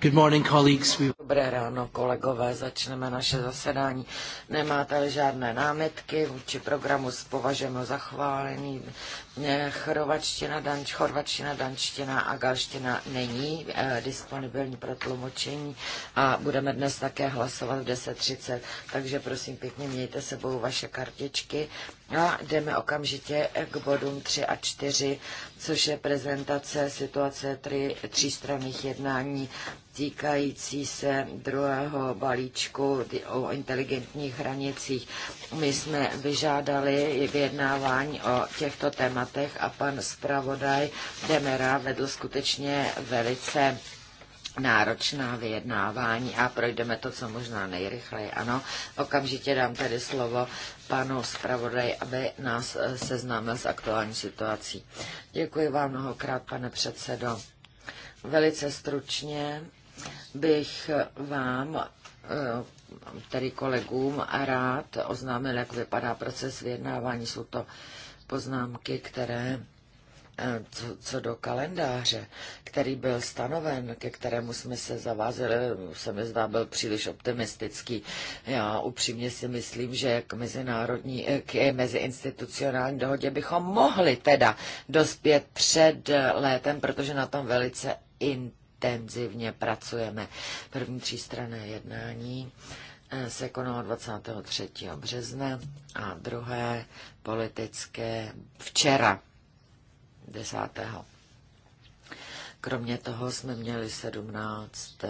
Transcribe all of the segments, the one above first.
Good morning, colleagues. Dobré ráno, kolegové, začneme naše zasedání. Nemáte žádné námitky vůči programu s považujeme za chválený. Chorvačtina, danč, chorvačtina, dančtina a galština není eh, disponibilní pro tlumočení a budeme dnes také hlasovat v 10.30, takže prosím pěkně mějte sebou vaše kartičky a jdeme okamžitě k bodům 3 a 4, což je prezentace situace tři, třístranných jednání týkající se druhého balíčku o inteligentních hranicích. My jsme vyžádali vyjednávání o těchto tématech a pan zpravodaj Demera vedl skutečně velice náročná vyjednávání a projdeme to, co možná nejrychleji. Ano, okamžitě dám tedy slovo panu zpravodaj, aby nás eh, seznámil s aktuální situací. Děkuji vám mnohokrát, pane předsedo. Velice stručně bych vám, eh, tedy kolegům, rád oznámil, jak vypadá proces vyjednávání. Jsou to poznámky, které eh, co, co do kalendáře, který byl stanoven, ke kterému jsme se zavázeli, se mi zdá, byl příliš optimistický. Já upřímně si myslím, že k mezinárodní, eh, k meziinstitucionální dohodě bychom mohli teda dospět před létem, protože na tom velice in intenzivně pracujeme. První třístrané jednání eh, se konalo 23. března a druhé politické včera 10. Kromě toho jsme měli 17, eh,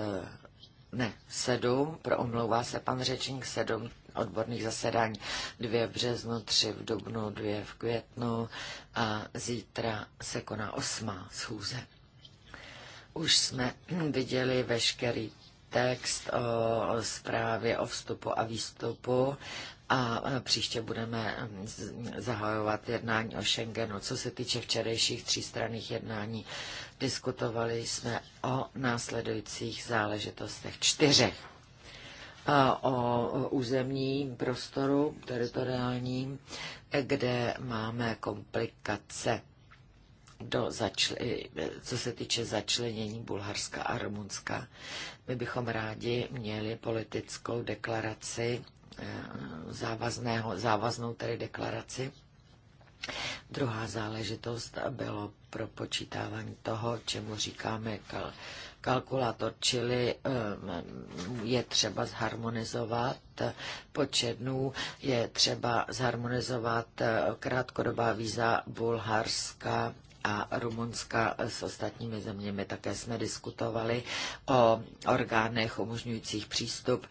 ne, 7, proomlouvá se pan řečník, 7 odborných zasedání, 2 v březnu, 3 v dubnu, 2 v květnu a zítra se koná 8. schůze. Už jsme viděli veškerý text o zprávě o vstupu a výstupu a e, příště budeme zahajovat jednání o Schengenu. Co se týče včerejších třístranných jednání, diskutovali jsme o následujících záležitostech čtyřech. O územním prostoru, teritoriálním, kde máme komplikace do začle, co se týče začlenění Bulharska a Rumunska. My bychom rádi měli politickou deklaraci, eh, závazného, závaznou tedy deklaraci. Druhá záležitost bylo propočítávání toho, čemu říkáme kal- kalkulátor, čili eh, je třeba zharmonizovat počet dnů, je třeba zharmonizovat eh, krátkodobá víza Bulharska a Rumunska s ostatními zeměmi. Také jsme diskutovali o orgánech umožňujících přístup.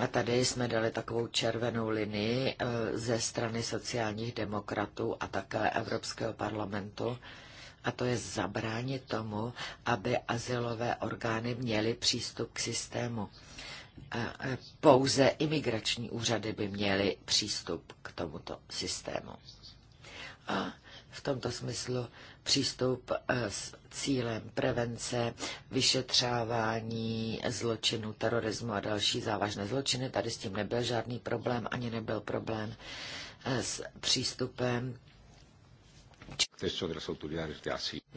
A tady jsme dali takovou červenou linii eh, ze strany sociálních demokratů a také Evropského parlamentu a to je zabránit tomu, aby asilové orgány měly přístup k systému. Eh, pouze imigrační úřady by měly přístup k tomuto systému. A v tomto smyslu přístup eh, s cílem prevence, vyšetřávání zločinů, terorismu a další závažné zločiny. Tady s tím nebyl žádný problém, ani nebyl problém eh, s přístupem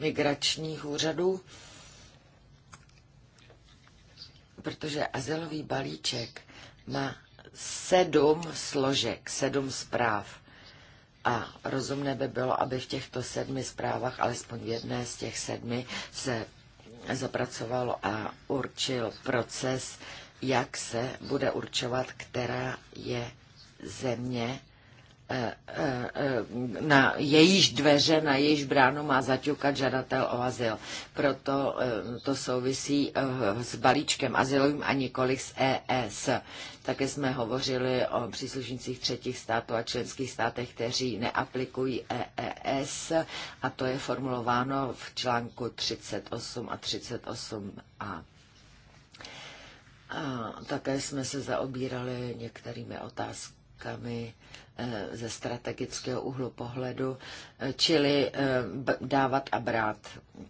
migračních úřadů, protože azylový balíček má sedm složek, sedm zpráv a rozumné by bylo, aby v těchto sedmi zprávách, alespoň v jedné z těch sedmi, se zapracoval a určil proces, jak se bude určovat, která je země E, e, e, na jejíž dveře, na jejíž bránu má zaťukat žadatel o azyl. Proto to souvisí s balíčkem azylovým a nikoli s ES. Také jsme hovořili o příslušnících třetích států a členských státech, kteří neaplikují EES a to je formulováno v článku 38 a 38a. A také jsme se zaobírali některými otázkami otázkami eh, ze strategického úhlu pohledu, eh, čili eh, dávat a brát.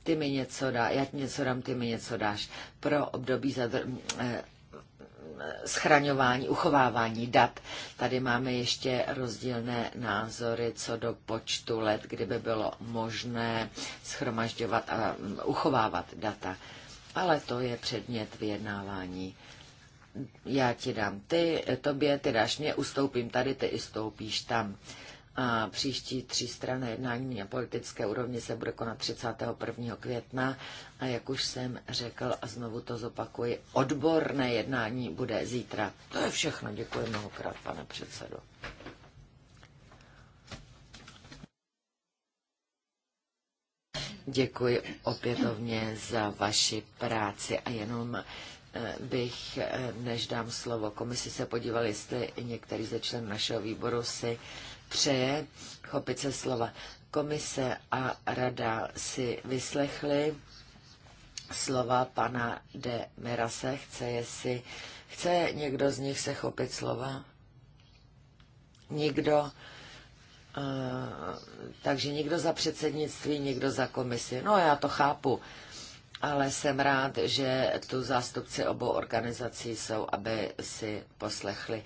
Ty mi něco dá, já ti něco dám, ty mi něco dáš. Pro období zadr- schraňování, uchovávání dat. Tady máme ještě rozdílné názory co do počtu let, kdyby bylo možné schromažďovat a mm, uchovávat data. Ale to je předmět vyjednávání já ti dám ty, tobě, ty dáš mě, ustoupím tady, ty ustoupíš tam. A příští tři strany jednání na politické úrovni se bude konat 31. května a jak už jsem řekl a znovu to zopakuji, odborné jednání bude zítra. To je všechno. Děkuji mnohokrát, pane předsedo. Děkuji opětovně za vaši práci a jenom bych, než dám slovo komisi, se podíval, jestli některý ze členů našeho výboru si přeje chopit se slova. Komise a rada si vyslechli slova pana de Merase. Chce, jestli, chce někdo z nich se chopit slova? Nikdo? Uh, takže někdo za předsednictví, někdo za komisi. No já to chápu. Uh, ale jsem rád, že tu zástupci obou organizací jsou, aby si poslechli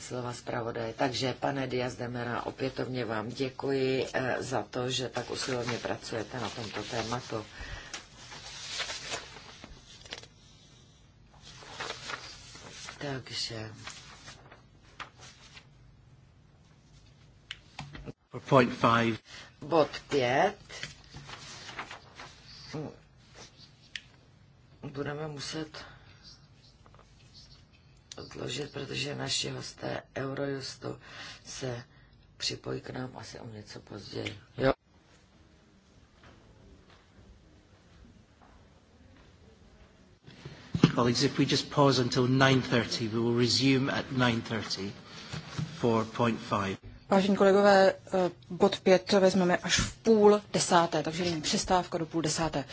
slova zpravodaje. Takže, pane Diaz Demera, opětovně vám děkuji eh, za to, že tak usilovně pracujete na tomto tématu. Takže... Point five. Bod 5 budeme muset odložit, protože naši hosté Eurojustu se připojí k nám asi o něco později. Jo. Colleagues, if we just pause until 9.30, we will resume at 9.30 for point five. Vážení kolegové, eh, bod 5 vezmeme až v půl desáté, takže není přestávka do půl desáté.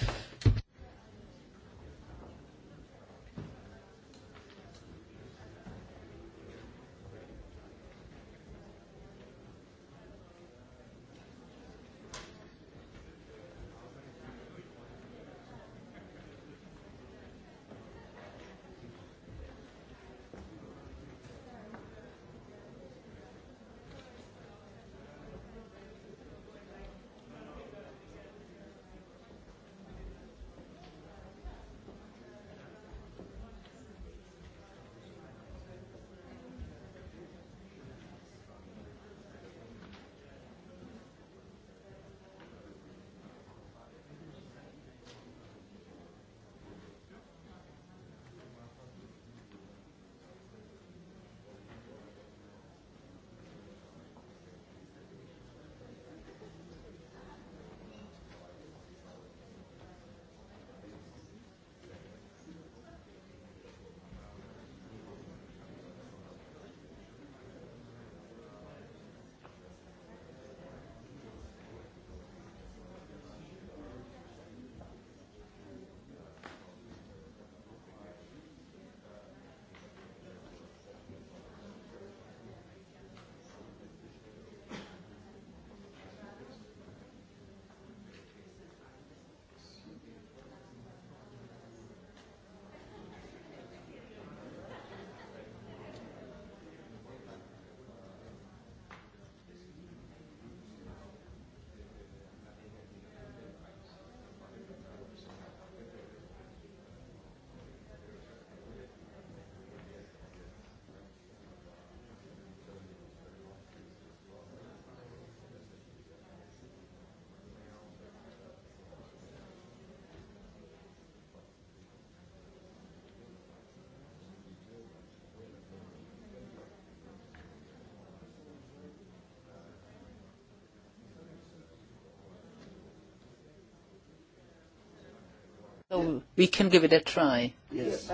So we can give it a try. Yes.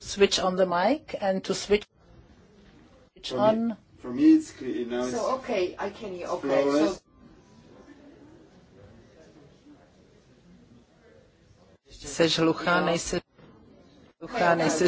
switch on the mic and to switch switch for Me, for me, it's clear now. It's so okay, I can hear. Okay, Jsi žluchá, nejsi nejsi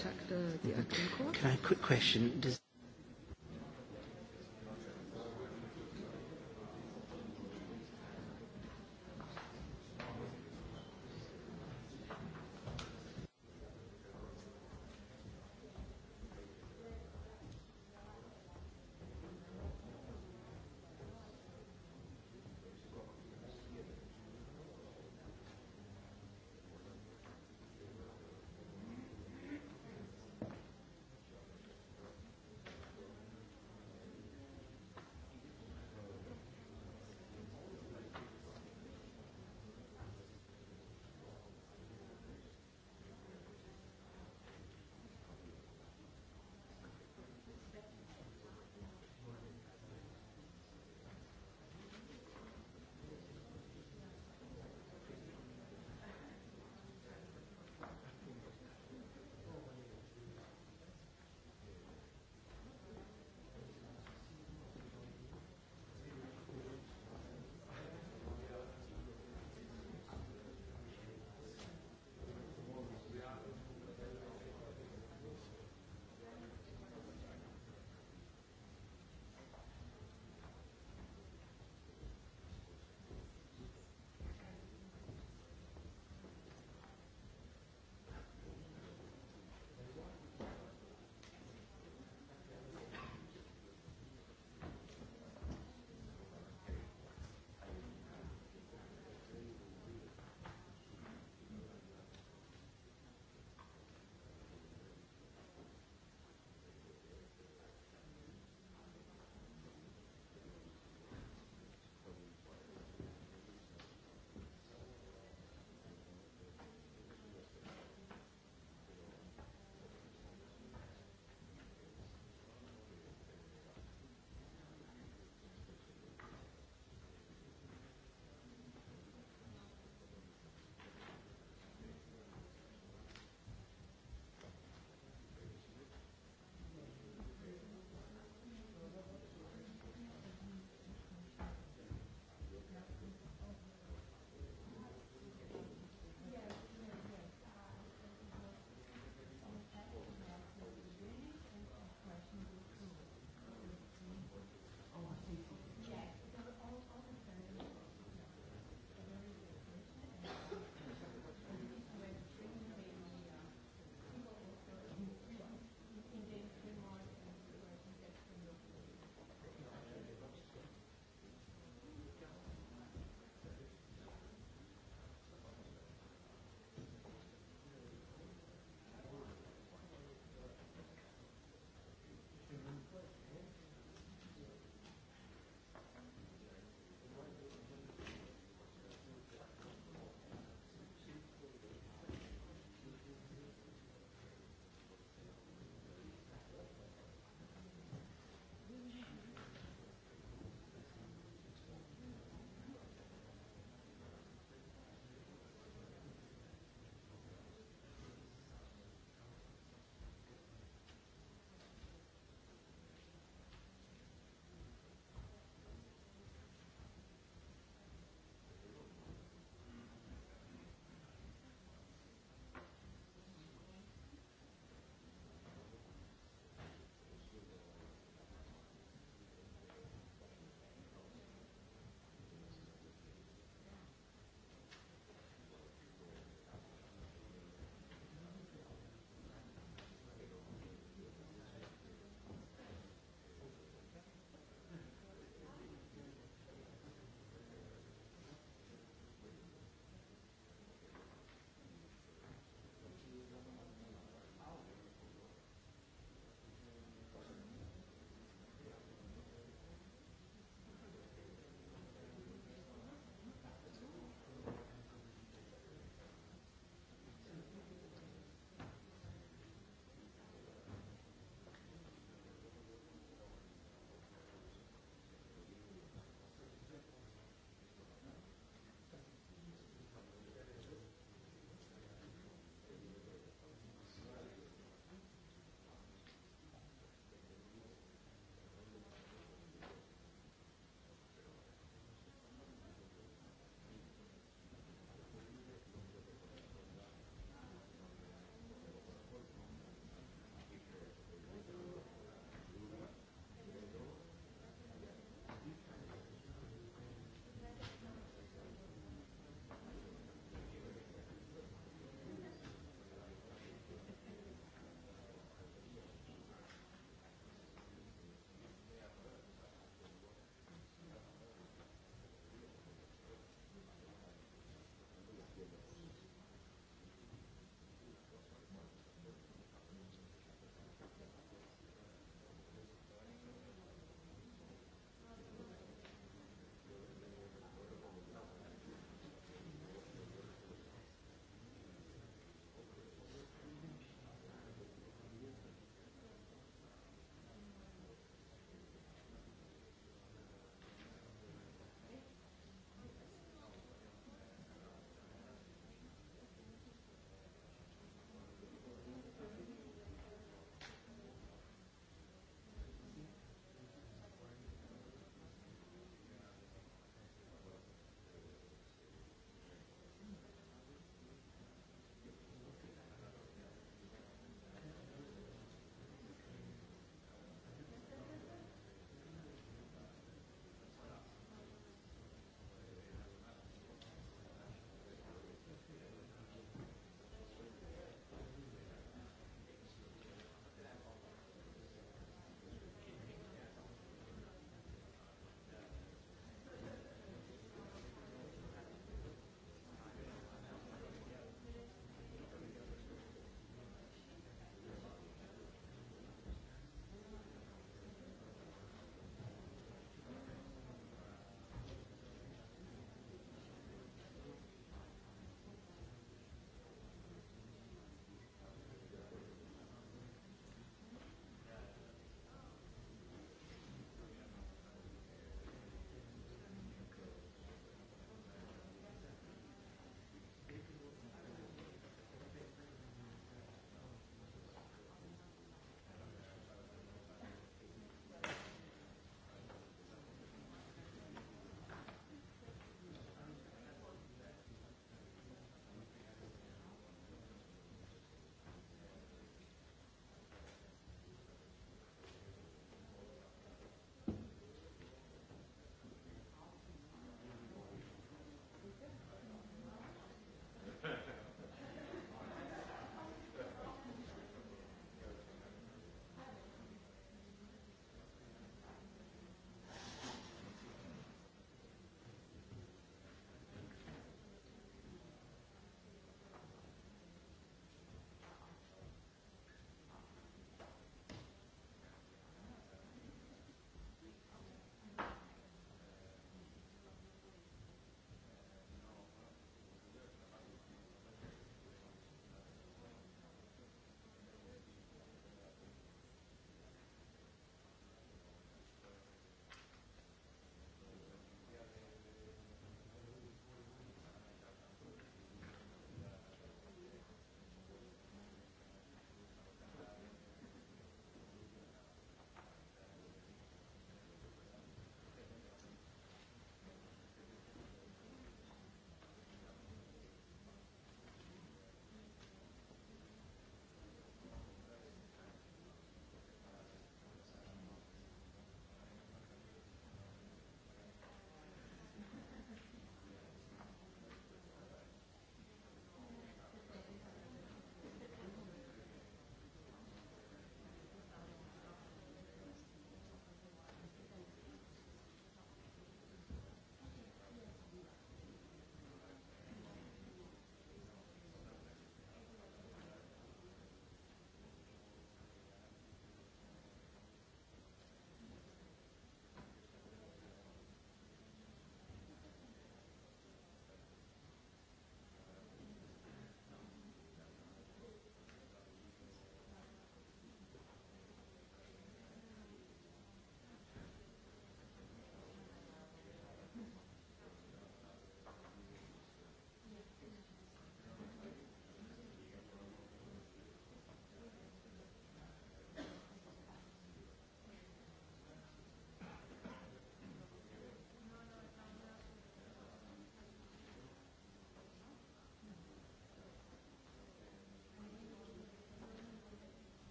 contact uh, the acting court. Can I have a quick question? Does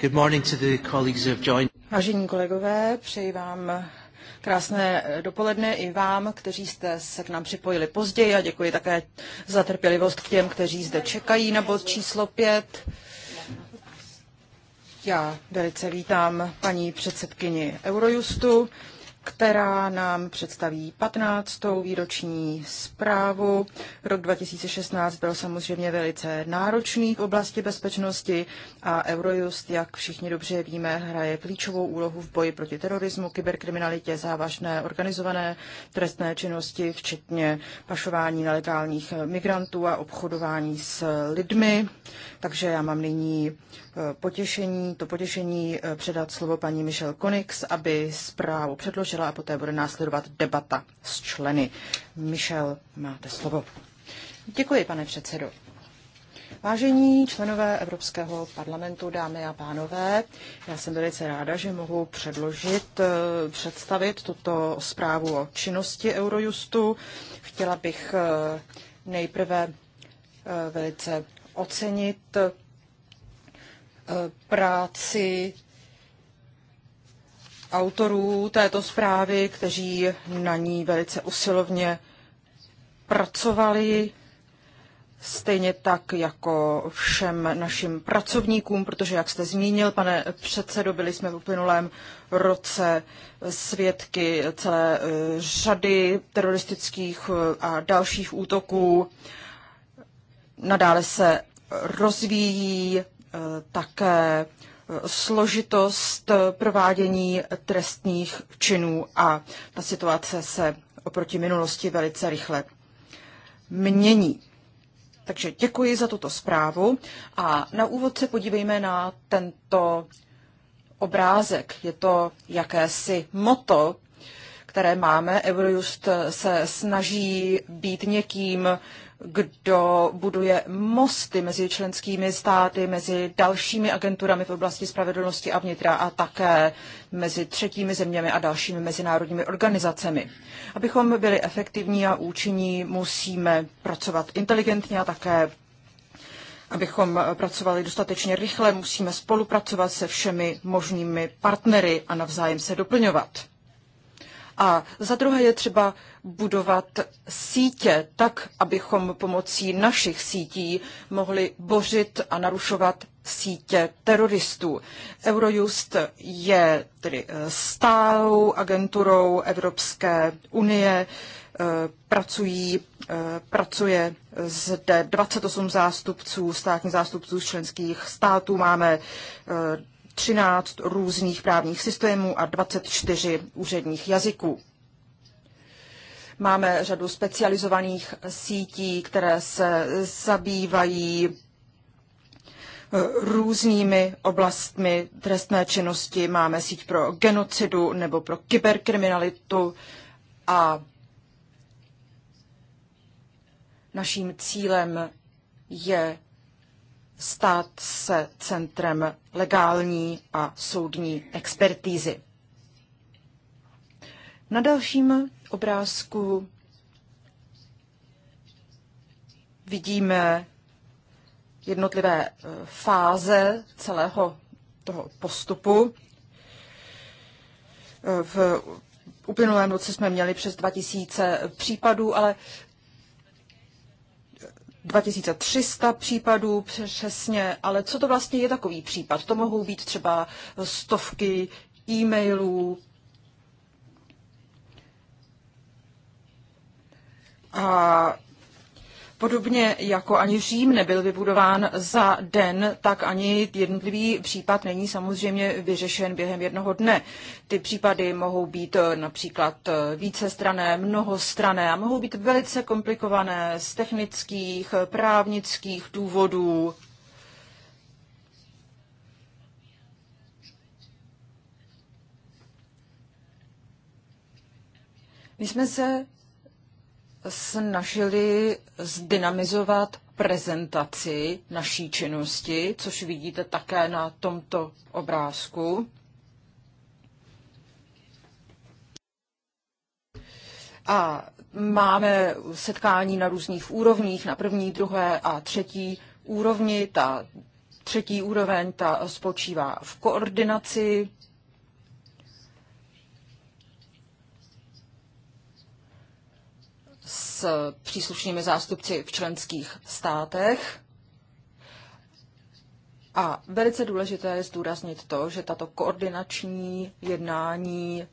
Good morning to the colleagues who have joined. Vážení kolegové, přeji vám krásné dopoledne i vám, kteří jste se k nám připojili později a děkuji také za trpělivost k těm, kteří zde čekají na bod číslo 5. Já velice vítám paní předsedkyni Eurojustu která nám představí 15. výroční zprávu. Rok 2016 byl samozřejmě velice náročný v oblasti bezpečnosti a Eurojust, jak všichni dobře víme, hraje klíčovou úlohu v boji proti terorismu, kyberkriminalitě, závažné organizované trestné činnosti, včetně pašování nelegálních migrantů a obchodování s lidmi. Takže já mám nyní eh, potěšení, to potěšení eh, předat slovo paní Michelle Konix, aby zprávu předložila vyjádřila a poté bude následovat debata s členy. Michel, máte slovo. Děkuji, pane předsedo. Vážení členové Evropského parlamentu, dámy a pánové, já jsem velice ráda, že mohu předložit, eh, představit tuto zprávu o činnosti Eurojustu. Chtěla bych eh, nejprve eh, velice ocenit práci autorů této zprávy, kteří na ní velice usilovně pracovali, stejně tak jako všem našim pracovníkům, protože, jak jste zmínil, pane předsedo, byli jsme v uplynulém roce svědky celé e, řady teroristických e, a dalších útoků. Nadále se rozvíjí e, také složitost provádění trestních činů a ta situace se oproti minulosti velice rychle mění. Takže děkuji za tuto zprávu a na úvod se podívejme na tento obrázek. Je to jakési moto, které máme. Eurojust se snaží být někým, kdo buduje mosty mezi členskými státy, mezi dalšími agenturami v oblasti spravedlnosti a vnitra a také mezi třetími zeměmi a dalšími mezinárodními organizacemi. Abychom byli efektivní a účinní, musíme pracovat inteligentně a také Abychom pracovali dostatečně rychle, musíme spolupracovat se všemi možnými partnery a navzájem se doplňovat. A za druhé je třeba budovat sítě tak, abychom pomocí našich sítí mohli bořit a narušovat sítě teroristů. Eurojust je tedy eh, stálou agenturou Evropské unie, eh, pracují, eh, pracuje zde 28 zástupců, státních zástupců z členských států, máme 13 různých právních systémů a 24 úředních jazyků. Máme řadu specializovaných sítí, které se zabývají eh, různými oblastmi trestné činnosti. Máme síť pro genocidu nebo pro kyberkriminalitu a naším cílem je stát se centrem legální a soudní expertízy. Na dalším obrázku vidíme jednotlivé e, fáze celého toho postupu. E, v uplynulém roce jsme měli přes 2000 případů, ale 2300 případů přesně, ale co to vlastně je takový případ? To mohou být třeba stovky e-mailů. A Podobně jako ani Řím nebyl vybudován za den, tak ani jednotlivý případ není samozřejmě vyřešen během jednoho dne. Ty případy mohou být eh, například eh, vícestrané, mnohostrané a mohou být velice komplikované z technických, eh, právnických důvodů. My jsme se snažili zdynamizovat prezentaci naší činnosti, což vidíte také na tomto obrázku. A máme setkání na různých úrovních, na první, druhé a třetí úrovni. Ta třetí úroveň ta spočívá v koordinaci s příslušnými zástupci v členských státech. A velice důležité je zdůraznit to, že tato koordinační jednání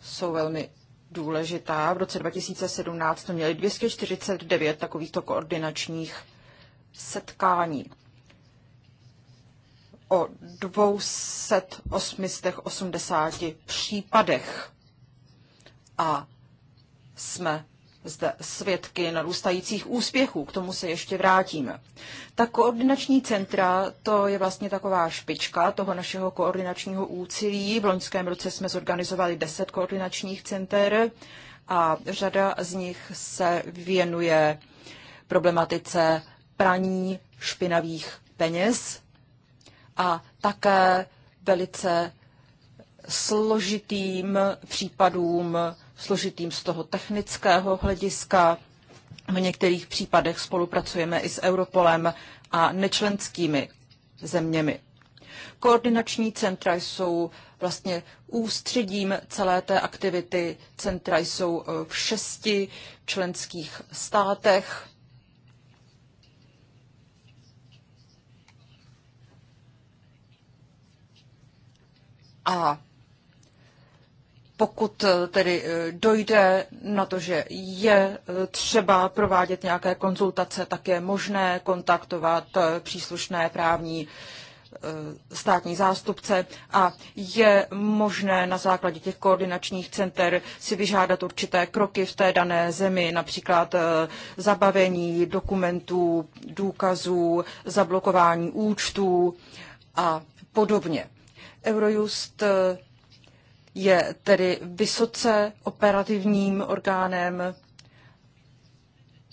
jsou velmi důležitá. V roce 2017 to měli 249 takovýchto koordinačních setkání. O 280 případech. A jsme zde svědky narůstajících úspěchů, k tomu se ještě vrátíme. Ta koordinační centra, to je vlastně taková špička toho našeho koordinačního úcilí. V loňském roce jsme zorganizovali 10 koordinačních center a řada z nich se věnuje problematice praní špinavých peněz a také velice složitým případům složitým z toho technického hlediska. V některých případech spolupracujeme i s Europolem a nečlenskými zeměmi. Koordinační centra jsou vlastně ústředím celé té aktivity. Centra jsou e, v šesti členských státech. A pokud eh, tedy eh, dojde na to, že je eh, třeba provádět nějaké konzultace, tak je možné kontaktovat příslušné právní státní zástupce a je možné na základě těch koordinačních center si vyžádat určité kroky v té dané zemi, například zabavení dokumentů, důkazů, zablokování účtů a podobně. Eurojust je tedy vysoce operativním orgánem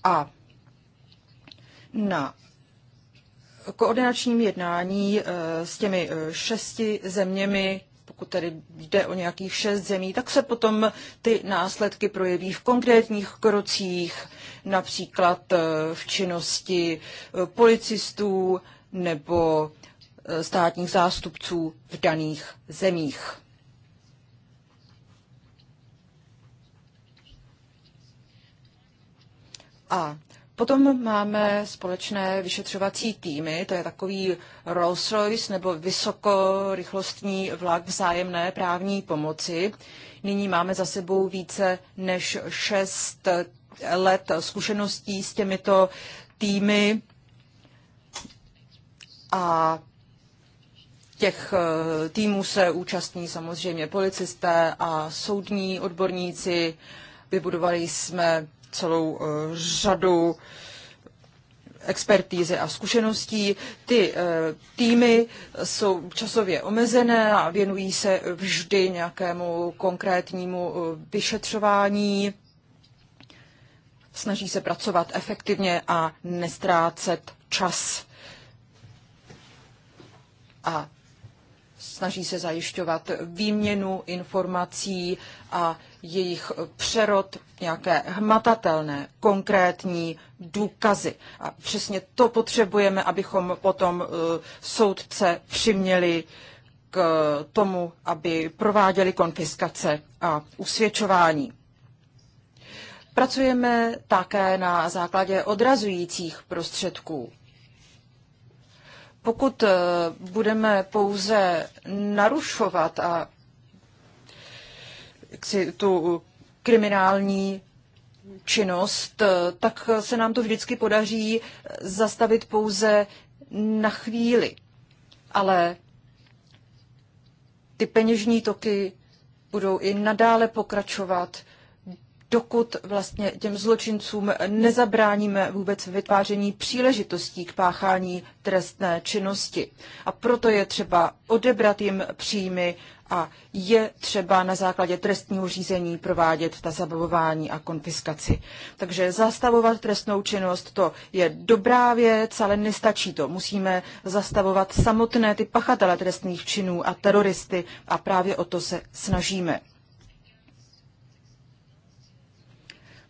a na koordinačním jednání eh, s těmi eh, šesti zeměmi, pokud tedy jde o nějakých šest zemí, tak se potom ty následky projeví v konkrétních krocích, například eh, v činnosti policistů nebo státních zástupců v daných zemích. A potom máme společné vyšetřovací týmy, to je takový Rolls-Royce nebo vysokorychlostní vlak vzájemné právní pomoci. Nyní máme za sebou více než šest let zkušeností s těmito týmy a těch eh, týmů se účastní samozřejmě policisté a soudní odborníci. Vybudovali jsme celou eh, řadu expertízy a zkušeností. Ty eh, týmy jsou časově omezené a věnují se vždy nějakému konkrétnímu eh, vyšetřování. Snaží se pracovat efektivně a nestrácet čas. A snaží se zajišťovat výměnu informací a jejich přerod nějaké hmatatelné, konkrétní důkazy. A přesně to potřebujeme, abychom potom eh, soudce přiměli k tomu, aby prováděli konfiskace a usvědčování. Pracujeme také na základě odrazujících prostředků pokud eh, budeme pouze narušovat a si tu kriminální činnost, eh, tak se nám to vždycky podaří zastavit pouze na chvíli. Ale ty peněžní toky budou i nadále pokračovat dokud vlastně těm zločincům nezabráníme vůbec vytváření příležitostí k páchání trestné činnosti. A proto je třeba odebrat jim příjmy a je třeba na základě trestního řízení provádět ta zabavování a konfiskaci. Takže zastavovat trestnou činnost, to je dobrá věc, ale nestačí to. Musíme zastavovat samotné ty pachatele trestných činů a teroristy a právě o to se snažíme.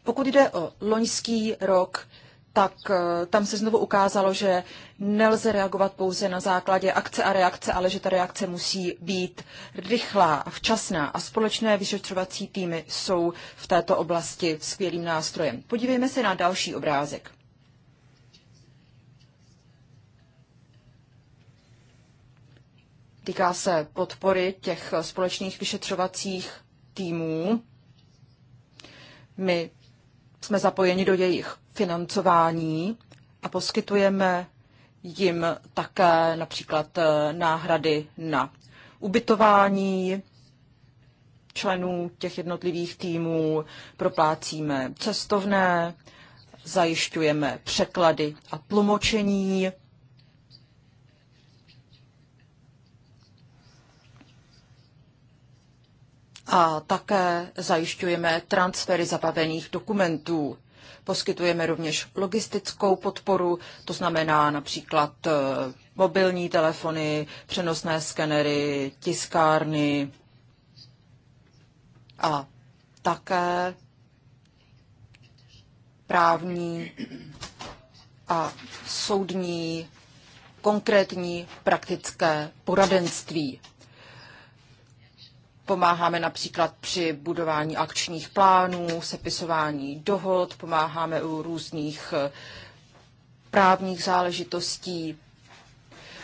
Pokud jde o loňský rok, tak eh, tam se znovu ukázalo, že nelze reagovat pouze na základě akce a reakce, ale že ta reakce musí být rychlá a včasná a společné vyšetřovací týmy jsou v této oblasti skvělým nástrojem. Podívejme se na další obrázek. Týká se podpory těch společných vyšetřovacích týmů. My jsme zapojeni do jejich financování a poskytujeme jim také například eh, náhrady na ubytování členů těch jednotlivých týmů, proplácíme cestovné, zajišťujeme překlady a tlumočení a také zajišťujeme transfery zabavených dokumentů. Poskytujeme rovněž logistickou podporu, to znamená například e, mobilní telefony, přenosné skenery, tiskárny a také právní a soudní konkrétní praktické poradenství Pomáháme například při budování akčních plánů, sepisování dohod, pomáháme u různých eh, právních záležitostí.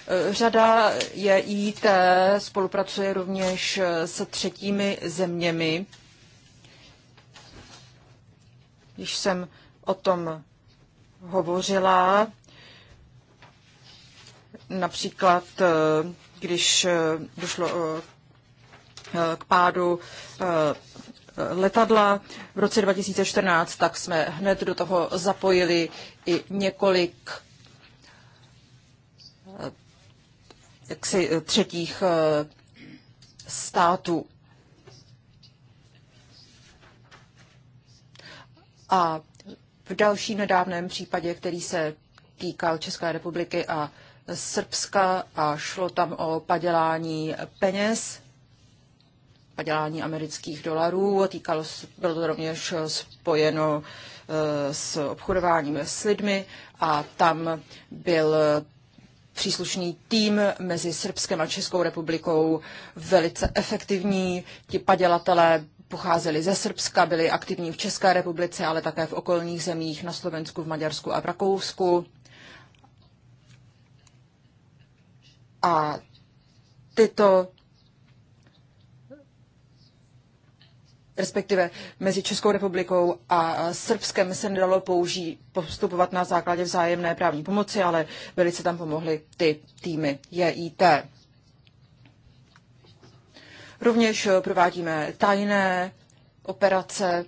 Eh, řada JIT spolupracuje rovněž eh, se třetími zeměmi. Když jsem o tom hovořila. Například, když došlo k pádu eh, letadla v roce 2014, tak jsme hned do toho zapojili i několik eh, jaksi třetích eh, států. A v dalším nedávném případě, který se týkal České republiky a Srbska a šlo tam o padělání peněz, padělání amerických dolarů. Týkalo, bylo to rovněž spojeno eh, s obchodováním s lidmi a tam byl příslušný tým mezi Srbskem a Českou republikou velice efektivní. Ti padělatelé pocházeli ze Srbska, byli aktivní v České republice, ale také v okolních zemích na Slovensku, v Maďarsku a v Rakousku. A tyto respektive mezi Českou republikou a Srbskem se nedalo použít, postupovat na základě vzájemné právní pomoci, ale velice tam pomohly ty týmy JIT. Rovněž eh, provádíme tajné operace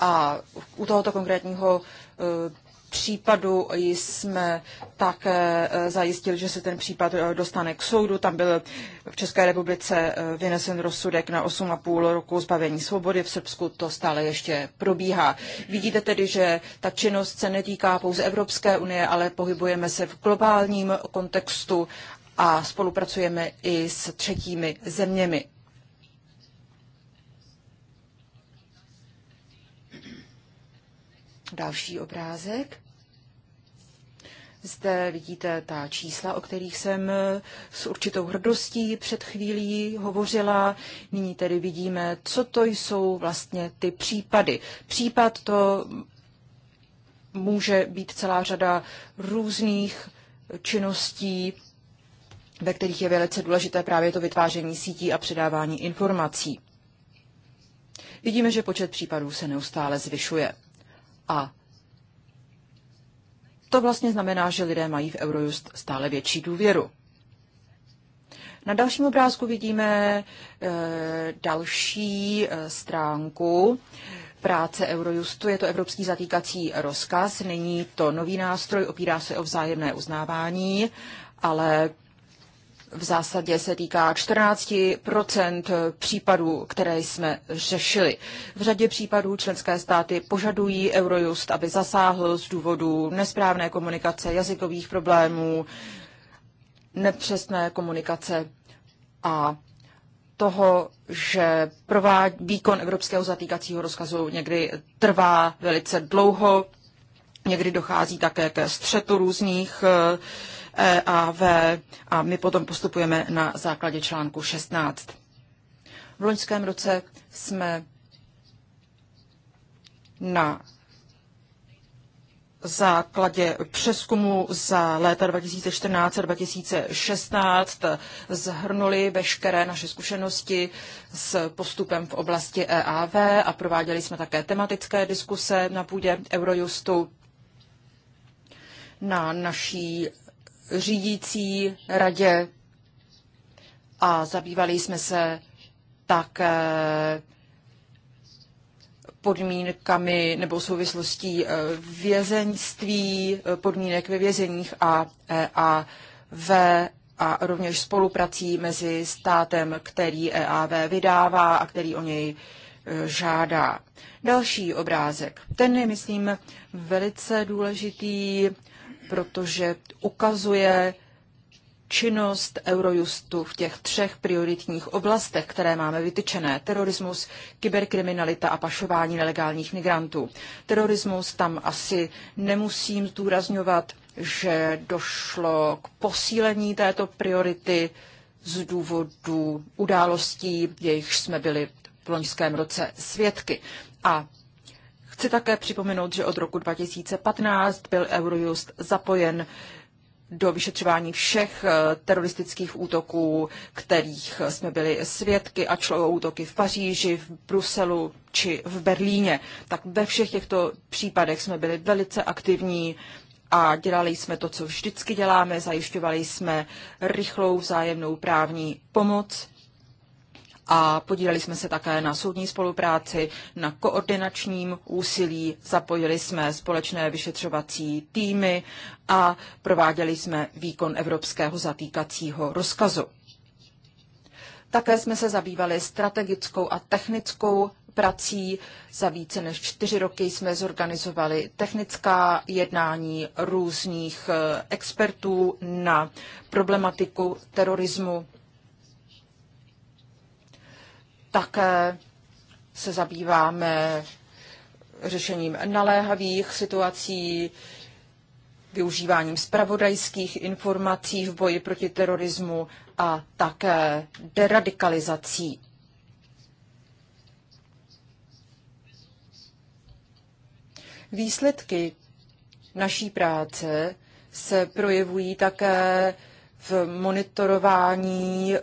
a u tohoto konkrétního eh, případu jsme také eh, zajistili, že se ten případ eh, dostane k soudu. Tam byl v České republice eh, vynesen rozsudek na 8,5 roku zbavení svobody. V Srbsku to stále ještě probíhá. Vidíte tedy, že ta činnost se netýká pouze Evropské unie, ale pohybujeme se v globálním kontextu a spolupracujeme i s třetími zeměmi. Další obrázek. Zde vidíte ta čísla, o kterých jsem s určitou hrdostí před chvílí hovořila. Nyní tedy vidíme, co to jsou vlastně ty případy. Případ to může být celá řada různých činností, ve kterých je velice důležité právě to vytváření sítí a předávání informací. Vidíme, že počet případů se neustále zvyšuje. A to vlastně znamená, že lidé mají v Eurojust stále větší důvěru. Na dalším obrázku vidíme eh, další eh, stránku práce Eurojustu. Je to evropský zatýkací rozkaz. Není to nový nástroj, opírá se o vzájemné uznávání, ale v zásadě se týká 14 případů, které jsme řešili. V řadě případů členské státy požadují Eurojust, aby zasáhl z důvodu nesprávné komunikace, jazykových problémů, nepřesné komunikace a toho, že provádí výkon evropského zatýkacího rozkazu někdy trvá velice dlouho, někdy dochází také ke střetu různých uh, EAV a my potom postupujeme na základě článku 16. V loňském roce jsme na základě přeskumu za léta 2014 a 2016 zhrnuli veškeré naše zkušenosti s postupem v oblasti EAV a prováděli jsme také tematické diskuse na půdě Eurojustu. Na naší řídící radě a zabývali jsme se také podmínkami nebo souvislostí eh, vězeňství, eh, podmínek ve vězeních a, e a v a rovněž spoluprací mezi státem, který EAV vydává a který o něj eh, žádá. Další obrázek. Ten je, myslím, velice důležitý protože ukazuje činnost Eurojustu v těch třech prioritních oblastech, které máme vytyčené. Terorismus, kyberkriminalita a pašování nelegálních migrantů. Terorismus tam asi nemusím zdůrazňovat, že došlo k posílení této priority z důvodu událostí, jejichž jsme byli v loňském roce svědky. A Chci také připomenout, že od roku 2015 byl Eurojust zapojen do vyšetřování všech eh, teroristických útoků, kterých jsme byli svědky, a šlo útoky v Paříži, v Bruselu či v Berlíně. Tak ve všech těchto případech jsme byli velice aktivní a dělali jsme to, co vždycky děláme, zajišťovali jsme rychlou vzájemnou právní pomoc a podíleli jsme se také na soudní spolupráci, na koordinačním úsilí, zapojili jsme společné vyšetřovací týmy a prováděli jsme výkon evropského zatýkacího rozkazu. Také jsme se zabývali strategickou a technickou prací. Za více než čtyři roky jsme zorganizovali technická jednání různých eh, expertů na problematiku terorismu také se zabýváme řešením naléhavých situací, využíváním spravodajských informací v boji proti terorismu a také deradikalizací. Výsledky naší práce se projevují také v monitorování eh,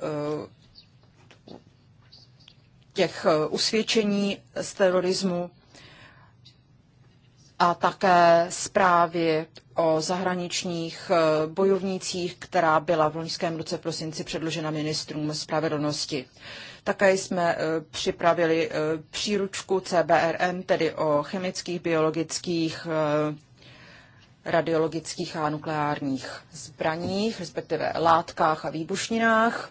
těch eh, usvědčení z terorismu a také zprávy o zahraničních eh, bojovnících, která byla v loňském roce prosinci předložena ministrům spravedlnosti. Také jsme eh, připravili příručku CBRN, tedy o chemických, biologických, radiologických a nukleárních zbraních, respektive látkách a výbušninách.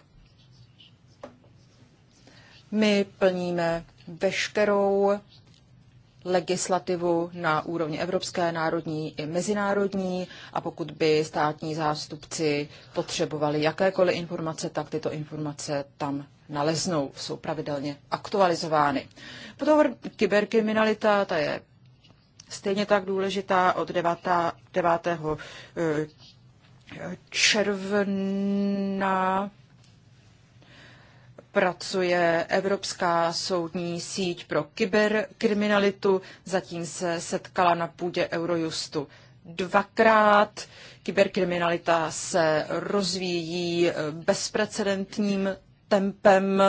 My plníme veškerou legislativu na úrovni evropské, národní i mezinárodní a pokud by státní zástupci potřebovali jakékoliv informace, tak tyto informace tam naleznou, jsou pravidelně aktualizovány. Potom kyberkriminalita, ta je stejně tak důležitá od 9. 9. Eh, června pracuje Evropská soudní síť pro kyberkriminalitu. Zatím se setkala na půdě Eurojustu dvakrát. Kyberkriminalita se rozvíjí eh, bezprecedentním tempem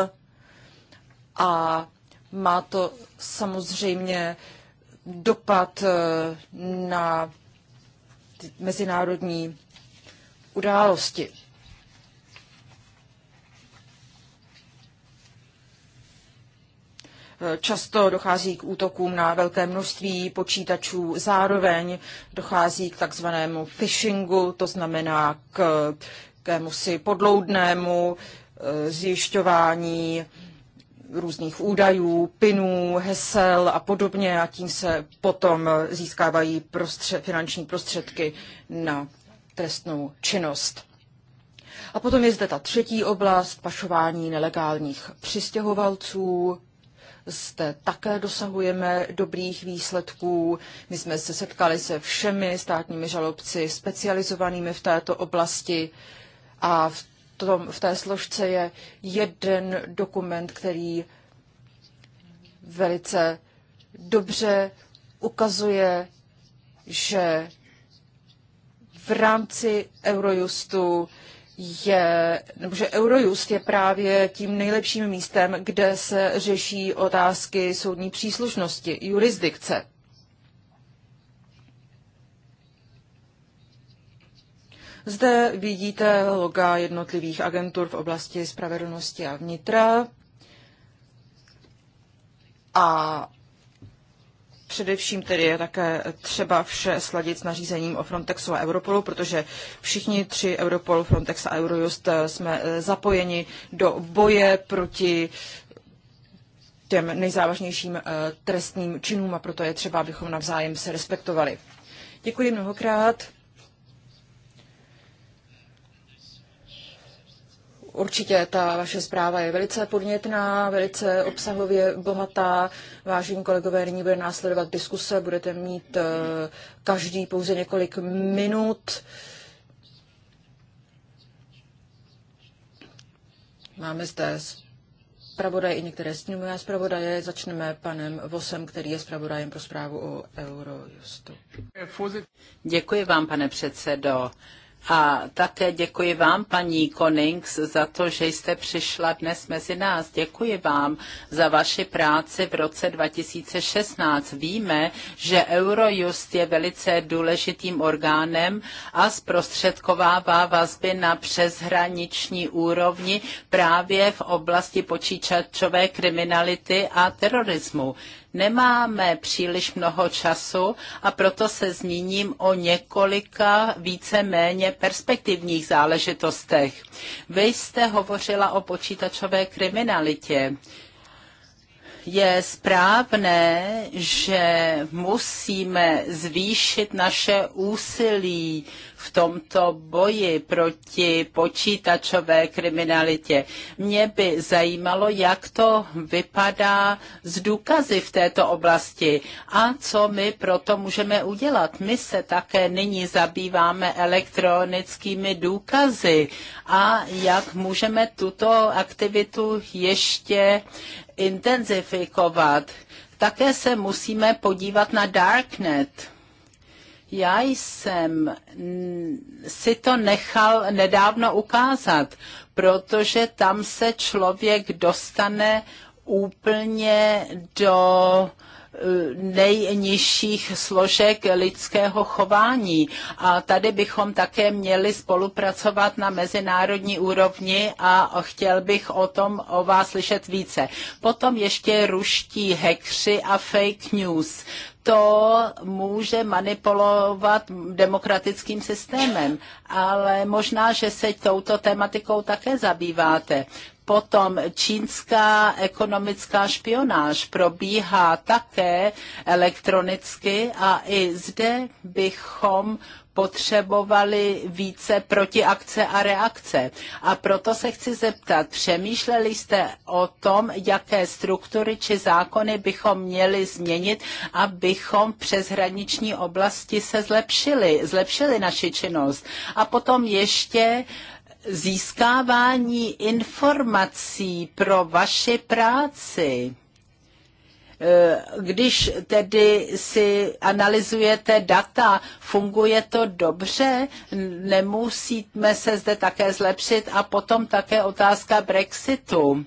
a má to samozřejmě dopad eh, na mezinárodní události. Často dochází k útokům na velké množství počítačů, zároveň dochází k takzvanému phishingu, to znamená k si podloudnému eh, zjišťování různých údajů, pinů, hesel a podobně a tím se potom získávají prostřed, finanční prostředky na trestnou činnost. A potom je zde ta třetí oblast, pašování nelegálních přistěhovalců zde také dosahujeme dobrých výsledků. My jsme se setkali se všemi státními žalobci specializovanými v této oblasti a v, tom, v té složce je jeden dokument, který velice dobře ukazuje, že v rámci Eurojustu je, nebo že Eurojust je právě tím nejlepším místem, kde se řeší otázky soudní příslušnosti, jurisdikce. Zde vidíte loga jednotlivých agentur v oblasti spravedlnosti a vnitra. A Především tedy je také třeba vše sladit s nařízením o Frontexu a Europolu, protože všichni tři Europol, Frontex a Eurojust eh, jsme eh, zapojeni do boje proti těm nejzávažnějším eh, trestním činům a proto je třeba, abychom navzájem se respektovali. Děkuji mnohokrát. Určitě ta vaše zpráva je velice podnětná, velice obsahově bohatá. Vážení kolegové, nyní bude následovat diskuse, budete mít eh, každý pouze několik minut. Máme zde zpravodaje i některé sněmové zpravodaje. Začneme panem Vosem, který je zpravodajem pro zprávu o Eurojustu. Děkuji vám, pane předsedo. A také děkuji vám, paní Konings, za to, že jste přišla dnes mezi nás. Děkuji vám za vaši práci v roce 2016. Víme, že Eurojust je velice důležitým orgánem a zprostředkovává vazby na přeshraniční úrovni právě v oblasti počítačové kriminality a terorismu. Nemáme příliš mnoho času a proto se zmíním o několika více-méně perspektivních záležitostech. Vy jste hovořila o počítačové kriminalitě je správné, že musíme zvýšit naše úsilí v tomto boji proti počítačové kriminalitě. Mě by zajímalo, jak to vypadá z důkazy v této oblasti a co my proto můžeme udělat. My se také nyní zabýváme elektronickými důkazy a jak můžeme tuto aktivitu ještě intenzifikovat. Také se musíme podívat na Darknet já jsem si to nechal nedávno ukázat, protože tam se člověk dostane úplně do nejnižších složek lidského chování. A tady bychom také měli spolupracovat na mezinárodní úrovni a chtěl bych o tom o vás slyšet více. Potom ještě ruští hekři a fake news. To může manipulovat demokratickým systémem, ale možná, že se touto tematikou také zabýváte. Potom čínská ekonomická špionáž probíhá také elektronicky a i zde bychom potřebovali více protiakce a reakce. A proto se chci zeptat, přemýšleli jste o tom, jaké struktury či zákony bychom měli změnit, abychom přes hraniční oblasti se zlepšili, zlepšili naši činnost. A potom ještě uh, získávání informací pro vaši práci, eh, když tedy si analyzujete data, funguje to dobře, nemusíme se zde také zlepšit a potom také otázka Brexitu.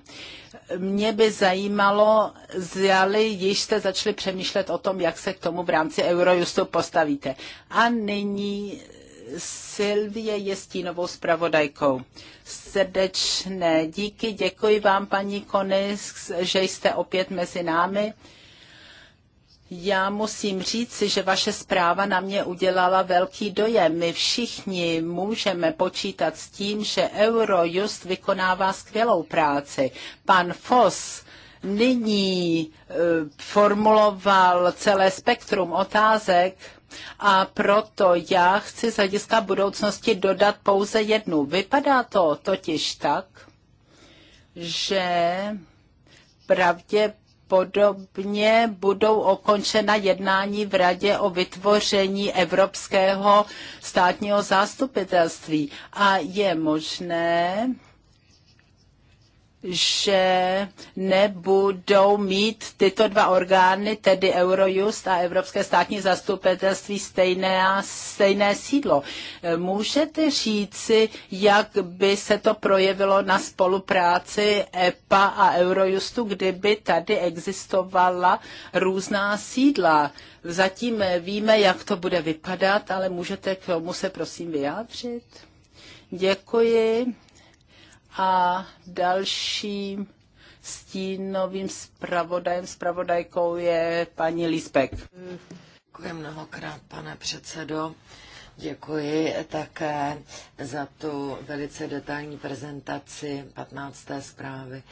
Mě by zajímalo, zjali již jste začali přemýšlet o tom, jak se k tomu v rámci Eurojustu postavíte. A nyní Silvie Jestínovou zpravodajkou. Srdečné díky, děkuji vám, paní Konis, že jste opět mezi námi. Já musím říct, že vaše zpráva na mě udělala velký dojem. My všichni můžeme počítat s tím, že Eurojust vykonává skvělou práci. Pan Foss nyní e, formuloval celé spektrum otázek, a proto já chci z hlediska budoucnosti dodat pouze jednu. Vypadá to totiž tak, že pravděpodobně budou okončena jednání v Radě o vytvoření Evropského státního zástupitelství. A je možné, že nebudou mít tyto dva orgány, tedy Eurojust a Evropské státní zastupitelství, stejné, stejné sídlo. Můžete říci, jak by se to projevilo na spolupráci EPA a Eurojustu, kdyby tady existovala různá sídla? Zatím víme, jak to bude vypadat, ale můžete k tomu se prosím vyjádřit? Děkuji. A dalším stínovým zpravodajem, zpravodajkou je paní Lispek. Děkuji mnohokrát, pane předsedo. Děkuji také za tu velice detailní prezentaci 15. zprávy,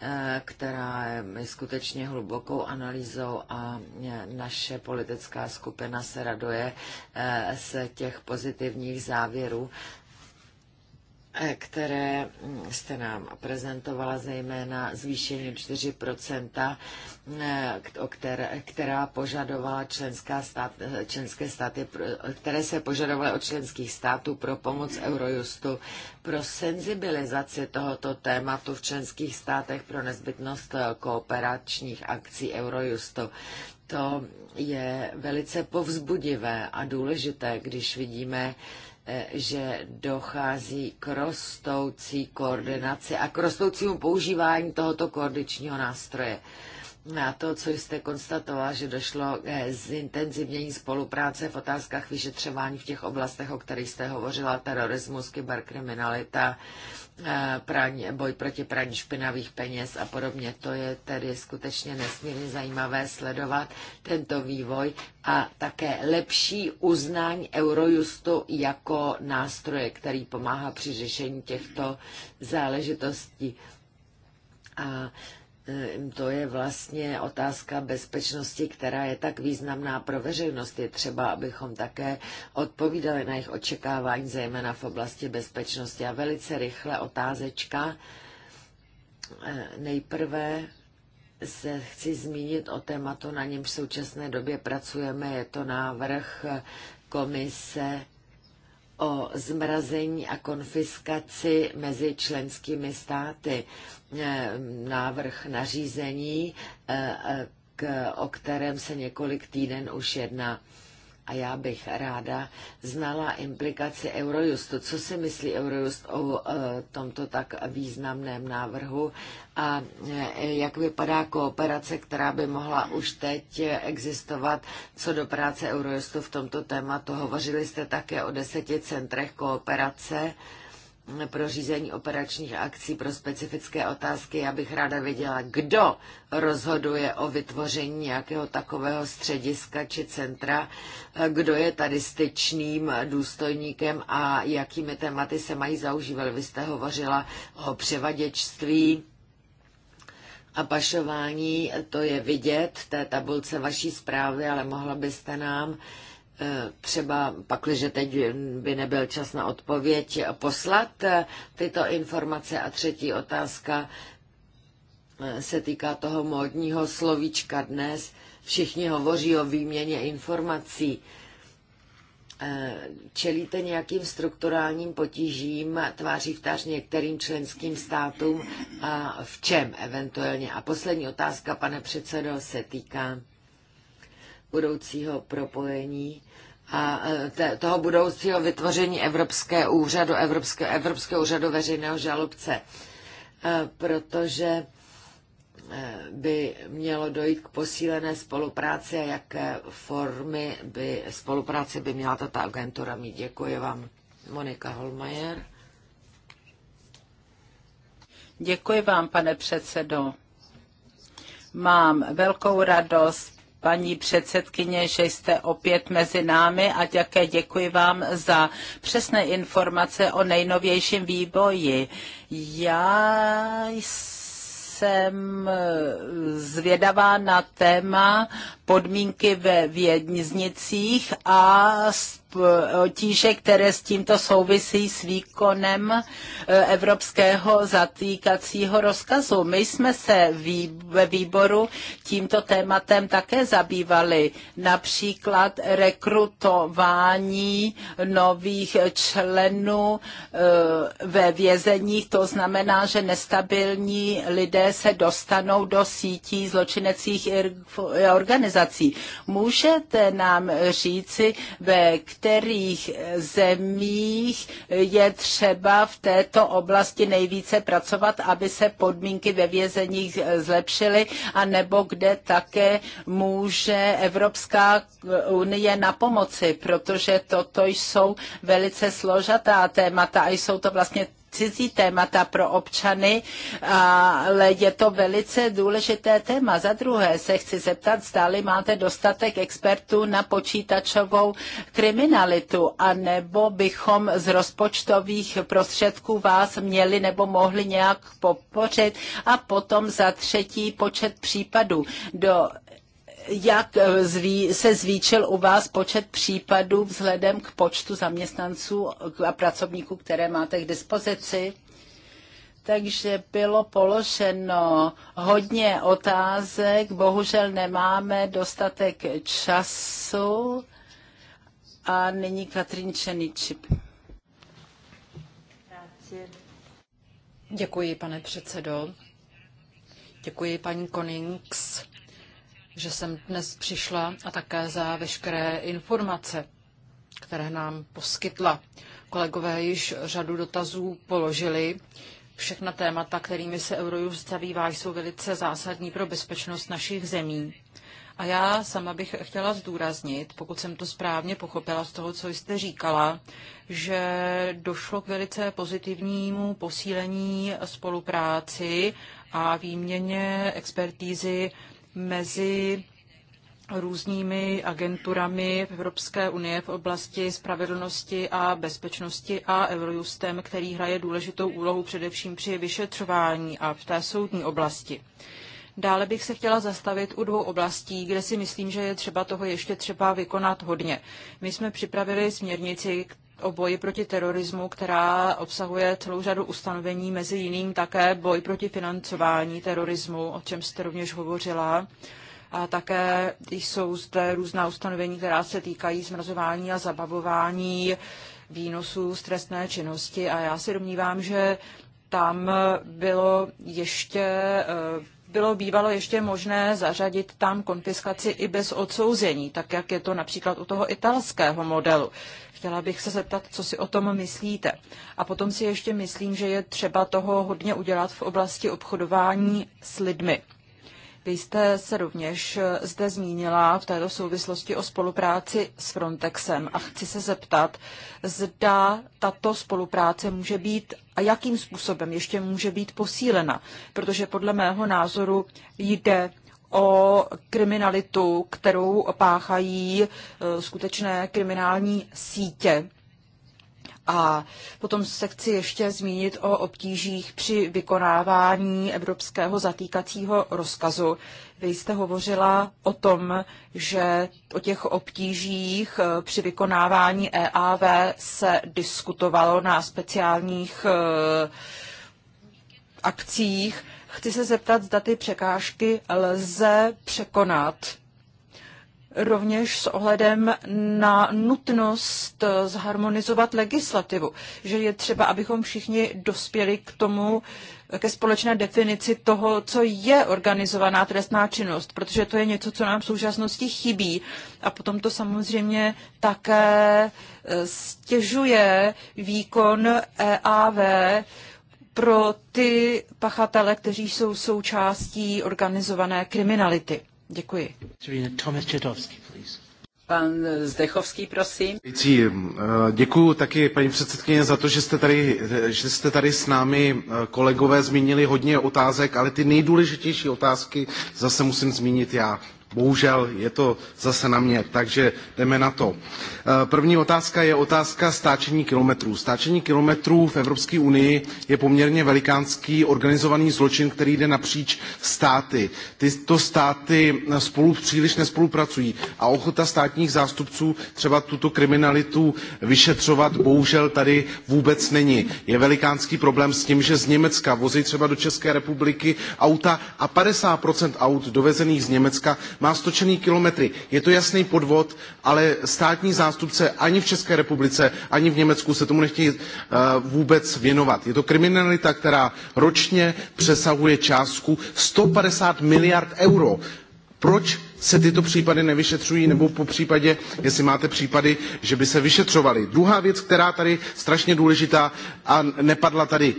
eh, která je skutečně hlubokou analýzou a naše politická skupina se raduje se eh, těch pozitivních závěrů Eh, které hm, jste nám prezentovala, zejména zvýšení 4%, eh, o které, která požadovala členská stát, eh, členské státy, které se požadovaly od členských států pro pomoc Eurojustu, pro senzibilizaci tohoto tématu v členských státech pro nezbytnost kooperačních akcí Eurojustu. To je velice povzbudivé a důležité, když vidíme, Eh, že dochází k rostoucí koordinaci a k rostoucímu používání tohoto koordičního nástroje na to, co jste konstatoval, že došlo k zintenzivnění spolupráce v otázkách vyšetřování v těch oblastech, o kterých jste hovořila, terorismus, kyberkriminalita, eh, praň, boj proti praní špinavých peněz a podobně. To je tedy skutečně nesmírně zajímavé sledovat tento vývoj a také lepší uznání Eurojustu jako nástroje, který pomáhá při řešení těchto záležitostí. A Ehm, to je vlastně otázka bezpečnosti, která je tak významná pro veřejnost. Je třeba, abychom také odpovídali na jejich očekávání, zejména v oblasti bezpečnosti. A velice rychle otázečka. Ehm, nejprve se chci zmínit o tématu, na něm v současné době pracujeme. Je to návrh komise o zmrazení a konfiskaci mezi členskými státy. E, návrh nařízení, e, e, o kterém se několik týden už jedná a já bych ráda znala implikaci Eurojustu. Co si myslí Eurojust o e, tomto tak významném návrhu a e, jak vypadá kooperace, která by mohla už teď existovat co do práce Eurojustu v tomto tématu? Hovořili jste také o deseti centrech kooperace pro řízení operačních akcí pro specifické otázky. Já bych ráda věděla, kdo rozhoduje o vytvoření nějakého takového střediska či centra, kdo je tady styčným důstojníkem a jakými tématy se mají zaužívat. Vy jste hovořila o převaděčství a pašování, to je vidět v té tabulce vaší zprávy, ale mohla byste nám Eh, třeba pakliže teď by nebyl čas na odpověď, eh, poslat eh, tyto informace. A třetí otázka se týká toho módního slovíčka dnes. Všichni hovoří o výměně informací. Čelíte nějakým strukturálním potížím tváří v tář některým členským státům a v čem eventuálně? A poslední otázka, pane předsedo, se týká budoucího propojení a e, toho budoucího vytvoření Evropské úřadu, Evropské, Evropského úřadu veřejného žalobce, e, protože e, by mělo dojít k posílené spolupráci a jaké formy by spolupráce by měla tato agentura mít. Děkuji vám. Monika Holmajer. Děkuji vám, pane předsedo. Mám velkou radost, paní předsedkyně, že jste opět mezi námi a také děkuji vám za přesné informace o nejnovějším výboji. Já jsem zvědavá na téma podmínky ve věznicích a potíže, eh, které s tímto souvisí s výkonem eh, evropského zatýkacího rozkazu. My jsme se ve výboru tímto tématem také zabývali, například rekrutování nových členů eh, ve vězeních, to znamená, že nestabilní lidé se dostanou do sítí zločineckých organizací. Můžete nám říci, ve které kterých zemích je třeba v této oblasti nejvíce pracovat, aby se podmínky ve vězeních zlepšily, anebo kde také může Evropská unie na pomoci, protože toto jsou velice složatá témata a jsou to vlastně cizí témata pro občany, ale je to velice důležité téma. Za druhé se chci zeptat, zdali máte dostatek expertů na počítačovou kriminalitu, anebo bychom z rozpočtových prostředků vás měli nebo mohli nějak popořit a potom za třetí počet případů. Do jak eh, se zvýšil u vás počet případů vzhledem k počtu zaměstnanců a pracovníků, které máte k dispozici? takže bylo položeno hodně otázek. Bohužel nemáme dostatek času. A nyní Katrin Čeničip. Děkuji, pane předsedo. Děkuji, paní Konings, že jsem dnes přišla a také za veškeré informace, které nám poskytla. Kolegové již řadu dotazů položili. Všechna témata, kterými se Eurojust zabývá, jsou velice zásadní pro bezpečnost našich zemí. A já sama bych chtěla zdůraznit, pokud jsem to správně pochopila z toho, co jste říkala, že došlo k velice pozitivnímu posílení spolupráci a výměně expertízy mezi různými agenturami Evropské unie v oblasti spravedlnosti a bezpečnosti a Eurojustem, který hraje důležitou úlohu především při vyšetřování a v té soudní oblasti. Dále bych se chtěla zastavit u dvou oblastí, kde si myslím, že je třeba toho ještě třeba vykonat hodně. My jsme připravili směrnici, o boji proti terorismu, která obsahuje celou řadu ustanovení, mezi jiným také boj proti financování terorismu, o čem jste rovněž hovořila. A také jsou zde různá ustanovení, která se týkají zmrazování a zabavování výnosů z trestné činnosti. A já si domnívám, že tam bylo ještě eh, bylo bývalo ještě možné zařadit tam konfiskaci i bez odsouzení, tak jak je to například u toho italského modelu. Chtěla bych se zeptat, co si o tom myslíte. A potom si ještě myslím, že je třeba toho hodně udělat v oblasti obchodování s lidmi. Vy jste se rovněž eh, zde zmínila v této souvislosti o spolupráci s Frontexem a chci se zeptat, zda tato spolupráce může být a jakým způsobem ještě může být posílena, protože podle mého názoru jde o kriminalitu, kterou páchají eh, skutečné kriminální sítě. A potom se chci ještě zmínit o obtížích při vykonávání evropského zatýkacího rozkazu. Vy jste hovořila o tom, že o těch obtížích eh, při vykonávání EAV se diskutovalo na speciálních eh, akcích. Chci se zeptat, zda ty překážky lze překonat rovněž s ohledem na nutnost zharmonizovat legislativu, že je třeba, abychom všichni dospěli k tomu, ke společné definici toho, co je organizovaná trestná činnost, protože to je něco, co nám v současnosti chybí. A potom to samozřejmě také eh, stěžuje výkon EAV pro ty pachatele, kteří jsou součástí organizované kriminality. Děkuji. Pan Zdechovský, prosím. Eh, Děkuji taky, paní předsedkyně, za to, že jste, tady, že jste tady s námi, eh, kolegové, zmínili hodně otázek, ale ty nejdůležitější otázky zase musím zmínit já. Bohužel je to zase na mě, takže jdeme na to. Eh, první otázka je otázka stáčení kilometrů. Stáčení kilometrů v Evropské unii je poměrně velikánský organizovaný zločin, který jde napříč státy. Tyto státy spolu příliš nespolupracují a ochota státních zástupců třeba tuto kriminalitu vyšetřovat bohužel tady vůbec není. Je velikánský problém s tím, že z Německa vozí třeba do České republiky auta a 50% aut dovezených z Německa má stočený kilometry. Je to jasný podvod, ale státní zástupce ani v České republice, ani v Německu se tomu nechtějí uh, vůbec věnovat. Je to kriminalita, která ročně přesahuje částku 150 miliard euro. Proč se tyto případy nevyšetřují, nebo po případě, jestli máte případy, že by se vyšetřovaly. Druhá věc, která tady strašně důležitá a nepadla tady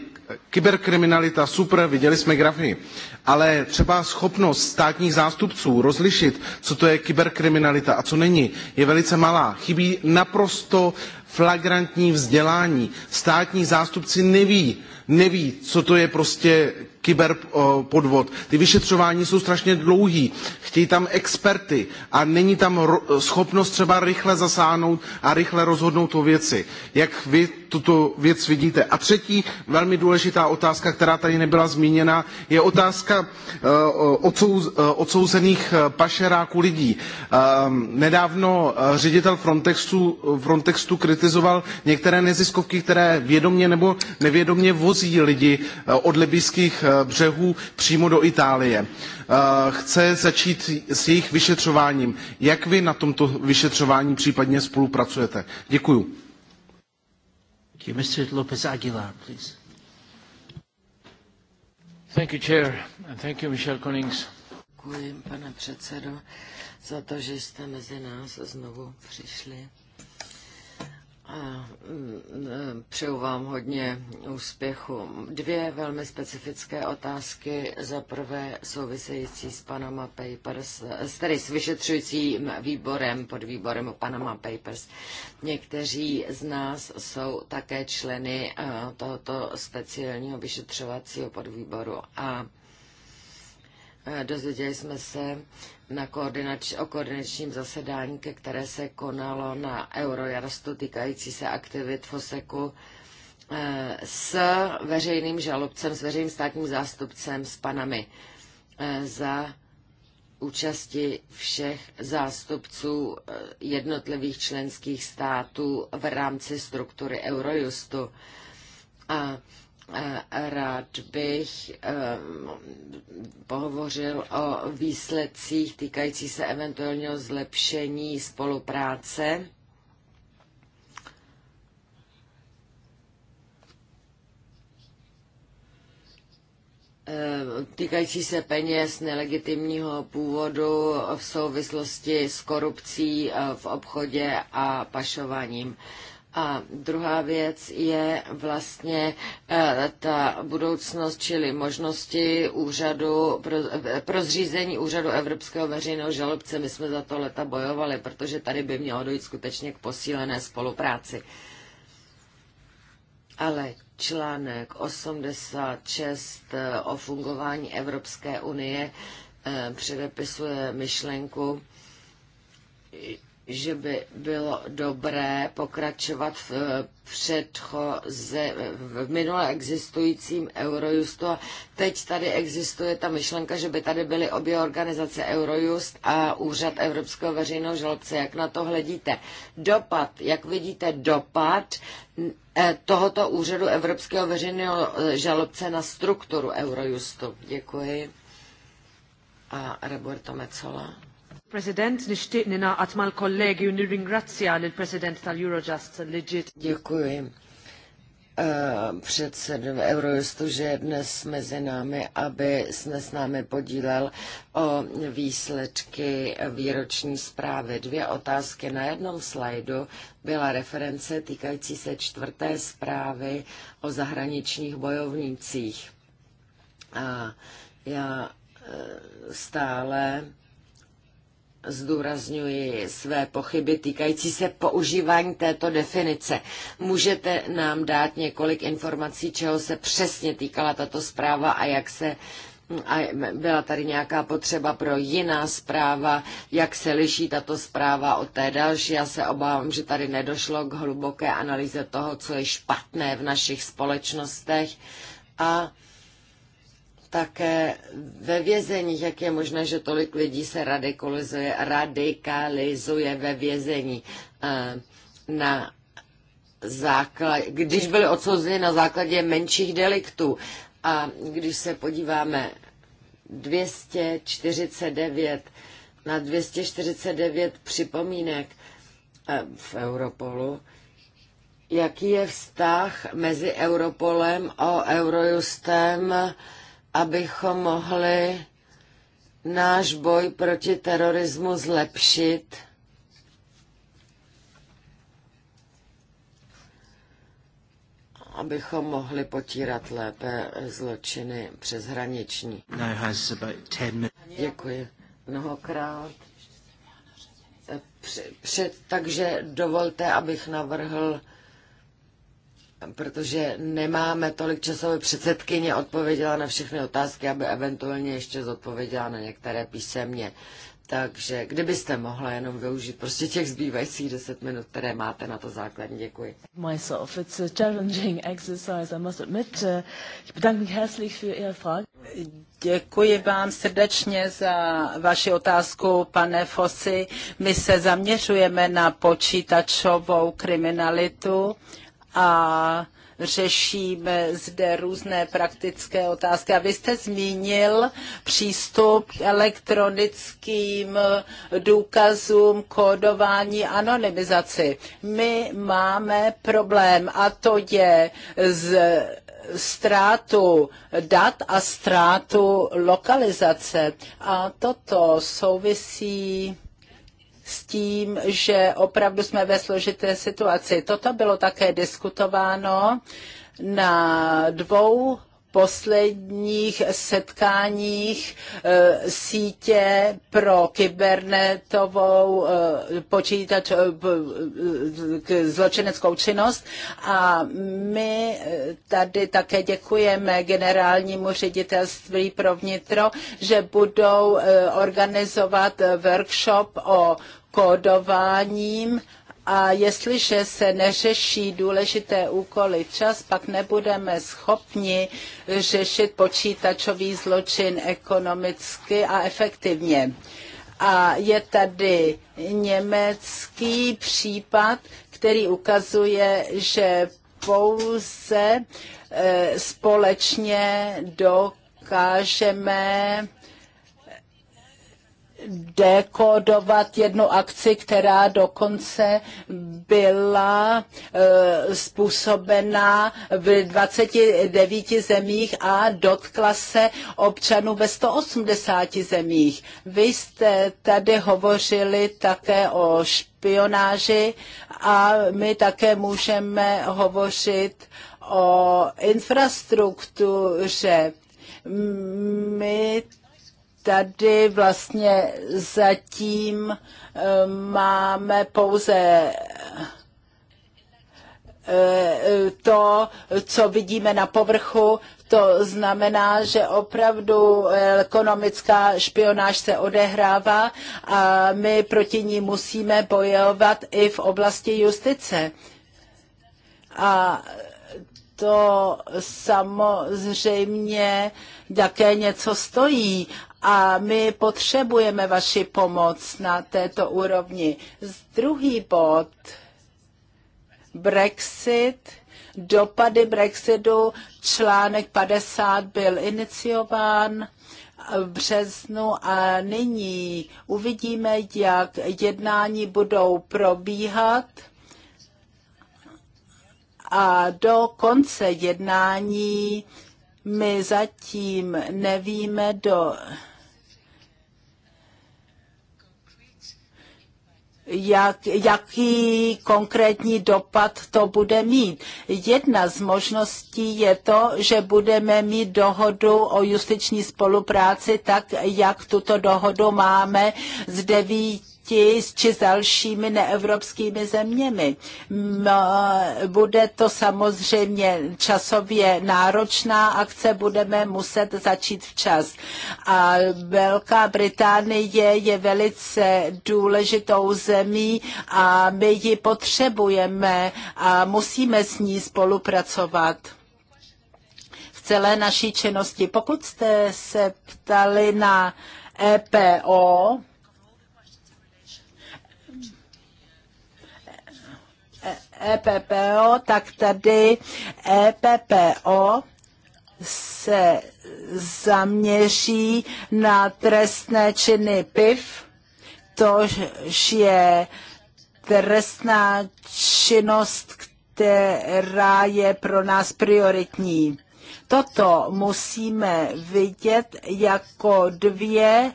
kyberkriminalita, super, viděli jsme grafy, ale třeba schopnost státních zástupců rozlišit, co to je kyberkriminalita a co není, je velice malá. Chybí naprosto flagrantní vzdělání. Státní zástupci neví, neví, co to je prostě kyberpodvod. Ty vyšetřování jsou strašně dlouhý, chtějí tam experty a není tam schopnost třeba rychle zasáhnout a rychle rozhodnout o věci. Jak vy tuto věc vidíte? A třetí velmi důležitá otázka, která tady nebyla zmíněna, je otázka eh, eh, odsouzených eh, pašeráků lidí. Ehm, nedávno ředitel Frontexu, Frontexu kritizoval některé neziskovky, které vědomě nebo nevědomě vozí lidi od libijských břehů přímo do Itálie. Eh, chce začít s jejich vyšetřováním. Jak vy na tomto vyšetřování případně spolupracujete? Děkuju. Mr. Lopez Aguilar, please. Thank you, Chair, and thank you, Michelle Konings. Děkuji, pane předsedo, za to, že jste mezi nás znovu přišli. Mm, přeju vám hodně úspěchu. Dvě velmi specifické otázky. Za prvé související s Panama Papers, tedy s vyšetřujícím výborem, pod výborem Panama Papers. Někteří z nás jsou také členy eh, tohoto speciálního vyšetřovacího podvýboru a eh, dozvěděli jsme se, na koordinač, o koordinačním zasedání, ke které se konalo na Eurojarstu týkající se aktivit FOSEKu eh, s veřejným žalobcem, s veřejným státním zástupcem, s panami eh, za účasti všech zástupců eh, jednotlivých členských států v rámci struktury Eurojustu. A Rád bych pohovořil o výsledcích týkající se eventuálního zlepšení spolupráce. týkající se peněz nelegitimního původu v souvislosti s korupcí eh, v obchodě a pašováním. A druhá věc je vlastně eh, ta budoucnost, čili možnosti úřadu pro, eh, pro zřízení úřadu Evropského veřejného žalobce. My jsme za to leta bojovali, protože tady by mělo dojít skutečně k posílené spolupráci. Ale článek 86 eh, o fungování Evropské unie předepisuje myšlenku, že by bylo dobré pokračovat v eh, předchoze, v minule existujícím Eurojustu a teď tady existuje ta myšlenka, že by tady byly obě organizace Eurojust a Úřad Evropského veřejného žalobce. Jak na to hledíte? Dopad, jak vidíte dopad eh, tohoto Úřadu Evropského veřejného eh, žalobce na strukturu Eurojustu? Děkuji. A Roberto Mecola. President, nishtiq ninaqat kollegi u nirringrazzja lill-President tal-Eurojust legit. Děkuji eh, předsedu Eurojustu, že je dnes mezi námi, aby se s námi podílel o výsledky výroční zprávy. Dvě otázky na jednom slajdu byla reference týkající se čtvrté zprávy o zahraničních bojovnících. A já eh, stále zdůrazňuji své pochyby týkající se používání této definice. Můžete nám dát několik informací, čeho se přesně týkala tato zpráva a jak se a byla tady nějaká potřeba pro jiná zpráva, jak se liší tato zpráva od té další. Já se obávám, že tady nedošlo k hluboké analýze toho, co je špatné v našich společnostech a také ve vězeních, jak je možné, že tolik lidí se radikalizuje, radikalizuje ve vězení eh, na základ, když byli odsouzeni na základě menších deliktů. A když se podíváme 249 na 249 připomínek eh, v Europolu, jaký je vztah mezi Europolem a Eurojustem, abychom mohli náš boj proti terorismu zlepšit. abychom mohli potírat lépe zločiny přeshraniční. Děkuji mnohokrát. Před, takže dovolte, abych navrhl protože nemáme tolik času, aby předsedkyně, odpověděla na všechny otázky, aby eventuálně ještě zodpověděla na některé písemně. Takže kdybyste mohla jenom využít prostě těch zbývajících 10 minut, které máte na to základní. Děkuji. Myself, it's a challenging exercise, I must admit. Uh, ich bedanke mich herzlich für Ihre Frage. Děkuji vám srdečně za vaši otázku, pane Fosy. My se zaměřujeme na počítačovou kriminalitu a řešíme zde různé praktické otázky. A vy jste zmínil přístup k elektronickým důkazům, kódování, anonymizaci. My máme problém a to je z ztrátu dat a ztrátu lokalizace. A toto souvisí s tím, že opravdu jsme ve složité situaci. Toto bylo také diskutováno na dvou posledních setkáních e, sítě pro kybernetovou e, počítač e, k e, e, zločineckou činnost a my e, tady také děkujeme generálnímu ředitelství pro vnitro, že budou e, organizovat workshop o kódováním a jestliže se neřeší důležité úkoly včas, pak nebudeme schopni řešit počítačový zločin ekonomicky a efektivně. A je tady německý případ, který ukazuje, že pouze eh, společně dokážeme dekodovat jednu akci, která dokonce byla e, způsobena v 29 zemích a dotkla se občanů ve 180 zemích. Vy jste tady hovořili také o špionáži a my také můžeme hovořit o infrastruktuře my tady vlastně zatím eh, máme pouze eh, to, co vidíme na povrchu, to znamená, že opravdu ekonomická špionáž se odehrává a my proti ní musíme bojovat i v oblasti justice. A to samozřejmě také něco stojí a my potřebujeme vaši pomoc na této úrovni. Druhý bod, Brexit, dopady Brexitu, článek 50 byl iniciován v březnu a nyní uvidíme, jak jednání budou probíhat a do konce jednání my zatím nevíme do jak, jaký konkrétní dopad to bude mít. Jedna z možností je to, že budeme mít dohodu o justiční spolupráci tak, jak tuto dohodu máme s devíti či s dalšími neevropskými zeměmi. Bude to samozřejmě časově náročná akce, budeme muset začít včas. A Velká Británie je velice důležitou zemí a my ji potřebujeme a musíme s ní spolupracovat v celé naší činnosti. Pokud jste se ptali na EPO, EPPO, tak tady EPPO se zaměří na trestné činy PIV, tož je trestná činnost, která je pro nás prioritní. Toto musíme vidět jako dvě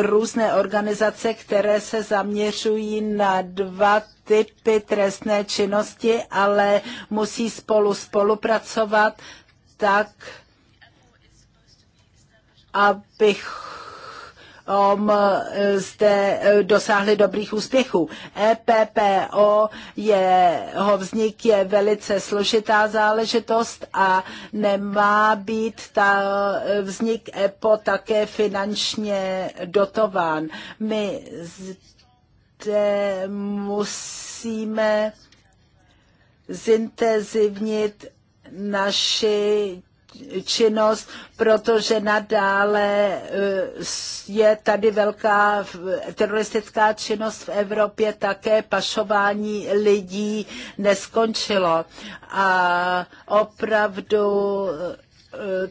různé organizace, které se zaměřují na dva typy trestné činnosti, ale musí spolu spolupracovat tak, abych Eh, jste eh, dosáhli dobrých úspěchů. EPPO, jeho vznik je velice složitá záležitost a nemá být ta eh, vznik EPO také finančně dotován. My zde musíme zintenzivnit naši činnost, protože nadále eh, je tady velká teroristická činnost v Evropě, také pašování lidí neskončilo. A opravdu eh,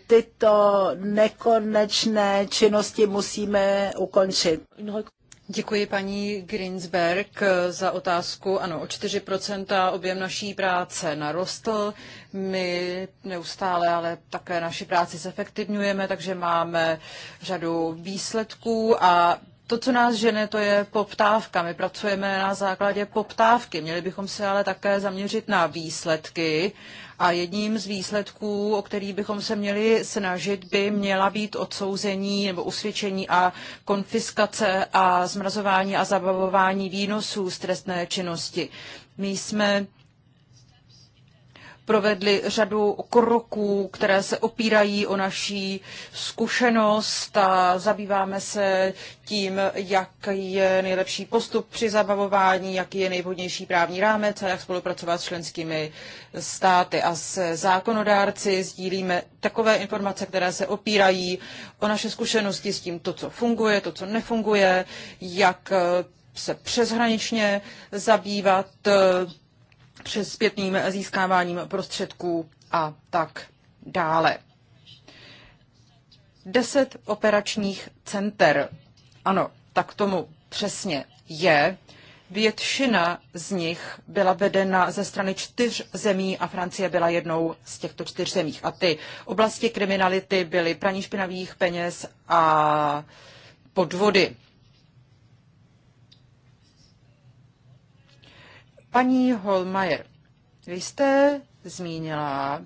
tyto nekonečné činnosti musíme ukončit. Děkuji paní Greensberg za otázku. Ano, o 4% objem naší práce narostl. My neustále ale také naši práci zefektivňujeme, takže máme řadu výsledků a to, co nás žene, to je poptávka. My pracujeme na základě poptávky. Měli bychom se ale také zaměřit na výsledky. A jedním z výsledků, o který bychom se měli snažit, by měla být odsouzení nebo usvědčení a konfiskace a zmrazování a zabavování výnosů z trestné činnosti. My jsme provedli řadu kroků, které se opírají o naší zkušenost a zabýváme se tím, jak je nejlepší postup při zabavování, jaký je nejvhodnější právní rámec a jak spolupracovat s členskými státy a s zákonodárci. Sdílíme takové informace, které se opírají o naše zkušenosti s tím, to, co funguje, to, co nefunguje, jak se přeshraničně zabývat přes zpětným získáváním prostředků a tak dále. Deset operačních center. Ano, tak tomu přesně je. Většina z nich byla vedena ze strany čtyř zemí a Francie byla jednou z těchto čtyř zemí. A ty oblasti kriminality byly praní špinavých peněz a podvody. Paní Holmajer, vy jste zmínila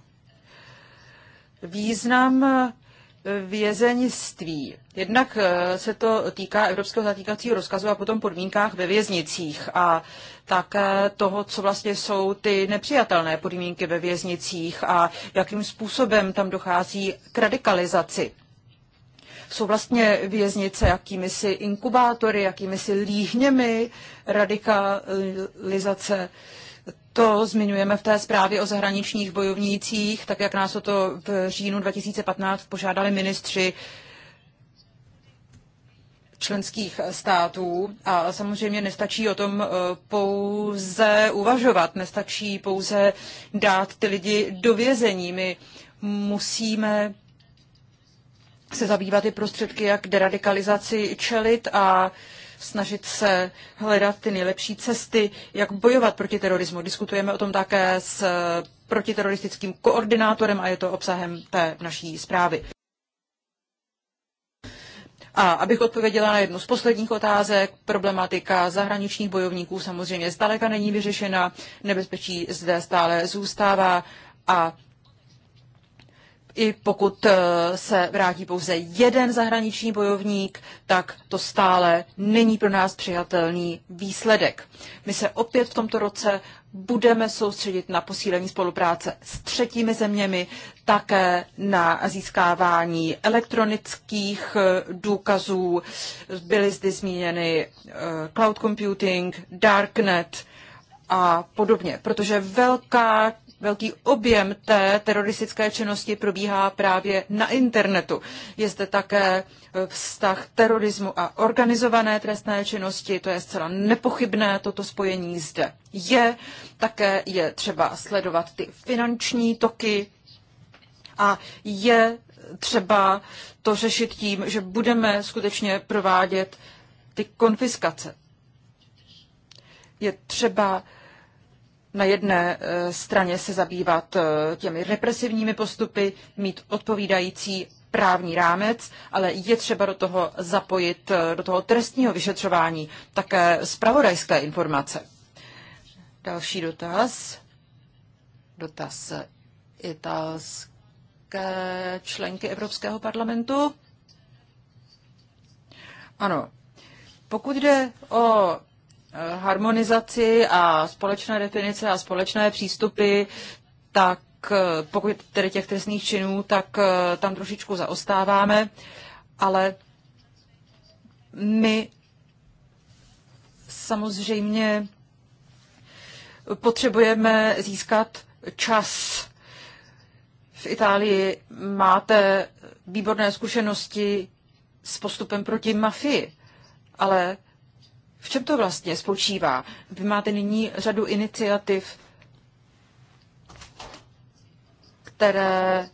význam vězeňství. Jednak eh, se to týká evropského zatýkacího rozkazu a potom podmínkách ve věznicích a tak toho, co vlastně jsou ty nepřijatelné podmínky ve věznicích a jakým způsobem tam dochází k radikalizaci jsou vlastně věznice jakýmisi inkubátory, jakýmisi líhněmi radikalizace. To zmiňujeme v té zprávě o zahraničních bojovnících, tak jak nás o to v říjnu 2015 požádali ministři členských států a samozřejmě nestačí o tom eh, pouze uvažovat, nestačí pouze dát ty lidi do vězení. My musíme se zabývat i prostředky, jak deradikalizaci čelit a snažit se hledat ty nejlepší cesty, jak bojovat proti terorismu. Diskutujeme o tom také s protiteroristickým koordinátorem a je to obsahem té naší zprávy. A abych odpověděla na jednu z posledních otázek, problematika zahraničních bojovníků samozřejmě zdaleka není vyřešena, nebezpečí zde stále zůstává a i pokud eh, se vrátí pouze jeden zahraniční bojovník, tak to stále není pro nás přijatelný výsledek. My se opět v tomto roce budeme soustředit na posílení spolupráce s třetími zeměmi, také na získávání elektronických eh, důkazů. Byly zde zmíněny eh, cloud computing, darknet a podobně, protože velká velký objem té teroristické činnosti probíhá právě na internetu. Je zde také eh, vztah terorismu a organizované trestné činnosti, to je zcela nepochybné, toto spojení zde je. Také je třeba sledovat ty finanční toky a je třeba to řešit tím, že budeme skutečně provádět ty konfiskace. Je třeba na jedné eh, straně se zabývat eh, těmi represivními postupy, mít odpovídající právní rámec, ale je třeba do toho zapojit, eh, do toho trestního vyšetřování, také zpravodajské informace. Další dotaz. Dotaz italské členky Evropského parlamentu. Ano, pokud jde o harmonizaci a společné definice a společné přístupy, tak eh, pokud tedy těch trestných činů, tak eh, tam trošičku zaostáváme, ale my samozřejmě potřebujeme získat čas. V Itálii máte výborné zkušenosti s postupem proti mafii, ale v čem to vlastně spočívá? Vy máte nyní řadu iniciativ, které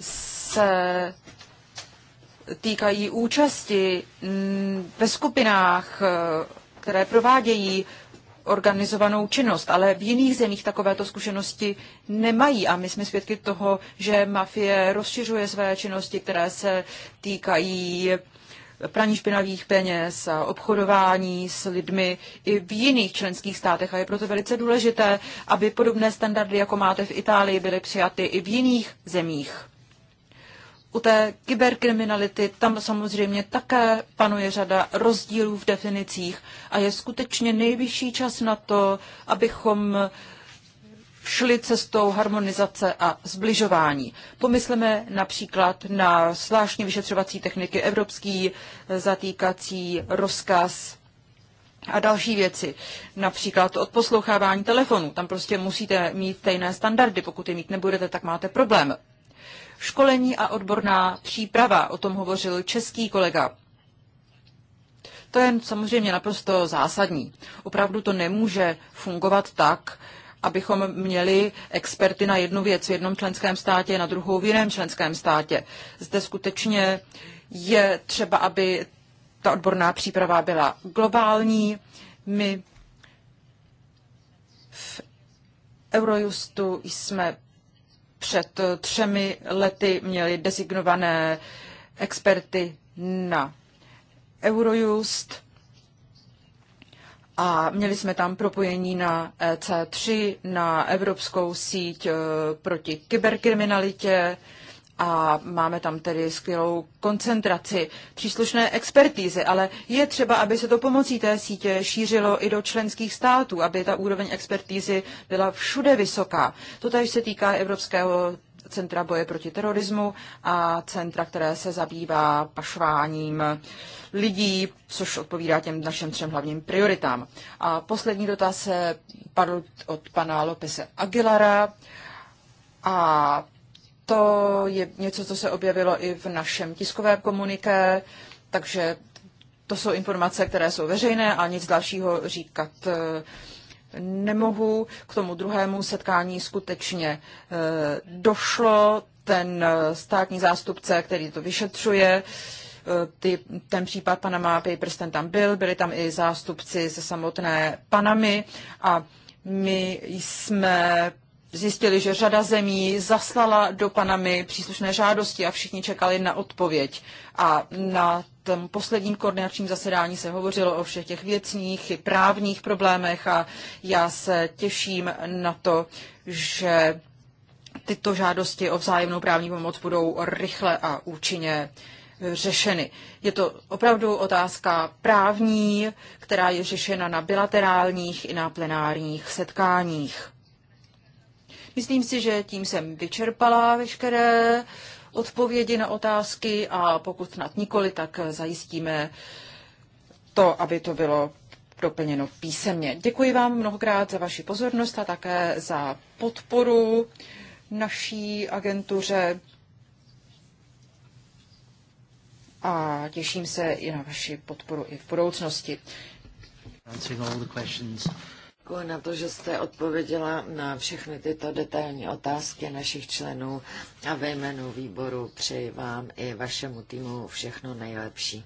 se týkají účasti ve skupinách, které provádějí organizovanou činnost, ale v jiných zemích takovéto zkušenosti nemají a my jsme svědky toho, že mafie rozšiřuje své činnosti, které se týkají praní špinavých peněz a obchodování s lidmi i v jiných členských státech a je proto velice důležité, aby podobné standardy, jako máte v Itálii, byly přijaty i v jiných zemích. U té kyberkriminality tam samozřejmě také panuje řada rozdílů v definicích a je skutečně nejvyšší čas na to, abychom šli cestou harmonizace a zbližování. Pomysleme například na zvláštní vyšetřovací techniky, evropský eh, zatýkací rozkaz a další věci, například od poslouchávání telefonu. Tam prostě musíte mít stejné standardy, pokud je mít nebudete, tak máte problém. Školení a odborná příprava, o tom hovořil český kolega. To je samozřejmě naprosto zásadní. Opravdu to nemůže fungovat tak, abychom měli experty na jednu věc v jednom členském státě, na druhou v jiném členském státě. Zde skutečně je třeba, aby ta odborná příprava byla globální. My v Eurojustu jsme před třemi lety měli designované experty na Eurojust a měli jsme tam propojení na EC3, na Evropskou síť e, proti kyberkriminalitě a máme tam tedy skvělou koncentraci příslušné expertízy, ale je třeba, aby se to pomocí té sítě šířilo i do členských států, aby ta úroveň expertízy byla všude vysoká. To tady se týká Evropského Centra boje proti terorismu a centra, které se zabývá pašováním lidí, což odpovídá těm našem třem hlavním prioritám. A poslední dotaz padl od pana Lopese Aguilara a to je něco, co se objevilo i v našem tiskovém komuniké, takže to jsou informace, které jsou veřejné a nic dalšího říkat eh, nemohu. K tomu druhému setkání skutečně eh, došlo. Ten eh, státní zástupce, který to vyšetřuje, eh, ty, ten případ Panama Papers, ten tam byl, byli tam i zástupci ze samotné Panamy a my jsme zjistili, že řada zemí zaslala do Panamy příslušné žádosti a všichni čekali na odpověď. A na tom posledním koordinačním zasedání se hovořilo o všech těch věcních i právních problémech a já se těším na to, že tyto žádosti o vzájemnou právní pomoc budou rychle a účinně řešeny. Je to opravdu otázka právní, která je řešena na bilaterálních i na plenárních setkáních. Myslím si, že tím jsem vyčerpala veškeré odpovědi na otázky a pokud snad nikoli, tak zajistíme to, aby to bylo doplněno písemně. Děkuji vám mnohokrát za vaši pozornost a také za podporu naší agentuře a těším se i na vaši podporu i v budoucnosti. Děkuji na to, že jste odpověděla na všechny tyto detailní otázky našich členů a ve jménu výboru přeji vám i vašemu týmu všechno nejlepší.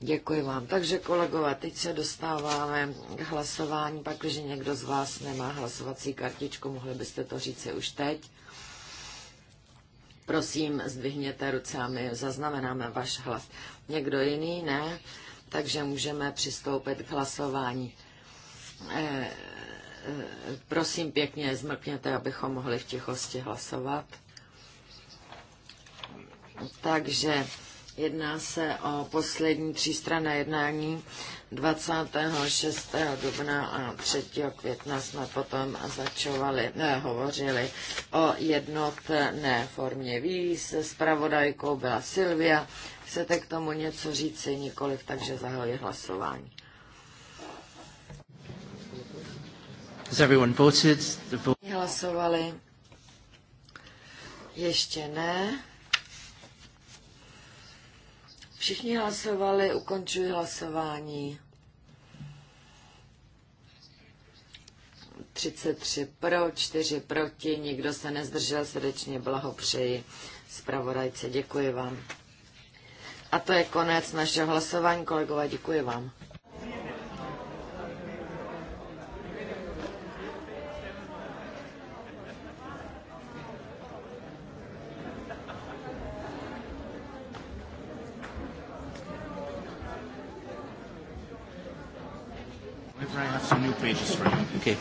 Děkuji vám. Takže kolegové, teď se dostáváme k hlasování. Pak, když někdo z vás nemá hlasovací kartičku, mohli byste to říct si už teď. Prosím, zdvihněte ruce a my zaznamenáme váš hlas. Někdo jiný? Ne? Takže můžeme přistoupit k hlasování prosím pěkně, zmrkněte, abychom mohli v tichosti hlasovat. Takže jedná se o poslední třístranné jednání 26. dubna a 3. května jsme potom začovali, ne, hovořili o jednotné formě víz. Spravodajkou byla Silvia. Chcete k tomu něco říci? Nikoliv, takže zahoji hlasování. Has everyone voted? The vote... Hlasovali. Ještě ne. Všichni hlasovali, ukončuji hlasování. 33 pro, 4 proti, nikdo se nezdržel, srdečně blahopřeji. Zpravodajce, děkuji vám. A to je konec našeho hlasování, kolegové, děkuji vám. I have some new pages for you. Okay.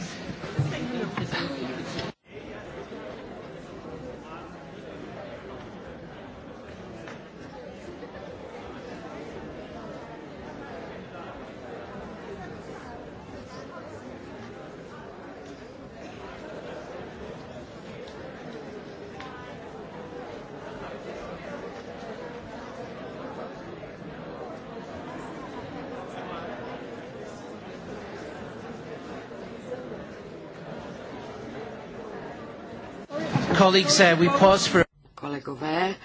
Uh, Kolegové,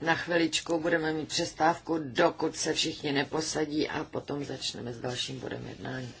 na chviličku budeme mít přestávku, dokud se všichni neposadí a potom začneme s dalším bodem jednání.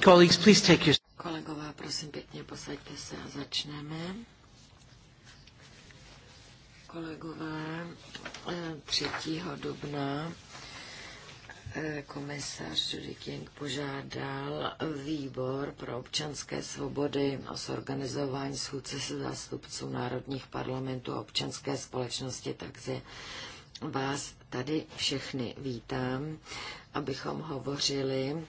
colleagues, please take your... Kolegové, prosím pěkně, posaďte se a začneme. Kolegové, 3. Eh, dubna eh, komisař Judy King požádal výbor pro občanské svobody o zorganizování schůdce se zástupců národních parlamentů a občanské společnosti, takže vás tady všechny vítám, abychom hovořili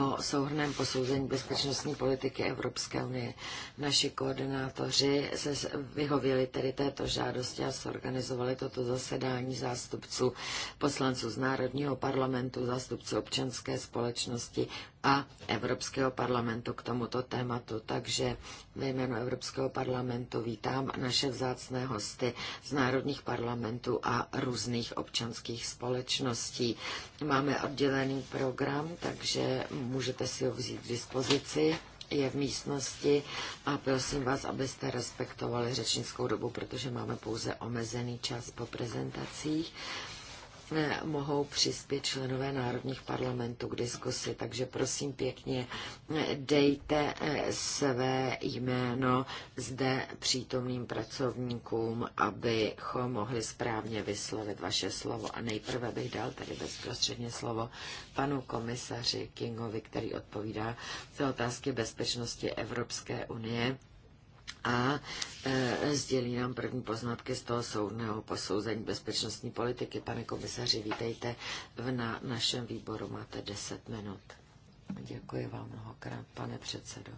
o souhrném posouzení bezpečnostní politiky Evropské unie. Naši koordinátoři se vyhověli tedy této žádosti a zorganizovali toto zasedání zástupců poslanců z Národního parlamentu, zástupců občanské společnosti a Evropského parlamentu k tomuto tématu. Takže ve jménu Evropského parlamentu vítám naše vzácné hosty z národních parlamentů a různých občanských společností. Máme oddělený program, takže takže můžete si ho vzít k dispozici je v místnosti a prosím vás, abyste respektovali řečnickou dobu, protože máme pouze omezený čas po prezentacích. Vlastně mohou přispět členové národních parlamentů k diskusi. Takže prosím pěkně, dejte eh, své jméno zde přítomným pracovníkům, abychom mohli správně vyslovit vaše slovo. A nejprve bych dal tedy bezprostředně slovo panu komisaři Kingovi, který odpovídá za otázky bezpečnosti Evropské unie a e, sdělí nám první poznatky z toho soudného posouzení bezpečnostní politiky. Pane komisaři, vítejte v na našem výboru. Máte 10 minut. Děkuji vám mnohokrát, pane předsedo.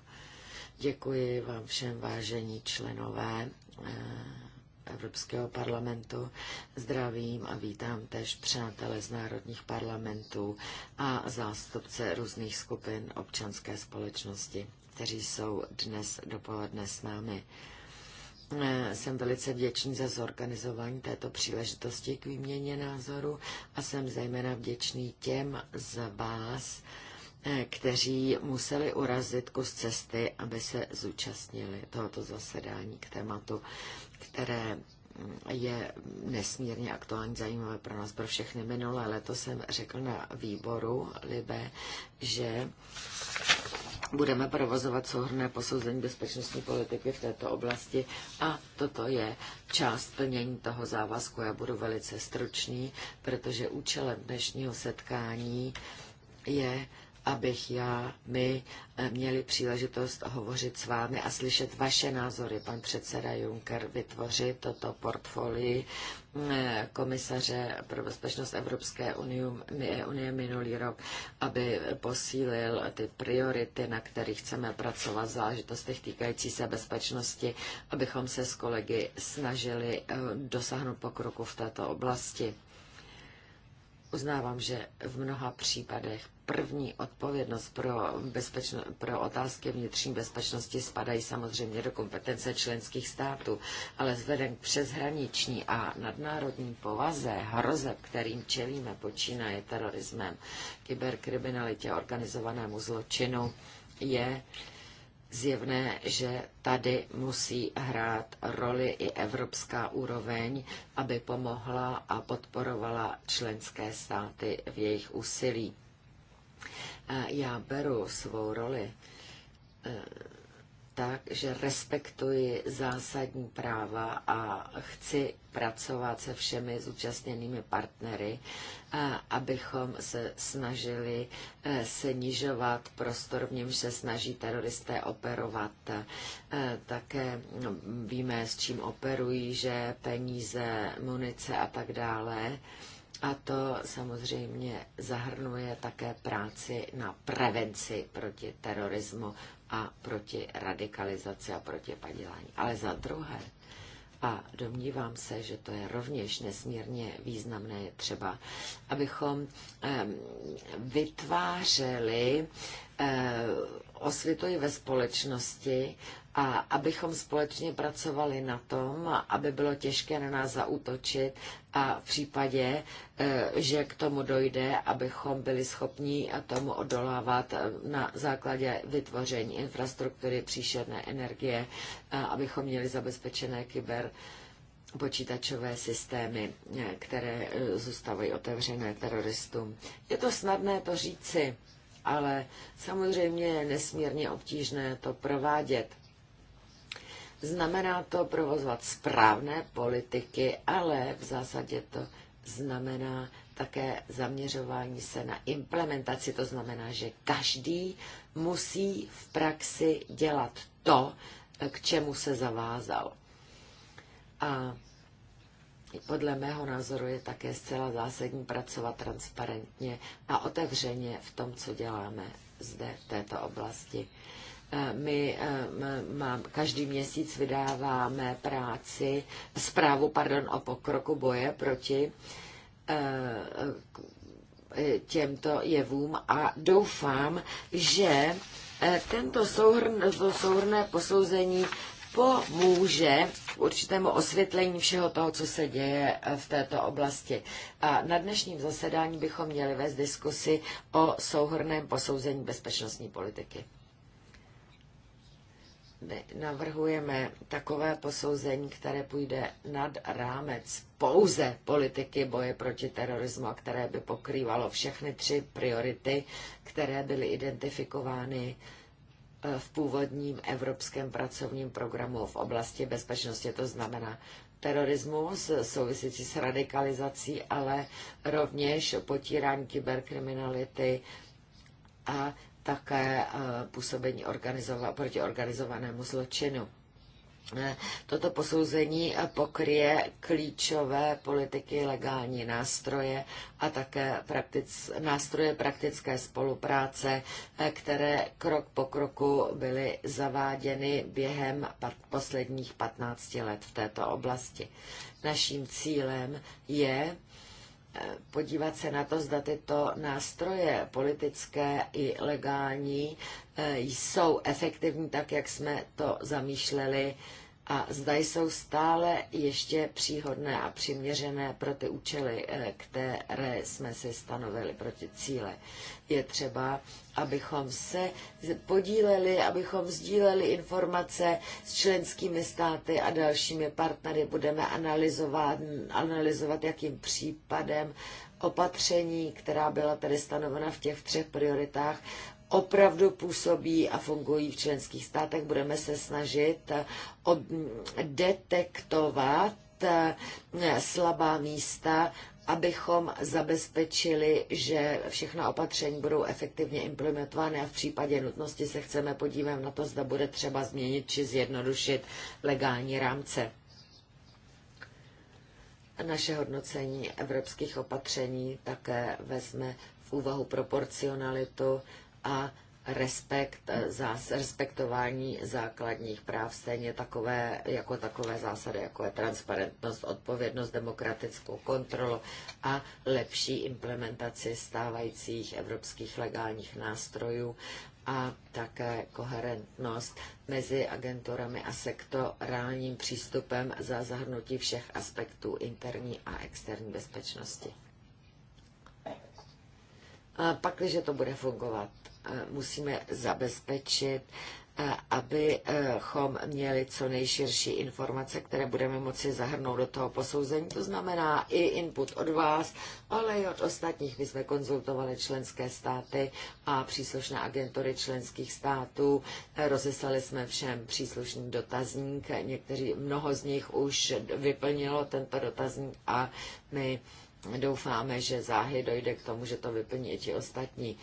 Děkuji vám všem vážení členové e, Evropského parlamentu. Zdravím a vítám tež přátelé z národních parlamentů a zástupce různých skupin občanské společnosti kteří jsou dnes dopoledne s námi. Eh, jsem velice vděčný za zorganizování této příležitosti k výměně názoru a jsem zejména vděčný těm z vás, eh, kteří museli urazit kus cesty, aby se zúčastnili tohoto zasedání k tématu, které mm, je nesmírně aktuální, zajímavé pro nás, pro všechny. Minulé leto jsem řekl na výboru Libe, že budeme provozovat souhrné posouzení bezpečnostní politiky v této oblasti a toto je část plnění toho závazku. Já budu velice stručný, protože účelem dnešního setkání je abych já, my eh, měli příležitost hovořit s vámi a slyšet vaše názory. Pan předseda Juncker vytvořit toto portfolii eh, komisaře pro bezpečnost Evropské unie minulý rok, aby posílil ty priority, na kterých chceme pracovat, v záležitostech týkající se bezpečnosti, abychom se s kolegy snažili eh, dosáhnout pokroku v této oblasti. Uznávám, že v mnoha případech první odpovědnost pro, bezpečno, pro otázky vnitřní bezpečnosti spadají samozřejmě do kompetence členských států, ale vzhledem k přeshraniční a nadnárodní povaze hrozeb, kterým čelíme, počínaje terorismem, kyberkriminalitě, organizovanému zločinu, je uh, zjevné, že tady musí hrát roli i evropská úroveň, aby pomohla a podporovala členské státy v jejich úsilí. Já beru svou roli eh, tak, že respektuji zásadní práva a chci pracovat se všemi zúčastněnými partnery, abychom se snažili e, snižovat prostor, v němž se snaží teroristé operovat. E, také no, víme, s čím operují, že peníze, munice a tak dále. A to samozřejmě zahrnuje také práci na prevenci proti terorismu a proti radikalizaci a proti padělání. Ale za druhé, a domnívám se, že to je rovněž nesmírně významné třeba, abychom vytvářeli Eh, osvětují ve společnosti a abychom společně pracovali na tom, aby bylo těžké na nás zautočit a v případě, eh, že k tomu dojde, abychom byli schopni tomu odolávat eh, na základě vytvoření infrastruktury příšerné energie, abychom měli zabezpečené kyber počítačové systémy, které zůstávají otevřené teroristům. Je to snadné to říci, ale samozřejmě je nesmírně obtížné to provádět. Znamená to provozovat správné politiky, ale v zásadě to znamená také zaměřování se na implementaci. To znamená, že každý musí v praxi dělat to, k čemu se zavázal. A podle mého názoru je také zcela zásadní pracovat transparentně a otevřeně v tom, co děláme zde v této oblasti. Eh, my eh, mám, každý měsíc vydáváme práci, zprávu pardon, o pokroku boje proti eh, těmto jevům a doufám, že tento souhrn, to souhrné posouzení pomůže určitému osvětlení všeho toho, co se děje v této oblasti. A na dnešním zasedání bychom měli vést diskusi o souhrném posouzení bezpečnostní politiky. My navrhujeme takové posouzení, které půjde nad rámec pouze politiky boje proti terorismu a které by pokrývalo všechny tři priority, které byly identifikovány v původním evropském pracovním programu v oblasti bezpečnosti, to znamená terorismus související s radikalizací, ale rovněž potírání kyberkriminality a také eh, působení organizova- proti organizovanému zločinu. Toto posouzení pokryje klíčové politiky, legální nástroje a také praktic, nástroje praktické spolupráce, eh, které krok po kroku byly zaváděny během pat, posledních 15 let v této oblasti. Naším cílem je Eh, podívat se na to, zda tyto nástroje politické i legální eh, jsou efektivní tak, jak jsme to zamýšleli a zda jsou stále ještě příhodné a přiměřené pro ty účely, eh, které jsme si stanovili, pro ty cíle. Je třeba abychom se podíleli, abychom sdíleli informace s členskými státy a dalšími partnery. Budeme analyzovat, analyzovat jakým případem opatření, která byla tady stanovena v těch třech prioritách, opravdu působí a fungují v členských státech. Budeme se snažit eh, detektovat eh, slabá místa abychom zabezpečili, že všechna opatření budou efektivně implementovány a v případě nutnosti se chceme podívat na to, zda bude třeba změnit či zjednodušit legální rámce. Naše hodnocení evropských opatření také vezme v úvahu proporcionalitu a respekt, eh, zás, respektování základních práv, stejně takové, jako takové zásady, jako je transparentnost, odpovědnost, demokratickou kontrolu a lepší implementaci stávajících evropských legálních nástrojů a také koherentnost mezi agenturami a sektorálním přístupem za zahrnutí všech aspektů interní a externí bezpečnosti. A pak, když to bude fungovat, musíme zabezpečit, abychom měli co nejširší informace, které budeme moci zahrnout do toho posouzení. To znamená i input od vás, ale i od ostatních. My jsme konzultovali členské státy a příslušné agentury členských států. Rozeslali jsme všem příslušný dotazník. Někteří, mnoho z nich už vyplnilo tento dotazník a my doufáme, že záhy dojde k tomu, že to vyplní i ti ostatní.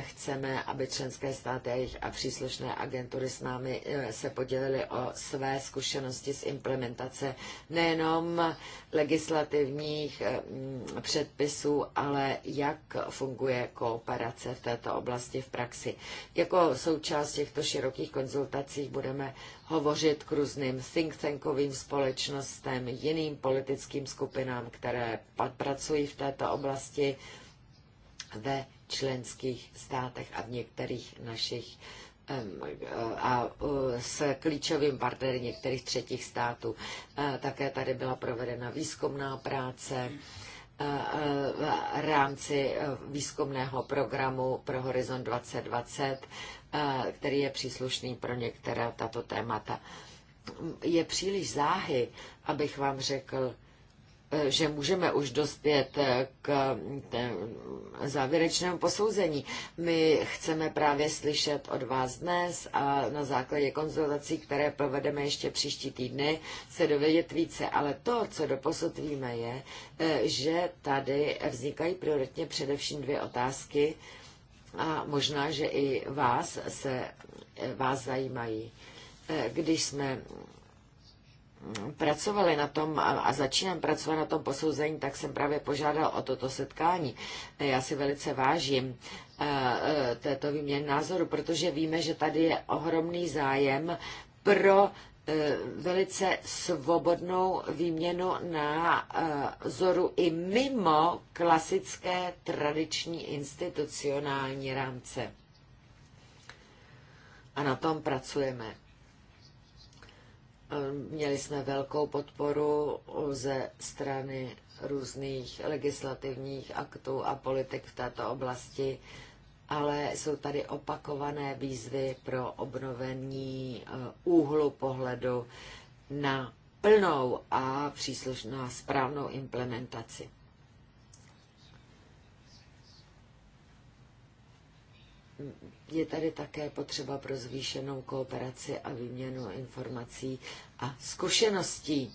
Chceme, aby členské státy a jejich příslušné agentury s námi eh, se podělili o své zkušenosti z implementace nejenom legislativních eh, mm, předpisů, ale jak funguje kooperace v této oblasti v praxi. Jako součást těchto širokých konzultací budeme hovořit k různým think tankovým společnostem, jiným politickým skupinám, které pracují v této oblasti ve členských státech a v některých našich a e, s klíčovým partnery některých třetích států. E, také tady byla provedena výzkumná práce e, v rámci výzkumného programu pro Horizon 2020, který je příslušný pro některá tato témata. Je příliš záhy, abych vám řekl, Eh, že můžeme už dospět eh, k eh, závěrečnému posouzení. My chceme právě slyšet od vás dnes a na základě konzultací, které provedeme ještě příští týdny, se dovědět více. Ale to, co doposud víme, je, že tady vznikají prioritně především dvě otázky a možná, že i vás se vás zajímají. Když jsme pracovali na tom a začínám pracovat na tom posouzení, tak jsem právě požádal o toto setkání. Já si velice vážím eh, eh, této výměny názoru, protože víme, že tady je ohromný zájem pro eh, velice svobodnou výměnu názoru i mimo klasické tradiční institucionální rámce. A na tom pracujeme. Měli jsme velkou podporu ze strany různých legislativních aktů a politik v této oblasti, ale jsou tady opakované výzvy pro obnovení eh, úhlu pohledu na plnou a příslušná správnou implementaci je tady také potřeba pro zvýšenou kooperaci a výměnu informací a zkušeností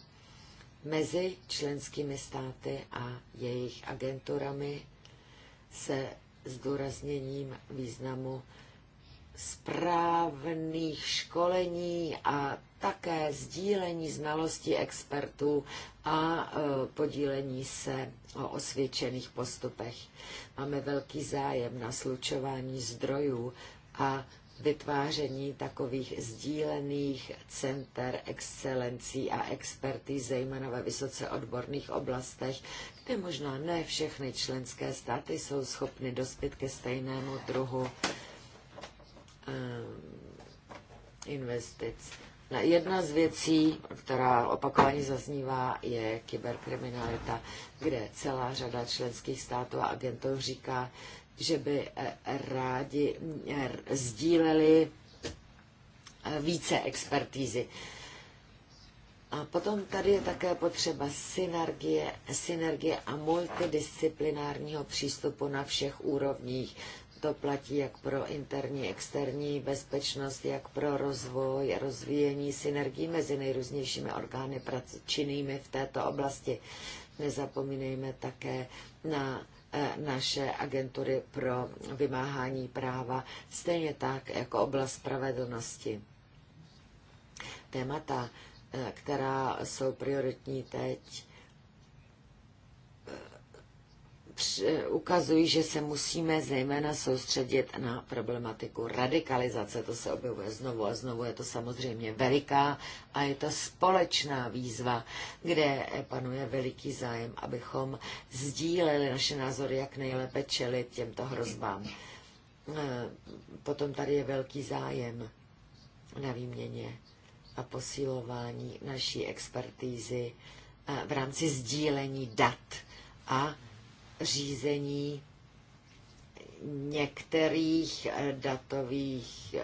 mezi členskými státy a jejich agenturami se zdůrazněním významu správných školení a také sdílení znalostí expertů a e, podílení se o osvědčených postupech. Máme velký zájem na slučování zdrojů a vytváření takových sdílených center excelencí a expertí, zejména ve vysoce odborných oblastech, kde možná ne všechny členské státy jsou schopny dospět ke stejnému druhu Eh, investic. Jedna z věcí, která opakovaně zaznívá, je kyberkriminalita, kde celá řada členských států a agentů říká, že by eh, rádi eh, sdíleli více expertízy. A potom tady je také potřeba synergie, synergie a multidisciplinárního přístupu na všech úrovních. To platí jak pro interní, externí bezpečnost, jak pro rozvoj, rozvíjení synergií mezi nejrůznějšími orgány činnými v této oblasti. Nezapomínejme také na eh, naše agentury pro vymáhání práva, stejně tak jako oblast spravedlnosti. Témata, eh, která jsou prioritní teď, ukazují, že se musíme zejména soustředit na problematiku radikalizace. To se objevuje znovu a znovu. Je to samozřejmě veliká a je to společná výzva, kde panuje veliký zájem, abychom sdíleli naše názory, jak nejlépe čelit těmto hrozbám. E, potom tady je velký zájem na výměně a posilování naší expertízy e, v rámci sdílení dat a řízení některých eh, datových eh,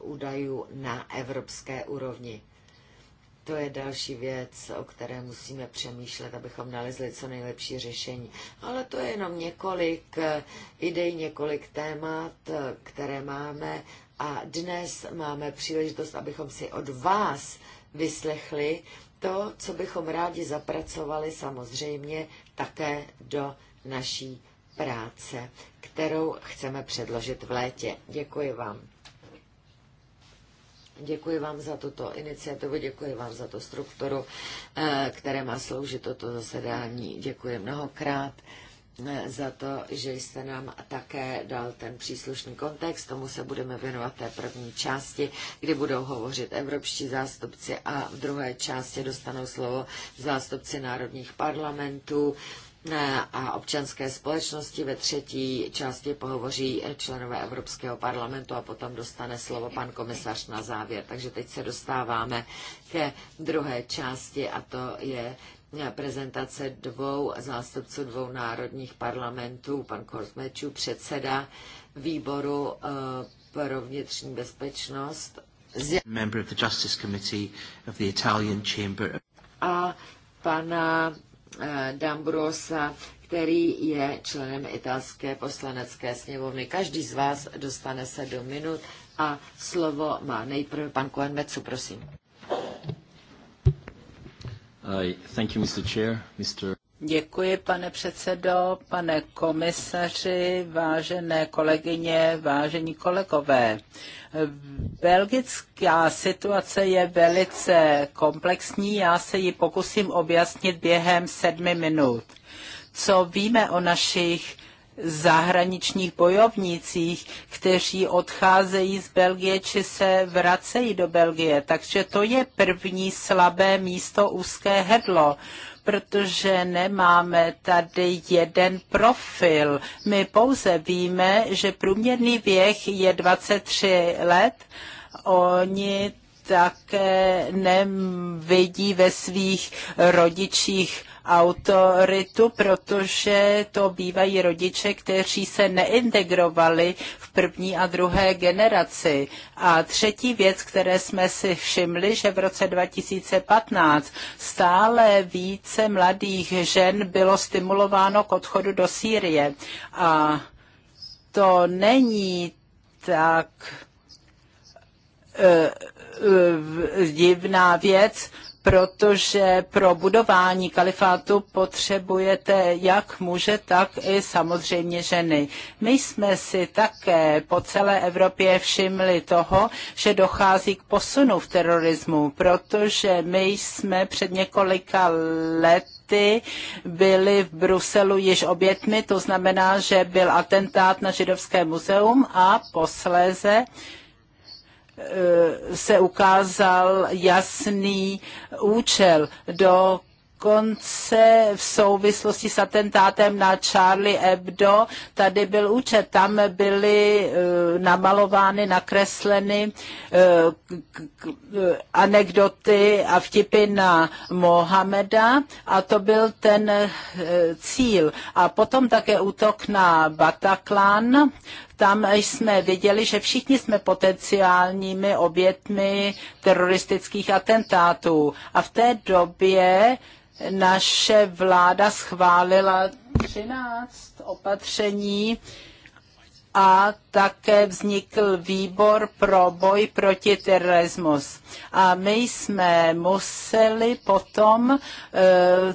údajů na evropské úrovni. To je další věc, o které musíme přemýšlet, abychom nalezli co nejlepší řešení. Ale to je jenom několik eh, idej, několik témat, které máme. A dnes máme příležitost, abychom si od vás vyslechli to, co bychom rádi zapracovali samozřejmě také do naší práce, kterou chceme předložit v létě. Děkuji vám. Děkuji vám za tuto iniciativu, děkuji vám za tu strukturu, eh, které má sloužit toto zasedání. Děkuji mnohokrát eh, za to, že jste nám také dal ten příslušný kontext. Tomu se budeme věnovat té první části, kdy budou hovořit evropští zástupci a v druhé části dostanou slovo zástupci národních parlamentů a občanské společnosti. Ve třetí části pohovoří členové Evropského parlamentu a potom dostane slovo pan komisař na závěr. Takže teď se dostáváme ke druhé části a to je prezentace dvou zástupců dvou národních parlamentů, pan korzmečů předseda výboru eh, pro vnitřní bezpečnost. Member of the Justice Committee of the Italian Chamber. A pana Eh, Dambrosa, který je členem italské poslanecké sněmovny. Každý z vás dostane se do minut a slovo má nejprve pan Metsu, prosím. Uh, thank you, Mr. Chair, Mr. Děkuji, pane předsedo, pane komisaři, vážené kolegyně, vážení kolegové. Belgická situace je velice komplexní, já se ji pokusím objasnit během sedmi minut. Co víme o našich zahraničních bojovnících, kteří odcházejí z Belgie či se vracejí do Belgie. Takže to je první slabé místo úzké hrdlo protože nemáme tady jeden profil. My pouze víme, že průměrný věk je 23 let. Oni také nevidí ve svých rodičích autoritu, protože to bývají rodiče, kteří se neintegrovali v první a druhé generaci. A třetí věc, které jsme si všimli, že v roce 2015 stále více mladých žen bylo stimulováno k odchodu do Sýrie. A to není tak eh, eh, divná věc, protože pro budování kalifátu potřebujete jak muže, tak i samozřejmě ženy. My jsme si také po celé Evropě všimli toho, že dochází k posunu v terorismu, protože my jsme před několika lety byli v Bruselu již obětmi, to znamená, že byl atentát na židovské muzeum a posléze Eh, se ukázal jasný účel. Do konce v souvislosti s atentátem na Charlie Hebdo, tady byl účet, tam byly eh, namalovány, nakresleny eh, anekdoty a vtipy na Mohameda a to byl ten cíl. A potom také útok na Bataclan, tam jsme viděli, že všichni jsme potenciálními obětmi teroristických atentátů. A v té době naše vláda schválila 13 opatření, a také vznikl výbor pro boj proti terorismus. A my jsme museli potom uh,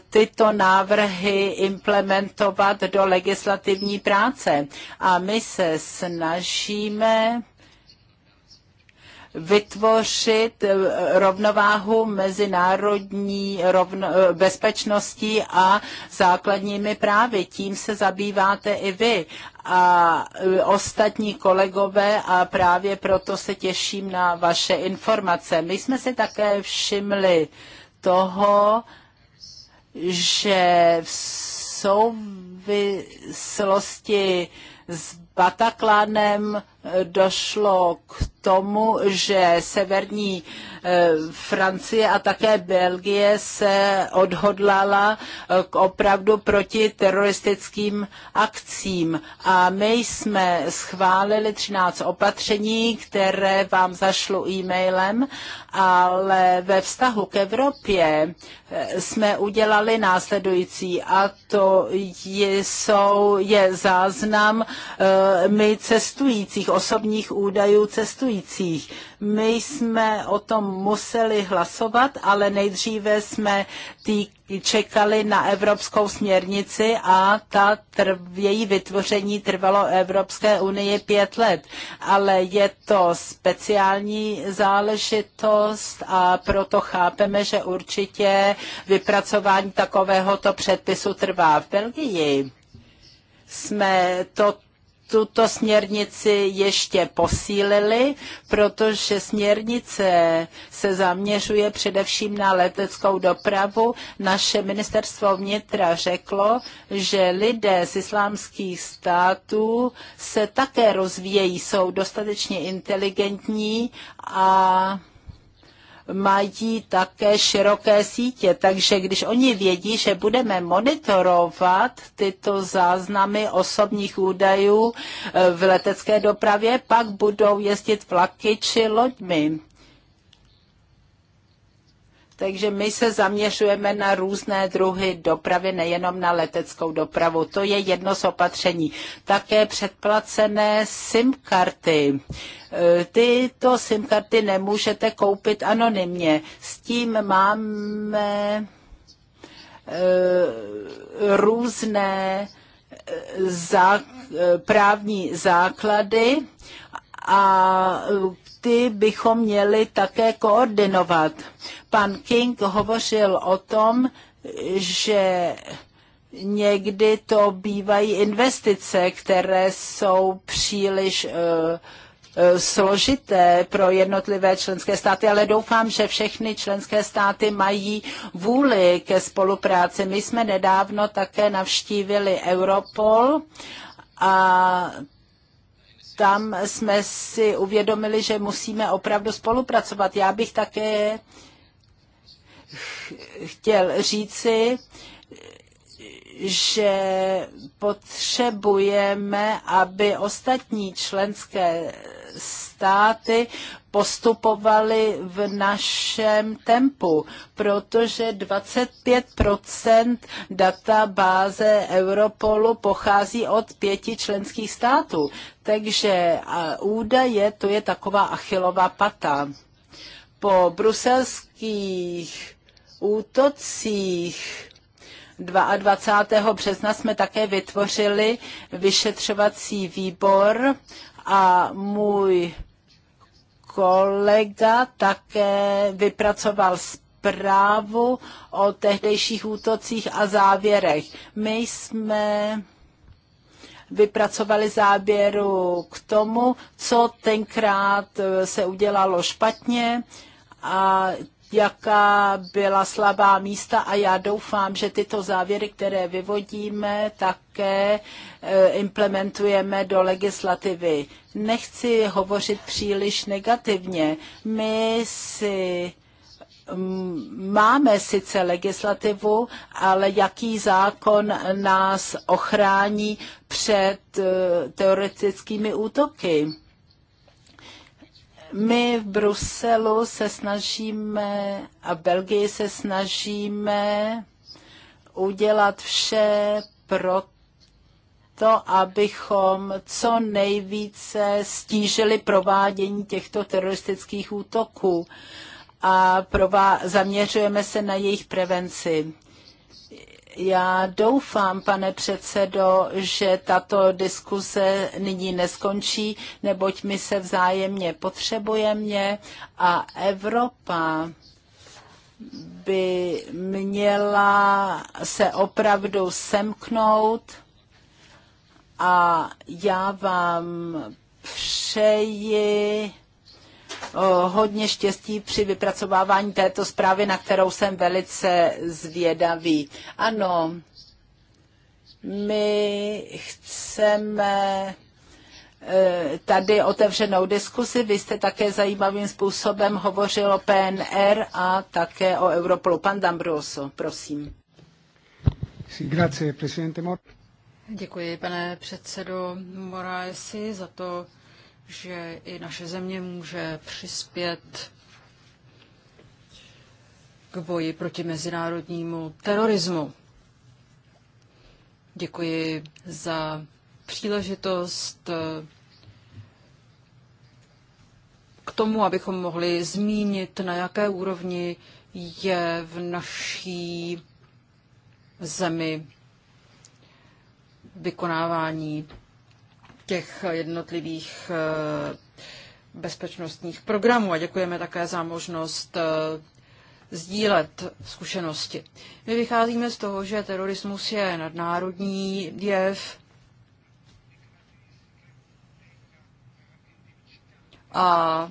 tyto návrhy implementovat do legislativní práce. A my se snažíme vytvořit eh, rovnováhu mezi národní rovno, eh, bezpečností a základními právy. Tím se zabýváte i vy a eh, ostatní kolegové a právě proto se těším na vaše informace. My jsme si také všimli toho, že v souvislosti s Bataklánem došlo k tomu, že severní e, Francie a také Belgie se odhodlala e, k opravdu proti teroristickým akcím. A my jsme schválili 13 opatření, které vám zašlo e-mailem, ale ve vztahu k Evropě e, jsme udělali následující a to je, jsou, je záznam my cestujících osobních údajů cestujících. My jsme o tom museli hlasovat, ale nejdříve jsme tý, čekali na evropskou směrnici a ta trv, její vytvoření trvalo Evropské unii pět let. Ale je to speciální záležitost a proto chápeme, že určitě vypracování takovéhoto předpisu trvá v Belgii jsme to tuto směrnici ještě posílili, protože směrnice se zaměřuje především na leteckou dopravu. Naše ministerstvo vnitra řeklo, že lidé z islámských států se také rozvíjejí, jsou dostatečně inteligentní a mají také široké sítě, takže když oni vědí, že budeme monitorovat tyto záznamy osobních údajů eh, v letecké dopravě, pak budou jezdit vlaky či loďmi. Takže my se zaměřujeme na různé druhy dopravy, nejenom na leteckou dopravu. To je jedno z opatření. Také předplacené SIM karty. E, tyto SIM karty nemůžete koupit anonymně. S tím máme e, různé e, zá, právní základy a ty bychom měli také koordinovat. Pan King hovořil o tom, že někdy to bývají investice, které jsou příliš eh, eh, složité pro jednotlivé členské státy, ale doufám, že všechny členské státy mají vůli ke spolupráci. My jsme nedávno také navštívili Europol a tam jsme si uvědomili, že musíme opravdu spolupracovat. Já bych také chtěl říci, že potřebujeme, aby ostatní členské státy postupovali v našem tempu, protože 25 databáze Europolu pochází od pěti členských států. Takže údaje to je taková achilová pata. Po bruselských útocích 22. března jsme také vytvořili vyšetřovací výbor a můj kolega také vypracoval zprávu o tehdejších útocích a závěrech. My jsme vypracovali záběru k tomu, co tenkrát se udělalo špatně a jaká byla slabá místa a já doufám, že tyto závěry, které vyvodíme, také e, implementujeme do legislativy. Nechci hovořit příliš negativně. My si máme sice legislativu, ale jaký zákon nás ochrání před e, teoretickými útoky. My v Bruselu se snažíme a v Belgii se snažíme udělat vše pro to, abychom co nejvíce stížili provádění těchto teroristických útoků a zaměřujeme se na jejich prevenci. Já doufám, pane předsedo, že tato diskuse nyní neskončí, neboť my se vzájemně potřebujeme a Evropa by měla se opravdu semknout a já vám přeji hodně štěstí při vypracovávání této zprávy, na kterou jsem velice zvědavý. Ano, my chceme e, tady otevřenou diskusi. Vy jste také zajímavým způsobem hovořil o PNR a také o Europolu. Pan Dambroso, prosím. Děkuji, pane předsedo Moraesi, za to, že i naše země může přispět k boji proti mezinárodnímu terorismu. Děkuji za příležitost eh, k tomu, abychom mohli zmínit, na jaké úrovni je v naší zemi vykonávání těch jednotlivých eh, bezpečnostních programů a děkujeme také za možnost eh, sdílet zkušenosti. My vycházíme z toho, že terorismus je nadnárodní jev a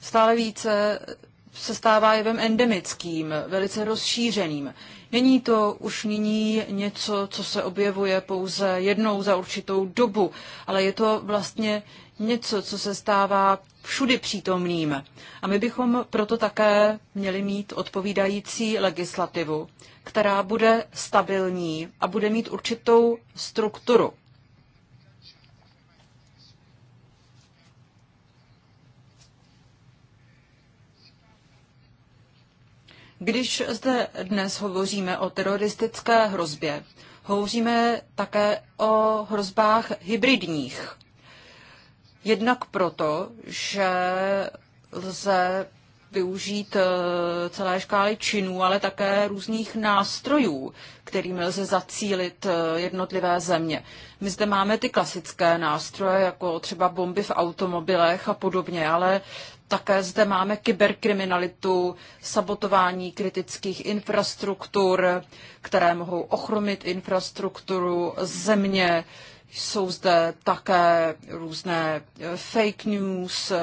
stále více se stává jevem endemickým, velice rozšířeným. Není to už nyní něco, co se objevuje pouze jednou za určitou dobu, ale je to vlastně něco, co se stává všudy přítomným. A my bychom proto také měli mít odpovídající legislativu, která bude stabilní a bude mít určitou strukturu. Když zde dnes hovoříme o teroristické hrozbě, hovoříme také o hrozbách hybridních. Jednak proto, že lze využít e, celé škály činů, ale také různých nástrojů, kterými lze zacílit e, jednotlivé země. My zde máme ty klasické nástroje, jako třeba bomby v automobilech a podobně, ale také zde máme kyberkriminalitu, sabotování kritických infrastruktur, které mohou ochromit infrastrukturu země. Jsou zde také různé eh, fake news, eh,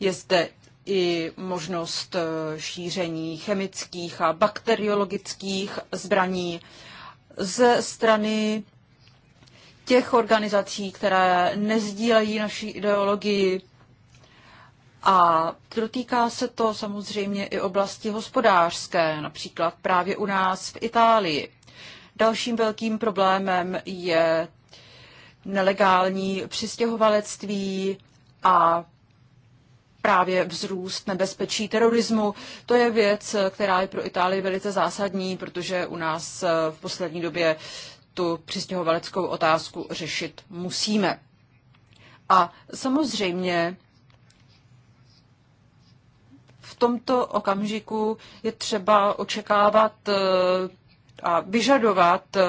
je zde i možnost eh, šíření chemických a bakteriologických zbraní ze strany těch organizací, které nezdílejí naši ideologii, a dotýká se to samozřejmě i oblasti hospodářské, například právě u nás v Itálii. Dalším velkým problémem je nelegální přistěhovalectví a právě vzrůst nebezpečí terorismu. To je věc, která je pro Itálii velice zásadní, protože u nás v poslední době tu přistěhovaleckou otázku řešit musíme. A samozřejmě tomto okamžiku je třeba očekávat eh, a vyžadovat eh,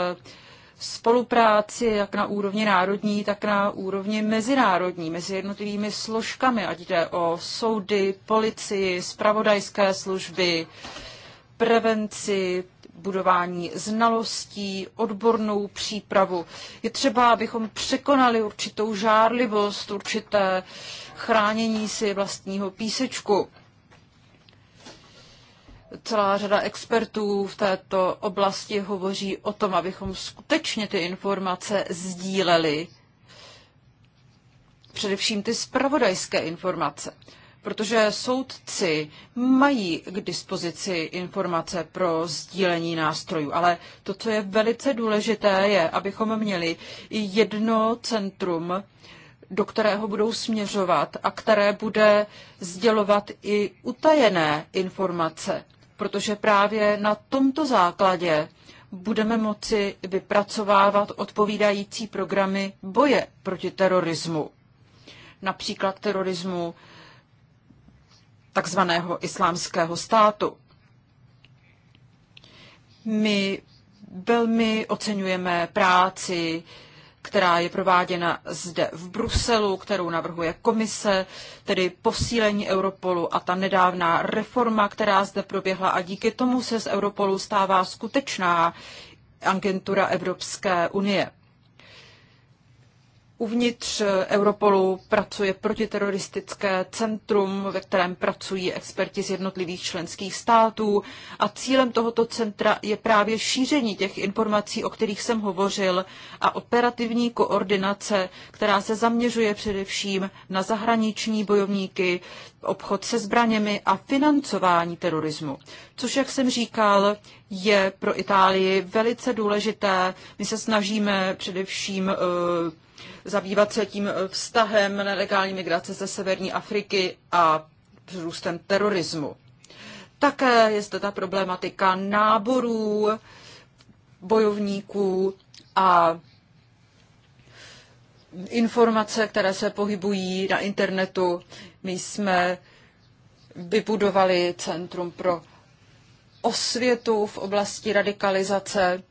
spolupráci jak na úrovni národní, tak na úrovni mezinárodní, mezi jednotlivými složkami, ať jde o soudy, policii, spravodajské služby, prevenci, budování znalostí, odbornou přípravu. Je třeba, abychom překonali určitou žárlivost, určité chránění si vlastního písečku. Celá řada expertů v této oblasti hovoří o tom, abychom skutečně ty informace sdíleli, především ty spravodajské informace, protože soudci mají k dispozici informace pro sdílení nástrojů, ale to, co je velice důležité, je, abychom měli jedno centrum, do kterého budou směřovat a které bude sdělovat i utajené informace protože právě na tomto základě budeme moci vypracovávat odpovídající programy boje proti terorismu. Například terorismu takzvaného islámského státu. My velmi oceňujeme práci která je prováděna zde v Bruselu, kterou navrhuje komise, tedy posílení Europolu a ta nedávná reforma, která zde proběhla a díky tomu se z Europolu stává skutečná agentura Evropské unie. Uvnitř Europolu pracuje protiteroristické centrum, ve kterém pracují experti z jednotlivých členských států a cílem tohoto centra je právě šíření těch informací, o kterých jsem hovořil a operativní koordinace, která se zaměřuje především na zahraniční bojovníky, obchod se zbraněmi a financování terorismu, což, jak jsem říkal, je pro Itálii velice důležité. My se snažíme především eh, zabývat se tím vztahem nelegální migrace ze severní Afriky a růstem terorismu. Také je zde ta problematika náborů bojovníků a informace, které se pohybují na internetu. My jsme vybudovali Centrum pro osvětu v oblasti radikalizace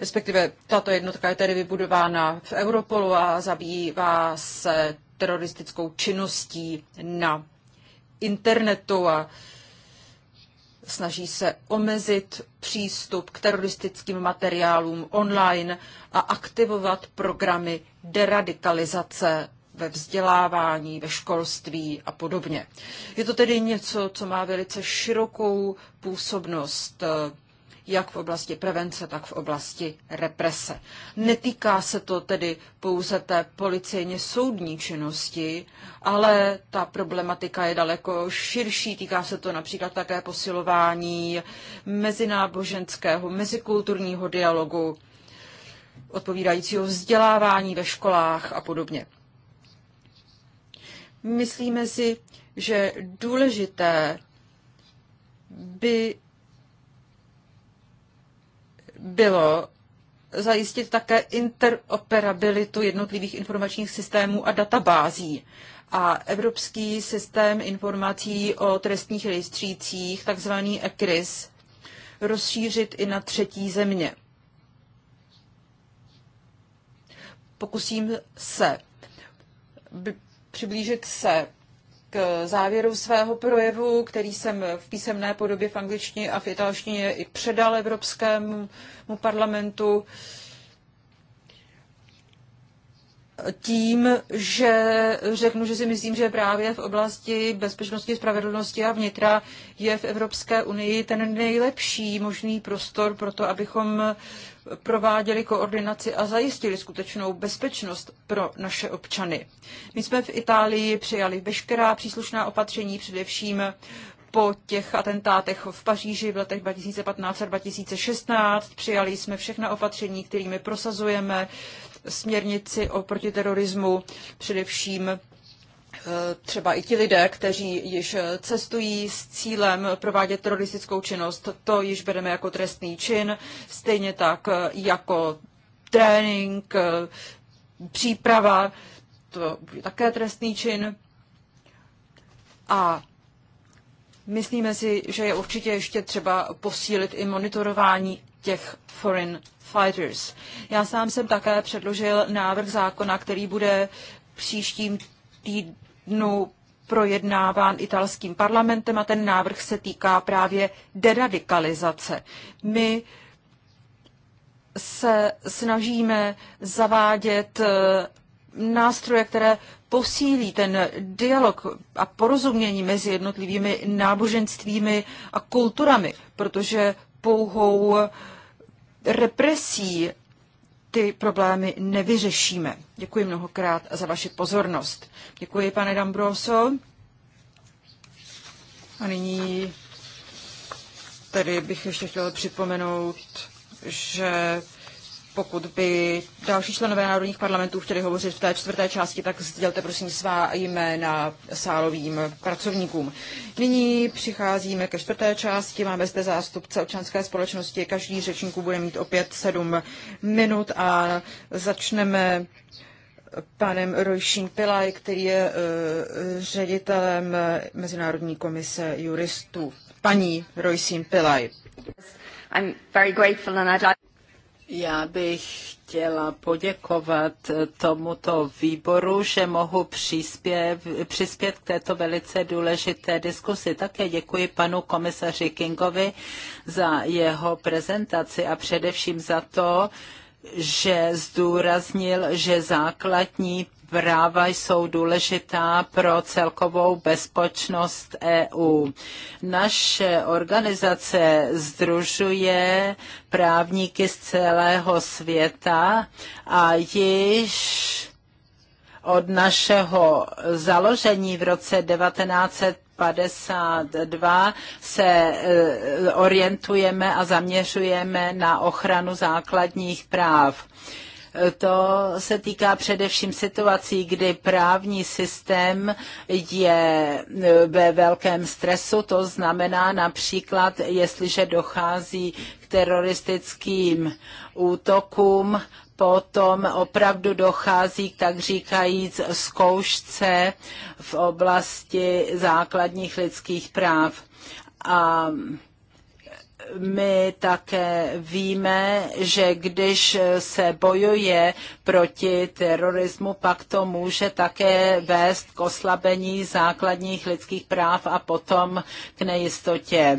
respektive tato jednotka je tedy vybudována v Europolu a zabývá se teroristickou činností na internetu a snaží se omezit přístup k teroristickým materiálům online a aktivovat programy deradikalizace ve vzdělávání, ve školství a podobně. Je to tedy něco, co má velice širokou působnost eh, jak v oblasti prevence, tak v oblasti represe. Netýká se to tedy pouze té policejně soudní činnosti, ale ta problematika je daleko širší. Týká se to například také posilování mezináboženského, mezikulturního dialogu, odpovídajícího vzdělávání ve školách a podobně. Myslíme si, že důležité by bylo zajistit také interoperabilitu jednotlivých informačních systémů a databází. A Evropský systém informací o trestních rejstřících, takzvaný ECRIS, rozšířit i na třetí země. Pokusím se přiblížit se k závěru svého projevu, který jsem v písemné podobě v angličtině a v italštině i předal Evropskému parlamentu. Uh, tím, že řeknu, že si myslím, že právě v oblasti bezpečnosti, spravedlnosti a vnitra je v Evropské unii ten nejlepší možný prostor pro to, abychom prováděli koordinaci a zajistili skutečnou bezpečnost pro naše občany. My jsme v Itálii přijali veškerá příslušná opatření, především po těch atentátech v Paříži v letech 2015 a 2016. Přijali jsme všechna opatření, kterými prosazujeme směrnici o protiterorismu, především eh, třeba i ti lidé, kteří již cestují s cílem provádět teroristickou činnost, to již bereme jako trestný čin, stejně tak eh, jako trénink, eh, příprava, to je také trestný čin. A myslíme si, že je určitě ještě třeba posílit i monitorování těch foreign fighters. Já sám jsem také předložil návrh zákona, který bude příštím týdnu projednáván italským parlamentem a ten návrh se týká právě deradikalizace. My se snažíme zavádět eh, nástroje, které posílí ten dialog a porozumění mezi jednotlivými náboženstvími a kulturami, protože pouhou represí ty problémy nevyřešíme. Děkuji mnohokrát za vaši pozornost. Děkuji, pane Dambroso. A nyní tady bych ještě chtěla připomenout, že pokud by další členové národních parlamentů chtěli hovořit v té čtvrté části, tak sdělte prosím svá jména sálovým pracovníkům. Nyní přicházíme ke čtvrté části. Máme zde zástupce občanské společnosti. Každý řečníků bude mít opět sedm minut a začneme panem Rojším Pilaj, který je e, ředitelem Mezinárodní komise juristů. Paní Rojším Pilaj. I'm very grateful and I'd like... Já bych chtěla poděkovat tomuto výboru, že mohu přispěv, přispět k této velice důležité diskusi. Také děkuji panu komisaři Kingovi za jeho prezentaci a především za to, že zdůraznil, že základní práva jsou důležitá pro celkovou bezpečnost EU. Naše organizace združuje právníky z celého světa a již od našeho založení v roce 19. 52 se e, orientujeme a zaměřujeme na ochranu základních práv. To se týká především situací, kdy právní systém je e, ve velkém stresu. To znamená například, jestliže dochází k teroristickým útokům, potom opravdu dochází k tak říkajíc zkoušce v oblasti základních lidských práv. A my také víme, že když se bojuje proti terorismu, pak to může také vést k oslabení základních lidských práv a potom k nejistotě.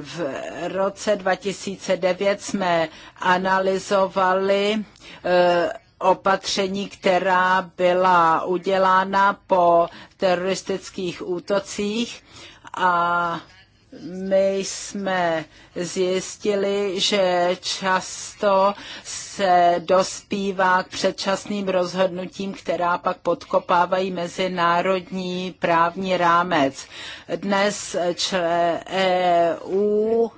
V roce 2009 jsme analyzovali eh, opatření, která byla udělána po teroristických útocích a my jsme zjistili, že často se dospívá k předčasným rozhodnutím, která pak podkopávají mezinárodní právní rámec. Dnes čle EU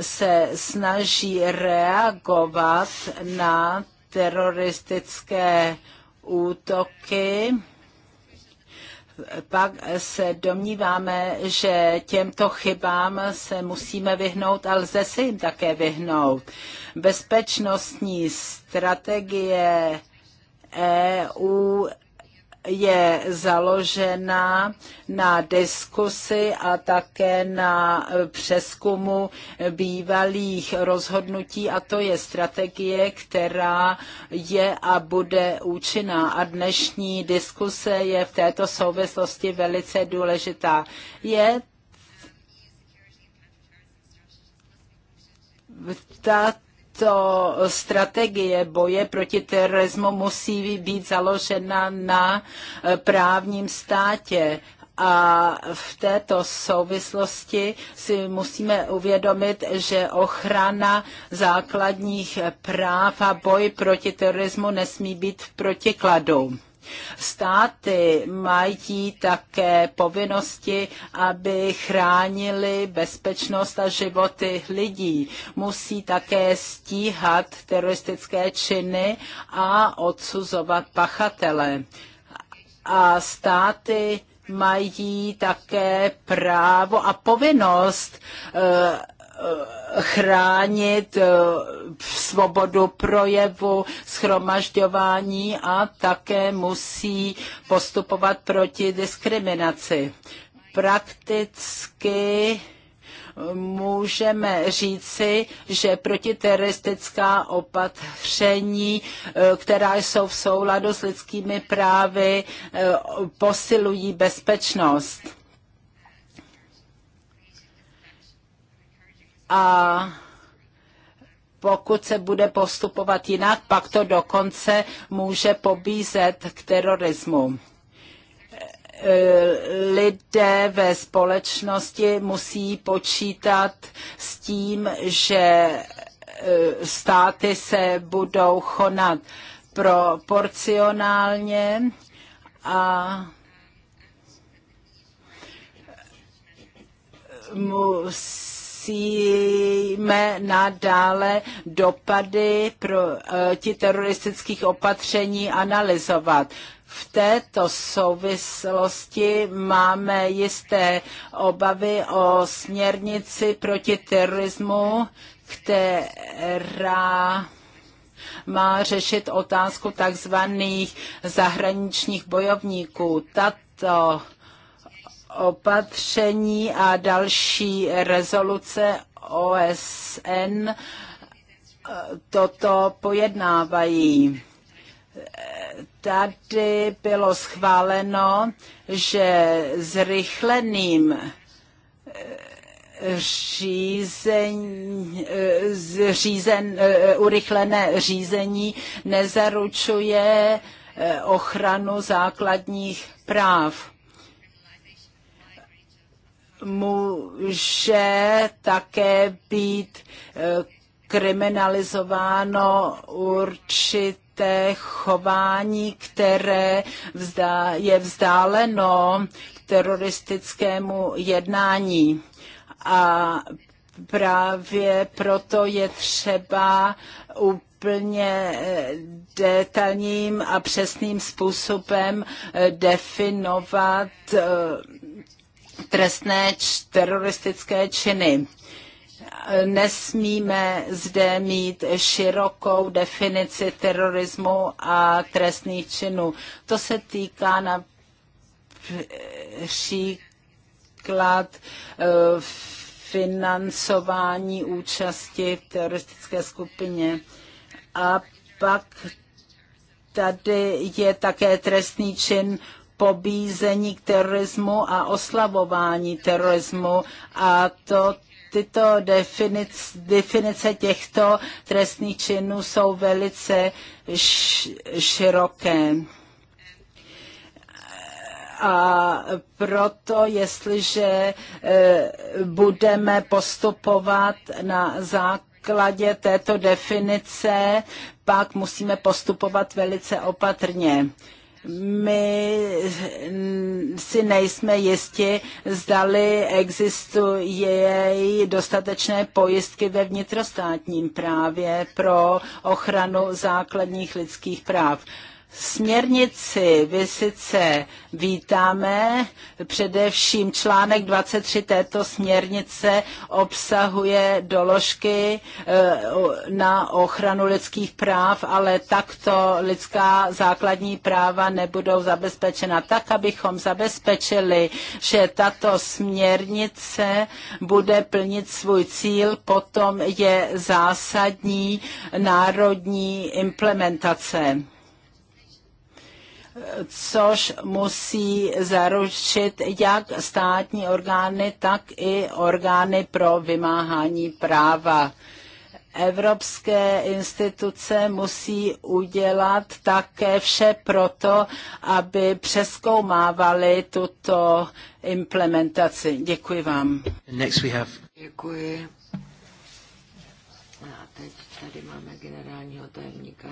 se snaží reagovat na teroristické útoky pak se domníváme, že těmto chybám se musíme vyhnout a lze se jim také vyhnout. Bezpečnostní strategie EU je založena na diskusi a také na přeskumu bývalých rozhodnutí a to je strategie, která je a bude účinná. A dnešní diskuse je v této souvislosti velice důležitá. Je tato tato strategie boje proti terorismu musí být založena na eh, právním státě. A v této souvislosti si musíme uvědomit, že ochrana základních práv a boj proti terorismu nesmí být v protikladu. Státy mají také povinnosti, aby chránili bezpečnost a životy lidí. Musí také stíhat teroristické činy a odsuzovat pachatele. A státy mají také právo a povinnost eh, Eh, chránit eh, svobodu projevu, schromažďování a také musí postupovat proti diskriminaci. Prakticky můžeme říci, že protiteroristická opatření, eh, která jsou v souladu s lidskými právy, posilují bezpečnost a pokud se bude postupovat jinak, pak to dokonce může pobízet k terorismu lidé ve společnosti musí počítat s tím, že e, státy se budou chonat proporcionálně a musí musíme nadále dopady pro eh, ti teroristických opatření analyzovat. V této souvislosti máme jisté obavy o směrnici proti terorismu, která má řešit otázku takzvaných zahraničních bojovníků. Tato opatření a další rezoluce OSN eh, toto pojednávají. Tady bylo schváleno, že zrychleným eh, řízení, eh, urychlené řízení nezaručuje ochranu základních práv může také být eh, kriminalizováno určité chování, které vzdá, je vzdáleno teroristickému jednání. A právě proto je třeba úplně eh, detailním a přesným způsobem eh, definovat trestné teroristické činy. Nesmíme zde mít širokou definici terorismu a trestných činů. To se týká například eh, financování účasti v teroristické skupině. A pak tady je také trestný čin pobízení k terorismu a oslavování terorismu a to tyto definice, definice těchto trestných činů jsou velice š, široké. A proto, jestliže e, budeme postupovat na základě této definice, pak musíme postupovat velice opatrně my si nejsme jisti, zdali existuje dostatečné pojistky ve vnitrostátním právě pro ochranu základních lidských práv. Směrnici vy sice vítáme, především článek 23 této směrnice obsahuje doložky eh, na ochranu lidských práv, ale takto lidská základní práva nebudou zabezpečena. Tak, abychom zabezpečili, že tato směrnice bude plnit svůj cíl, potom je zásadní národní implementace což musí zaručit jak státní orgány, tak i orgány pro vymáhání práva evropské instituce musí udělat také vše proto, aby přeskoumávali tuto implementaci. Děkuji vám. Next we have... Děkuji. A teď tady máme generálního tajemníka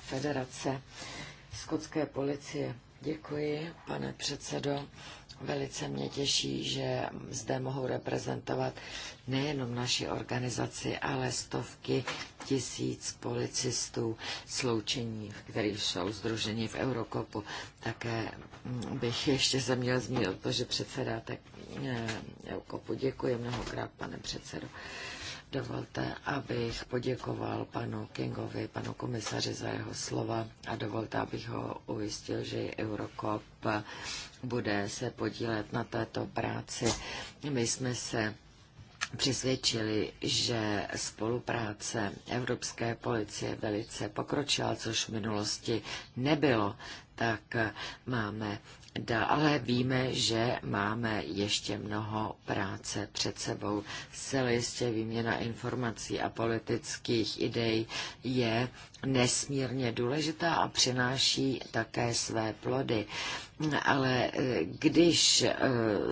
Federace skotské policie. Děkuji, pane předsedo. Velice mě těší, že zde mohu reprezentovat nejenom naši organizaci, ale stovky tisíc policistů sloučení, kteří jsou združeni v Eurokopu. Také bych ještě se měl zmínit to, že předsedáte eh, Eurokopu. Děkuji mnohokrát, pane předsedo. Dovolte, abych poděkoval panu Kingovi, panu komisaři za jeho slova a dovolte, abych ho ujistil, že Eurokop bude se podílet na této práci. My jsme se přesvědčili, že spolupráce Evropské policie velice pokročila, což v minulosti nebylo, tak máme Dále víme, že máme ještě mnoho práce před sebou. Zcela jistě výměna informací a politických idej je nesmírně důležitá a přináší také své plody. Ale eh, když eh,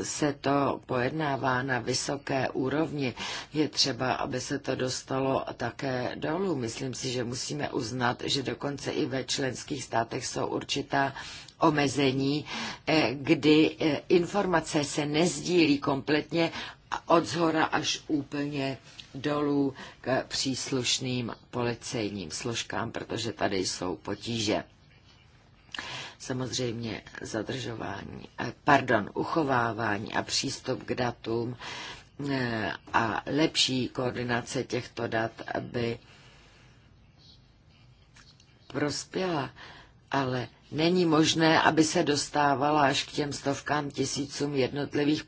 se to pojednává na vysoké úrovni, je třeba, aby se to dostalo také dolů. Myslím si, že musíme uznat, že dokonce i ve členských státech jsou určitá omezení, eh, kdy eh, informace se nezdílí kompletně od zhora až úplně dolů k příslušným policejním složkám, protože tady jsou potíže. Samozřejmě zadržování, eh, pardon, uchovávání a přístup k datům a lepší koordinace těchto dat by prospěla, ale Není možné, aby se dostávala až k těm stovkám tisícům jednotlivých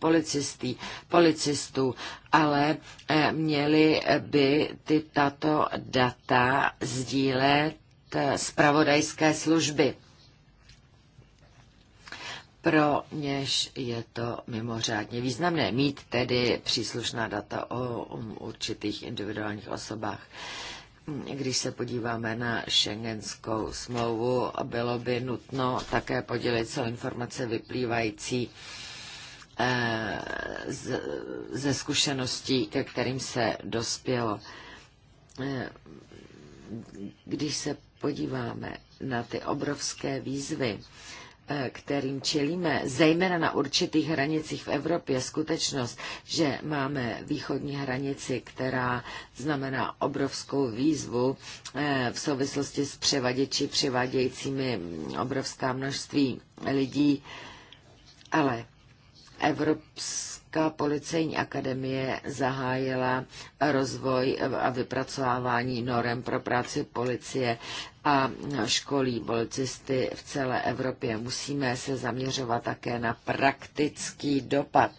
policistů, ale eh, měly by ty tato data sdílet eh, zpravodajské služby pro něž je to mimořádně významné mít tedy příslušná data o um, určitých individuálních osobách když se podíváme na šengenskou smlouvu, bylo by nutno také podělit se o informace vyplývající eh, z, ze zkušeností, ke kterým se dospělo. Eh, když se podíváme na ty obrovské výzvy, Eh, kterým čelíme, zejména na určitých hranicích v Evropě, skutečnost, že máme východní hranici, která znamená obrovskou výzvu eh, v souvislosti s převaděči, převádějícími mm, obrovská množství lidí, ale Evropská policejní akademie zahájila rozvoj a vypracovávání norem pro práci policie a školí policisty v celé Evropě. Musíme se zaměřovat také na praktický dopad,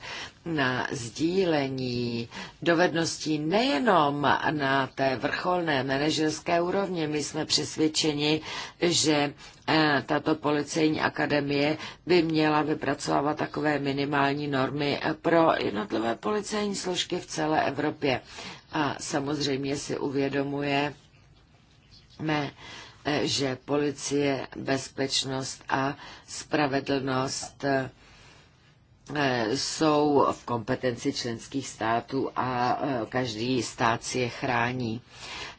na sdílení dovedností nejenom na té vrcholné manažerské úrovni. My jsme přesvědčeni, že eh, tato policejní akademie by měla vypracovávat takové minimální normy eh, pro jednotlivé policejní složky v celé Evropě. A samozřejmě si uvědomuje, mé, že policie, bezpečnost a spravedlnost eh, jsou v kompetenci členských států a eh, každý stát si je chrání.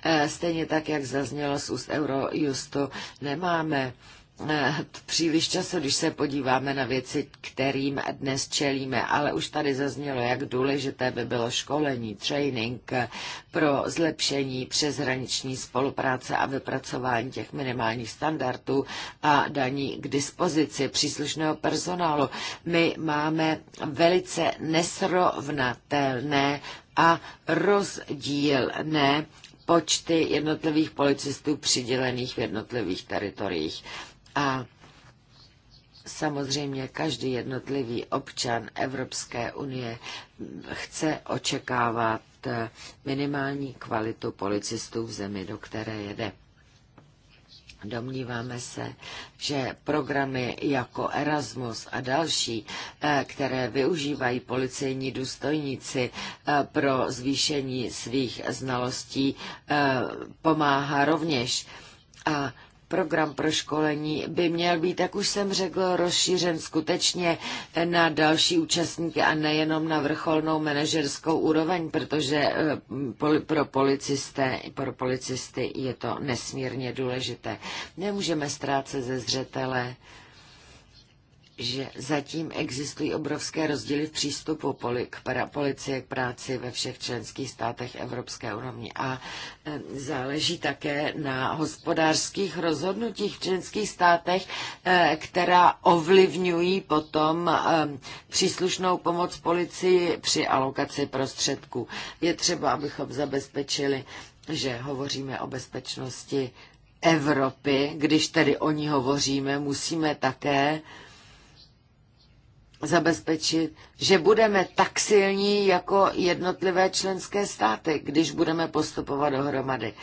Eh, stejně tak, jak zaznělo z úst Eurojustu, nemáme Eh, příliš času, když se podíváme na věci, kterým dnes čelíme, ale už tady zaznělo, jak důležité by bylo školení, training eh, pro zlepšení přeshraniční spolupráce a vypracování těch minimálních standardů a daní k dispozici příslušného personálu. My máme velice nesrovnatelné a rozdílné počty jednotlivých policistů přidělených v jednotlivých teritoriích. A samozřejmě každý jednotlivý občan Evropské unie chce očekávat minimální kvalitu policistů v zemi, do které jede. Domníváme se, že programy jako Erasmus a další, eh, které využívají policejní důstojníci eh, pro zvýšení svých znalostí, eh, pomáhá rovněž. A Program pro školení by měl být, jak už jsem řekl, rozšířen skutečně na další účastníky a nejenom na vrcholnou manažerskou úroveň, protože eh, pro policisté, pro policisty je to nesmírně důležité. Nemůžeme ztrácet ze zřetele že zatím existují obrovské rozdíly v přístupu poli- k policie k práci ve všech členských státech Evropské unie a e, záleží také na hospodářských rozhodnutích v členských státech, e, která ovlivňují potom e, příslušnou pomoc policii při alokaci prostředků. Je třeba, abychom zabezpečili, že hovoříme o bezpečnosti Evropy, když tedy o ní hovoříme, musíme také zabezpečit, že budeme tak silní jako jednotlivé členské státy, když budeme postupovat dohromady.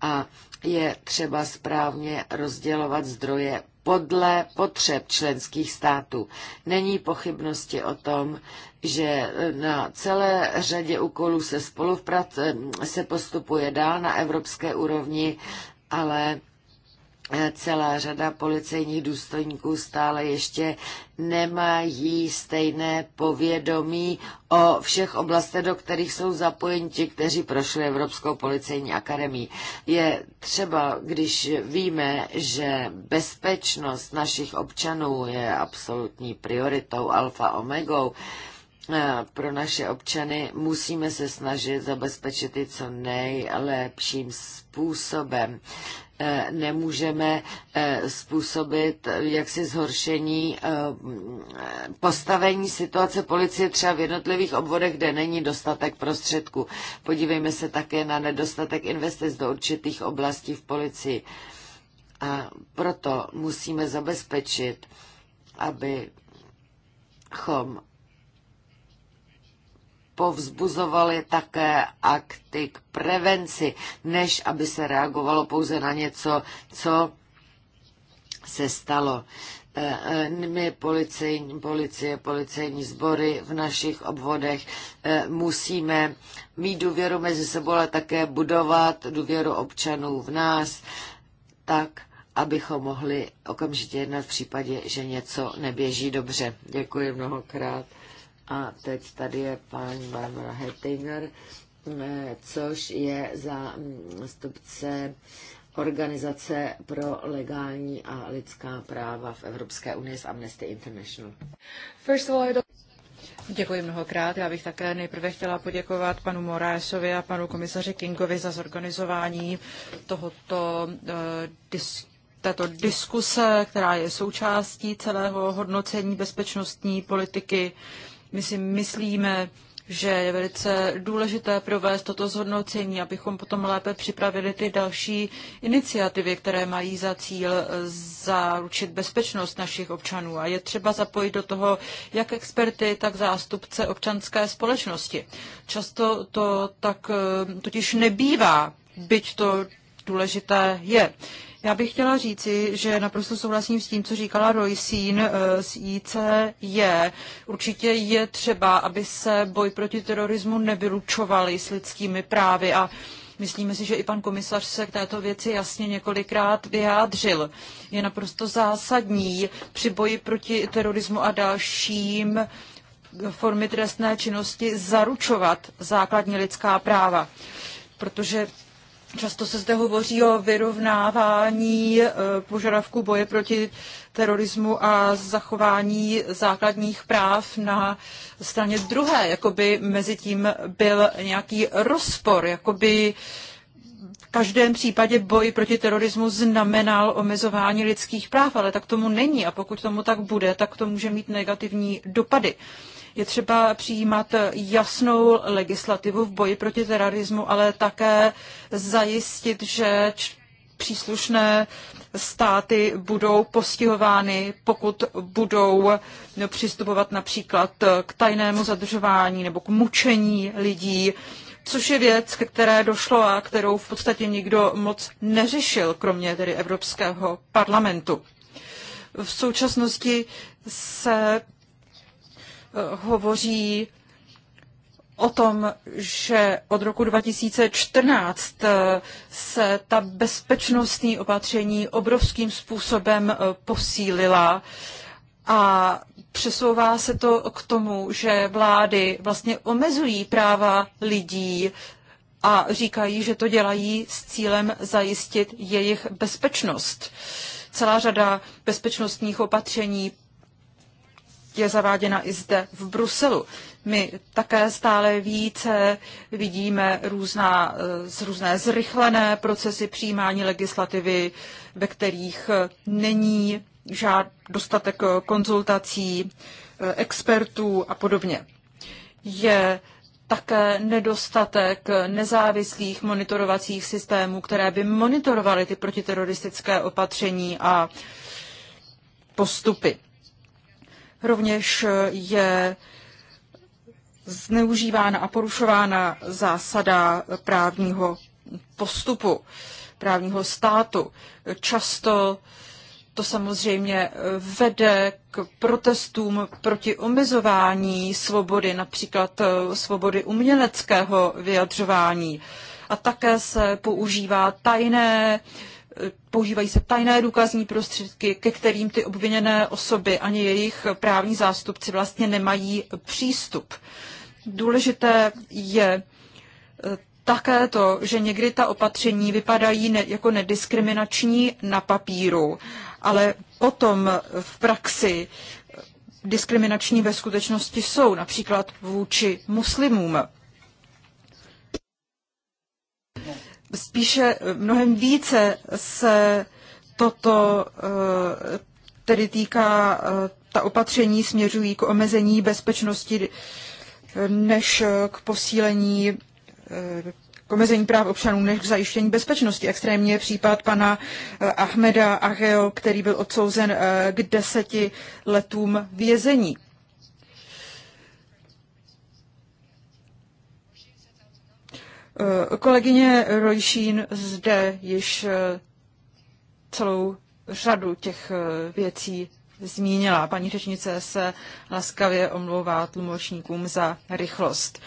A je třeba správně rozdělovat zdroje podle potřeb členských států. Není pochybnosti o tom, že na celé řadě úkolů se spoluprat se postupuje dál na evropské úrovni, ale Eh, celá řada policejních důstojníků stále ještě nemají stejné povědomí o všech oblastech, do kterých jsou zapojeni ti, kteří prošli Evropskou policejní akademii. Je třeba, když víme, že bezpečnost našich občanů je absolutní prioritou alfa omegou, eh, pro naše občany musíme se snažit zabezpečit i co nejlepším způsobem nemůžeme eh, způsobit eh, jaksi zhoršení eh, postavení situace policie třeba v jednotlivých obvodech, kde není dostatek prostředků. Podívejme se také na nedostatek investic do určitých oblastí v policii. A proto musíme zabezpečit, abychom povzbuzovaly také akty k prevenci, než aby se reagovalo pouze na něco, co se stalo e, e, my policejní, policie, policejní sbory v našich obvodech e, musíme mít důvěru mezi sebou, ale také budovat důvěru občanů v nás, tak, abychom mohli okamžitě jednat v případě, že něco neběží dobře. Děkuji mnohokrát. A teď tady je pan Barbara Hettinger, eh, což je stupce Organizace pro legální a lidská práva v Evropské unii z Amnesty International. First of all, I don't... Děkuji mnohokrát. Já bych také nejprve chtěla poděkovat panu Moraesovi a panu komisaři Kingovi za zorganizování tohoto eh, dis- této diskuse, která je součástí celého hodnocení bezpečnostní politiky my si myslíme, že je velice důležité provést toto zhodnocení, abychom potom lépe připravili ty další iniciativy, které mají za cíl zaručit bezpečnost našich občanů. A je třeba zapojit do toho jak experty, tak zástupce občanské společnosti. Často to tak eh, totiž nebývá, byť to důležité je. Já bych chtěla říci, že naprosto souhlasím s tím, co říkala Roysín z eh, ICJ. Určitě je třeba, aby se boj proti terorismu nevylučovali s lidskými právy a Myslíme si, že i pan komisař se k této věci jasně několikrát vyjádřil. Je naprosto zásadní při boji proti terorismu a dalším formy trestné činnosti zaručovat základní lidská práva, protože Často se zde hovoří o vyrovnávání eh, požadavků boje proti terorismu a zachování základních práv na straně druhé, jakoby mezi tím byl nějaký rozpor, jakoby v každém případě boj proti terorismu znamenal omezování lidských práv, ale tak tomu není a pokud tomu tak bude, tak to může mít negativní dopady. Je třeba přijímat jasnou legislativu v boji proti terorismu, ale také zajistit, že příslušné státy budou postihovány, pokud budou no, přistupovat například k tajnému zadržování nebo k mučení lidí, což je věc, ke které došlo a kterou v podstatě nikdo moc neřešil, kromě tedy Evropského parlamentu. V současnosti se Eh, hovoří o tom, že od roku 2014 eh, se ta bezpečnostní opatření obrovským způsobem eh, posílila a přesouvá se to k tomu, že vlády vlastně omezují práva lidí a říkají, že to dělají s cílem zajistit jejich bezpečnost. Celá řada bezpečnostních opatření je zaváděna i zde v Bruselu. My také stále více vidíme různá, eh, různé zrychlené procesy přijímání legislativy, ve kterých není žád dostatek eh, konzultací, eh, expertů a podobně. Je také nedostatek nezávislých monitorovacích systémů, které by monitorovaly ty protiteroristické opatření a postupy. Rovněž eh, je zneužívána a porušována zásada právního postupu, právního státu. Často to samozřejmě vede k protestům proti omezování svobody, například eh, svobody uměleckého vyjadřování. A také se používá tajné používají se tajné důkazní prostředky, ke kterým ty obviněné osoby ani jejich právní zástupci vlastně nemají přístup. Důležité je eh, také to, že někdy ta opatření vypadají ne, jako nediskriminační na papíru, ale potom v praxi diskriminační ve skutečnosti jsou, například vůči muslimům. spíše eh, mnohem více se toto eh, tedy týká eh, ta opatření směřují k omezení bezpečnosti než k posílení k omezení práv občanů než k zajištění bezpečnosti. Extrémně je případ pana Ahmeda Aheo, který byl odsouzen k deseti letům vězení. Eh, kolegyně Rojšín zde již eh, celou řadu těch eh, věcí zmínila. Paní řečnice se laskavě omlouvá tlumočníkům za rychlost.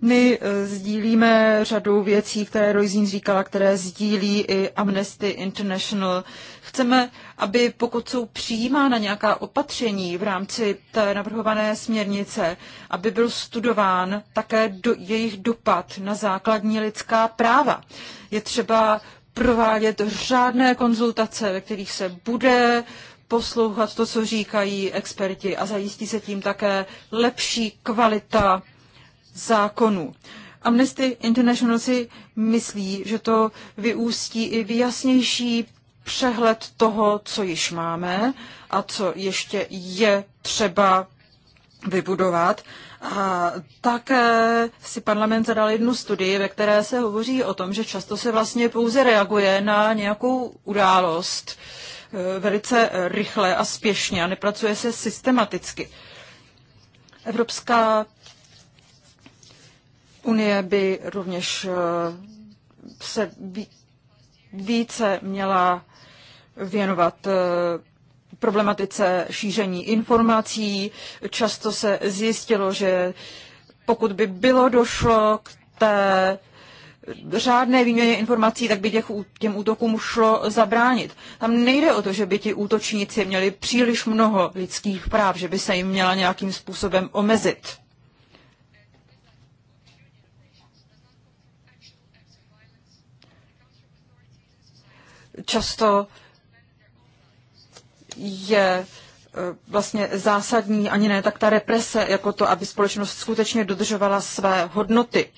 My sdílíme řadu věcí, které Rojzín říkala, které sdílí i Amnesty International. Chceme aby pokud jsou přijímána nějaká opatření v rámci té navrhované směrnice, aby byl studován také do, jejich dopad na základní lidská práva. Je třeba provádět řádné konzultace, ve kterých se bude poslouchat to, co říkají experti a zajistí se tím také lepší kvalita zákonů. Amnesty International si myslí, že to vyústí i v jasnější přehled toho, co již máme a co ještě je třeba vybudovat. A také si parlament zadal jednu studii, ve které se hovoří o tom, že často se vlastně pouze reaguje na nějakou událost e, velice rychle a spěšně a nepracuje se systematicky. Evropská unie by rovněž e, se více měla věnovat eh, problematice šíření informací. Často se zjistilo, že pokud by bylo došlo k té řádné výměně informací, tak by těch, těm útokům šlo zabránit. Tam nejde o to, že by ti útočníci měli příliš mnoho lidských práv, že by se jim měla nějakým způsobem omezit. Často je e, vlastně zásadní, ani ne tak ta represe, jako to, aby společnost skutečně dodržovala své hodnoty.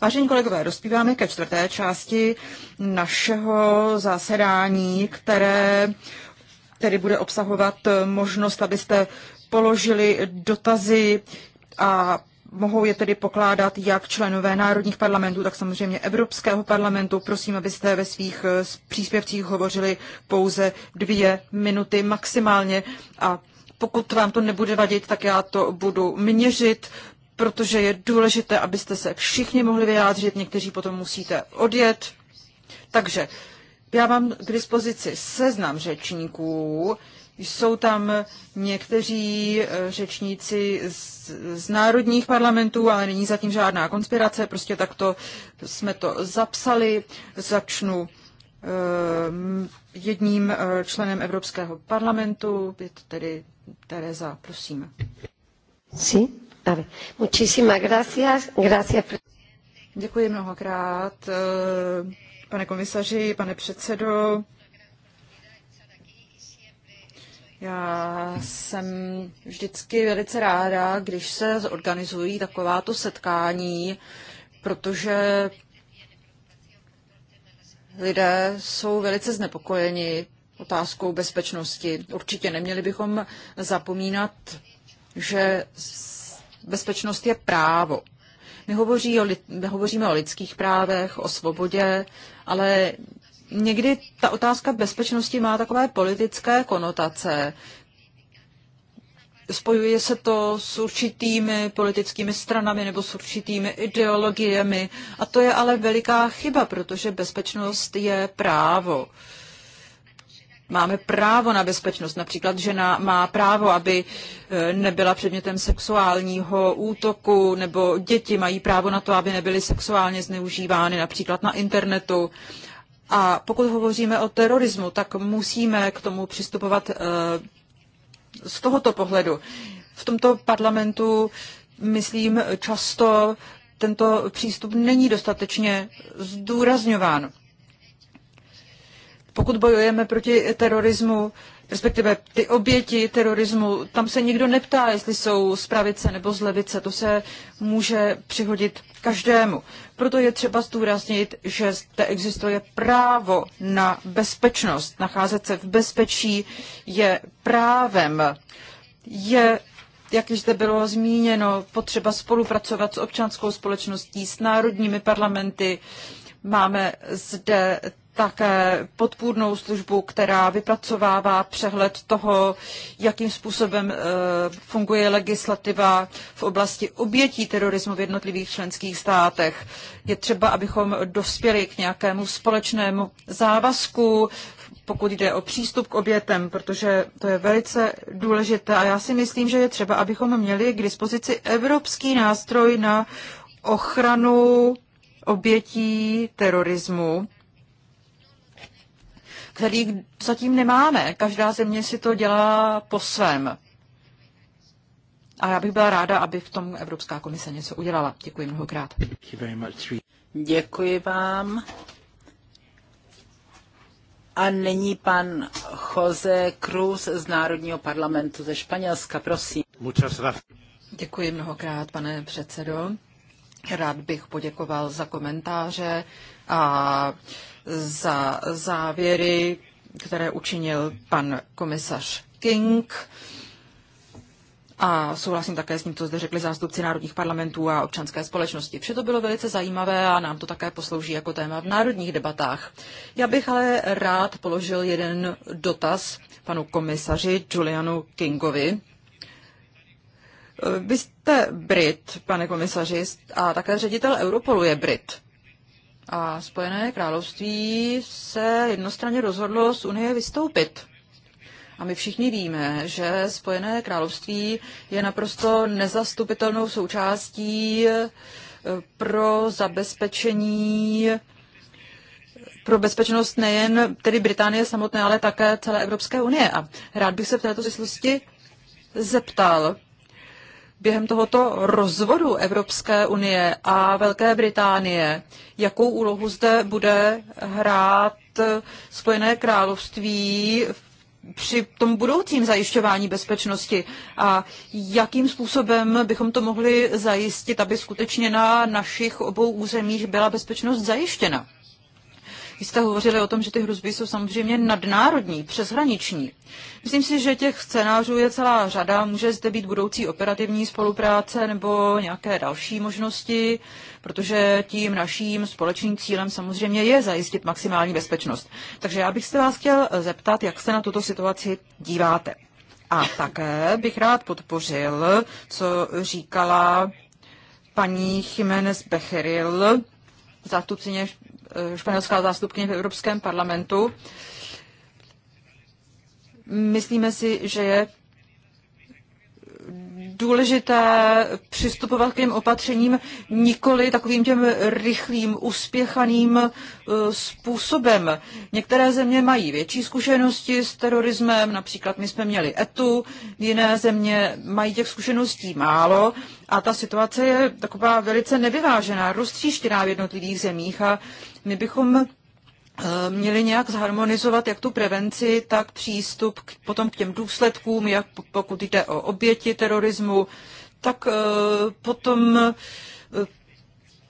Vážení kolegové, dospíváme ke čtvrté části našeho zasedání, které tedy bude obsahovat možnost, abyste položili dotazy a mohou je tedy pokládat jak členové národních parlamentů, tak samozřejmě Evropského parlamentu. Prosím, abyste ve svých eh, příspěvcích hovořili pouze dvě minuty maximálně a pokud vám to nebude vadit, tak já to budu měřit, protože je důležité, abyste se všichni mohli vyjádřit, někteří potom musíte odjet. Takže já mám k dispozici seznam řečníků, jsou tam někteří eh, řečníci z, z národních parlamentů, ale není zatím žádná konspirace, prostě takto jsme to zapsali. Začnu eh, jedním eh, členem Evropského parlamentu, je to tedy Tereza, prosím. Sí, a Muchísimas gracias. Gracias. Děkuji mnohokrát, pane komisaři, pane předsedo. Já jsem vždycky velice ráda, když se zorganizují takováto setkání, protože lidé jsou velice znepokojeni otázkou bezpečnosti. Určitě neměli bychom zapomínat, že bezpečnost je právo. My hovoří o, my hovoříme o lidských právech, o svobodě, ale někdy ta otázka bezpečnosti má takové politické konotace. Spojuje se to s určitými politickými stranami nebo s určitými ideologiemi. A to je ale veliká chyba, protože bezpečnost je právo. Máme právo na bezpečnost. Například žena má právo, aby e, nebyla předmětem sexuálního útoku, nebo děti mají právo na to, aby nebyly sexuálně zneužívány, například na internetu. A pokud hovoříme o terorismu, tak musíme k tomu přistupovat eh, z tohoto pohledu. V tomto parlamentu, myslím, často tento přístup není dostatečně zdůrazňován. Pokud bojujeme proti terorismu, respektive ty oběti terorismu, tam se nikdo neptá, jestli jsou z pravice nebo z levice, to se může přihodit každému. Proto je třeba zdůraznit, že zde existuje právo na bezpečnost. Nacházet se v bezpečí je právem. Je jak již zde bylo zmíněno, potřeba spolupracovat s občanskou společností, s národními parlamenty. Máme zde také podpůrnou službu, která vypracovává přehled toho, jakým způsobem eh, funguje legislativa v oblasti obětí terorismu v jednotlivých členských státech. Je třeba, abychom dospěli k nějakému společnému závazku, pokud jde o přístup k obětem, protože to je velice důležité a já si myslím, že je třeba, abychom měli k dispozici evropský nástroj na ochranu obětí terorismu který zatím nemáme. Každá země si to dělá po svém. A já bych byla ráda, aby v tom Evropská komise něco udělala. Děkuji mnohokrát. Děkuji vám. A nyní pan Jose Cruz z Národního parlamentu ze Španělska, prosím. Děkuji mnohokrát, pane předsedo. Rád bych poděkoval za komentáře a za závěry, které učinil pan komisař King. A souhlasím také s tím, co zde řekli zástupci národních parlamentů a občanské společnosti. Vše to bylo velice zajímavé a nám to také poslouží jako téma v národních debatách. Já bych ale rád položil jeden dotaz panu komisaři Julianu Kingovi. Vy jste Brit, pane komisaři, a také ředitel Europolu je Brit. A Spojené království se jednostranně rozhodlo z Unie vystoupit. A my všichni víme, že Spojené království je naprosto nezastupitelnou součástí eh, pro zabezpečení pro bezpečnost nejen tedy Británie samotné, ale také celé Evropské unie. A rád bych se v této souvislosti zeptal, během tohoto rozvodu Evropské unie a Velké Británie, jakou úlohu zde bude hrát Spojené království při tom budoucím zajišťování bezpečnosti a jakým způsobem bychom to mohli zajistit, aby skutečně na našich obou územích byla bezpečnost zajištěna. Vy jste hovořili o tom, že ty hrozby jsou samozřejmě nadnárodní, přeshraniční. Myslím si, že těch scénářů je celá řada. Může zde být budoucí operativní spolupráce nebo nějaké další možnosti, protože tím naším společným cílem samozřejmě je zajistit maximální bezpečnost. Takže já bych se vás chtěl zeptat, jak se na tuto situaci díváte. A také bych rád podpořil, co říkala paní Jiménez Becheril, zástupcině Eh, španělská zástupkyně v Evropském parlamentu. Myslíme si, že je důležité přistupovat k těm opatřením nikoli takovým těm rychlým, uspěchaným eh, způsobem. Některé země mají větší zkušenosti s terorismem, například my jsme měli ETU, jiné země mají těch zkušeností málo a ta situace je taková velice nevyvážená, roztříštěná v jednotlivých zemích a my bychom eh, měli nějak zharmonizovat jak tu prevenci, tak přístup k, potom k těm důsledkům, jak pokud jde o oběti terorismu, tak eh, potom eh,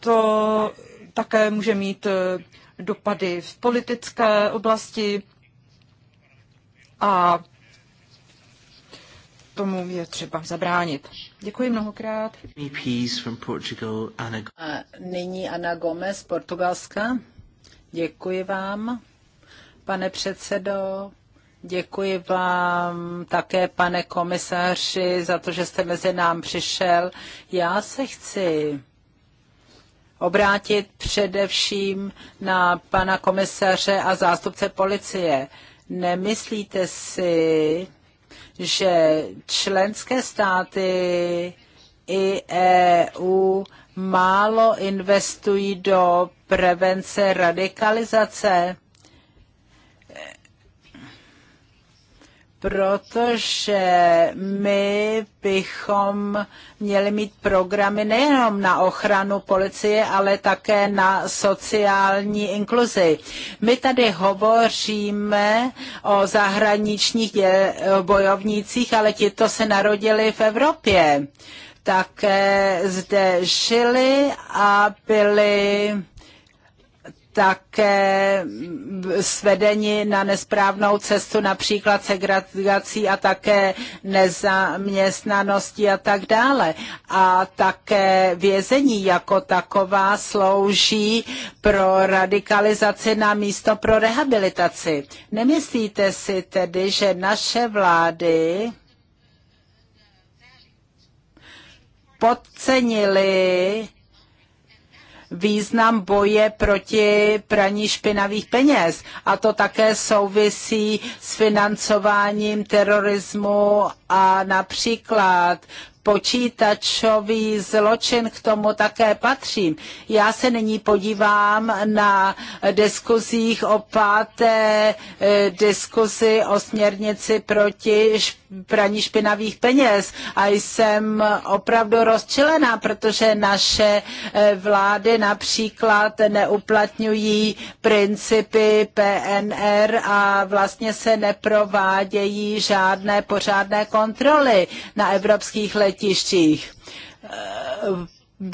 to také může mít dopady v politické oblasti a tomu je třeba zabránit. Děkuji mnohokrát. E a nyní Ana Gomez, Portugalska. Děkuji vám, pane předsedo. Děkuji vám také, pane komisaři, za to, že jste mezi nám přišel. Já se chci obrátit především na pana komisaře a zástupce policie. Nemyslíte si, že členské státy i EU málo investují do prevence radikalizace. protože my bychom měli mít programy nejenom na ochranu policie, ale také na sociální inkluzi. My tady hovoříme o zahraničních bojovnících, ale ti to se narodili v Evropě. Také zde žili a byli také svedeni na nesprávnou cestu, například segregací a také nezaměstnanosti a tak dále. A také vězení jako taková slouží pro radikalizaci na místo pro rehabilitaci. Nemyslíte si tedy, že naše vlády podcenili význam boje proti praní špinavých peněz. A to také souvisí s financováním terorismu a například počítačový zločin k tomu také patřím. Já se nyní podívám na diskuzích o páté eh, diskuzi o směrnici proti praní špinavých peněz a jsem opravdu rozčilená, protože naše eh, vlády například neuplatňují principy PNR a vlastně se neprovádějí žádné pořádné kontroly na evropských letištích letištích. Eh,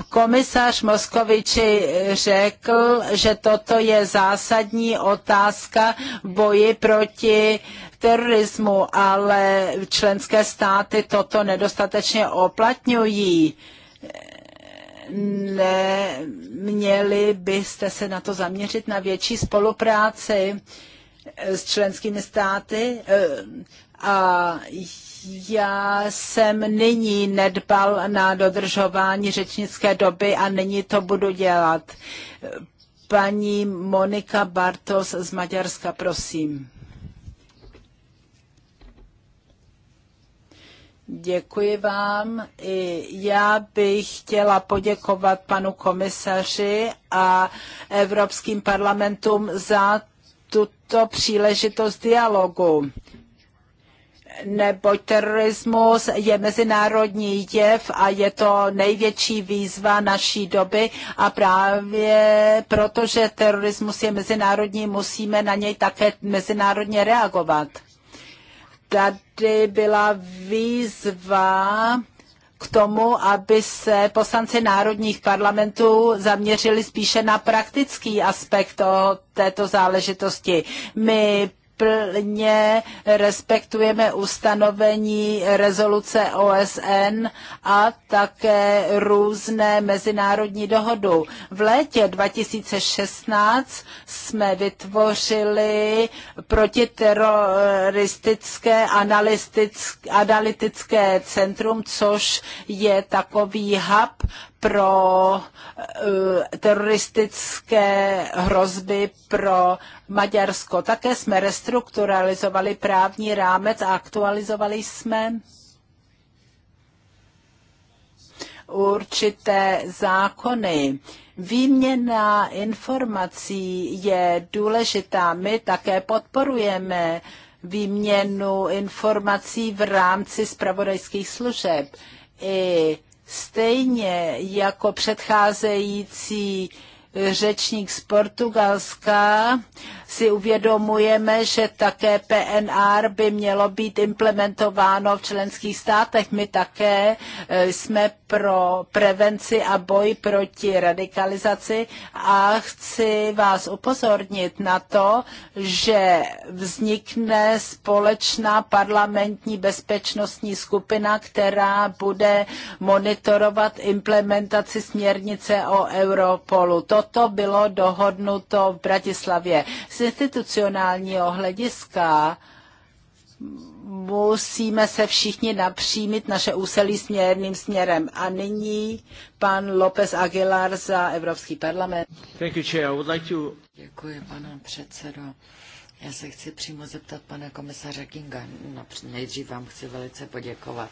komisař Moskoviči řekl, že toto je zásadní otázka v boji proti terorismu, ale členské státy toto nedostatečně oplatňují. Neměli byste se na to zaměřit na větší spolupráci s členskými státy? Eh, a já jsem nyní nedbal na dodržování řečnické doby a nyní to budu dělat. Paní Monika Bartos z Maďarska, prosím. Děkuji vám. I já bych chtěla poděkovat panu komisaři a Evropským parlamentům za tuto příležitost dialogu neboť terorismus je mezinárodní jev a je to největší výzva naší doby a právě protože terorismus je mezinárodní, musíme na něj také mezinárodně reagovat. Tady byla výzva k tomu, aby se poslanci národních parlamentů zaměřili spíše na praktický aspekt této záležitosti. My plně respektujeme ustanovení rezoluce OSN a také různé mezinárodní dohodu. V létě 2016 jsme vytvořili protiteroristické analytické centrum, což je takový hub pro eh, teroristické hrozby pro Maďarsko. Také jsme restrukturalizovali právní rámec a aktualizovali jsme určité zákony. Výměna informací je důležitá. My také podporujeme výměnu informací v rámci spravodajských služeb. I Stejně jako předcházející řečník z Portugalska si uvědomujeme, že také PNR by mělo být implementováno v členských státech. My také eh, jsme pro prevenci a boj proti radikalizaci a chci vás upozornit na to, že vznikne společná parlamentní bezpečnostní skupina, která bude monitorovat implementaci směrnice o Europolu. Toto bylo dohodnuto v Bratislavě institucionálního hlediska musíme se všichni napřímit naše úsilí směrným směrem. A nyní pan López Aguilar za Evropský parlament. Thank you, Chair. I would like to... Děkuji, pane předsedo. Já se chci přímo zeptat pana komisaře Kinga. Nejdřív vám chci velice poděkovat.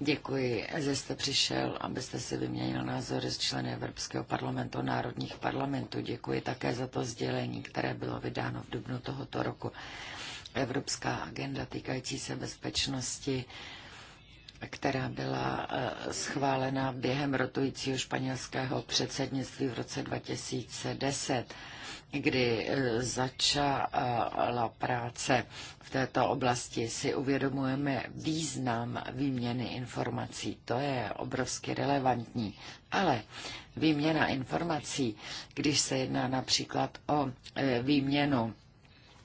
Děkuji, že jste přišel, abyste si vyměnil názory s členy Evropského parlamentu, národních parlamentů. Děkuji také za to sdělení, které bylo vydáno v dubnu tohoto roku. Evropská agenda týkající se bezpečnosti která byla eh, schválena během rotujícího španělského předsednictví v roce 2010 kdy eh, začala práce v této oblasti, si uvědomujeme význam výměny informací. To je obrovsky relevantní. Ale výměna informací, když se jedná například o eh, výměnu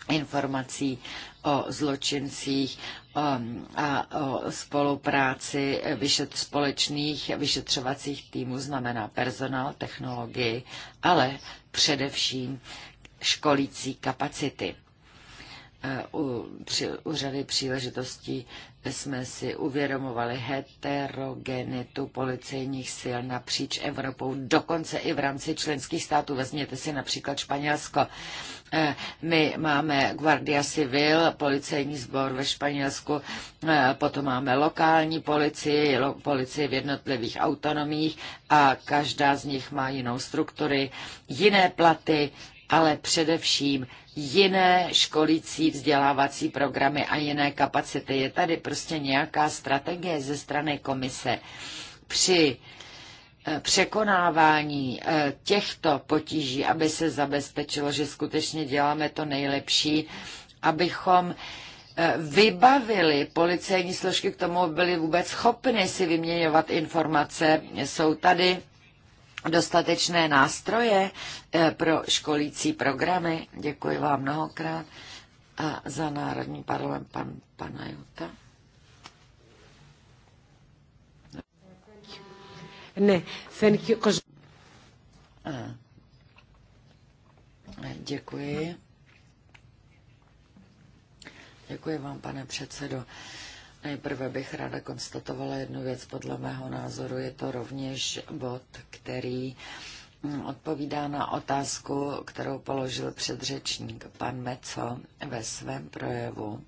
informací o zločincích a o spolupráci vyšet, společných vyšetřovacích týmů znamená personál, technologii, ale především školící kapacity. Eh, u, při, u řady příležitostí jsme si uvědomovali heterogenitu policejních sil napříč Evropou, dokonce i v rámci členských států. Vezměte si například Španělsko. Eh, my máme Guardia Civil, policejní sbor ve Španělsku, eh, potom máme lokální policii, policii v jednotlivých autonomích a každá z nich má jinou struktury, jiné platy, ale především jiné školící vzdělávací programy a jiné kapacity. Je tady prostě nějaká strategie ze strany komise při eh, překonávání eh, těchto potíží, aby se zabezpečilo, že skutečně děláme to nejlepší, abychom eh, vybavili policejní složky k tomu, byly vůbec schopny si vyměňovat informace. Jsou tady dostatečné nástroje eh, pro školící programy. Děkuji vám mnohokrát a za Národní parlament pan Juta. Ne, thank you. Eh, děkuji. Děkuji vám, pane předsedo. Nejprve bych ráda konstatovala jednu věc. Podle mého názoru je to rovněž bod, který mm, odpovídá na otázku, kterou položil předřečník pan Meco ve svém projevu.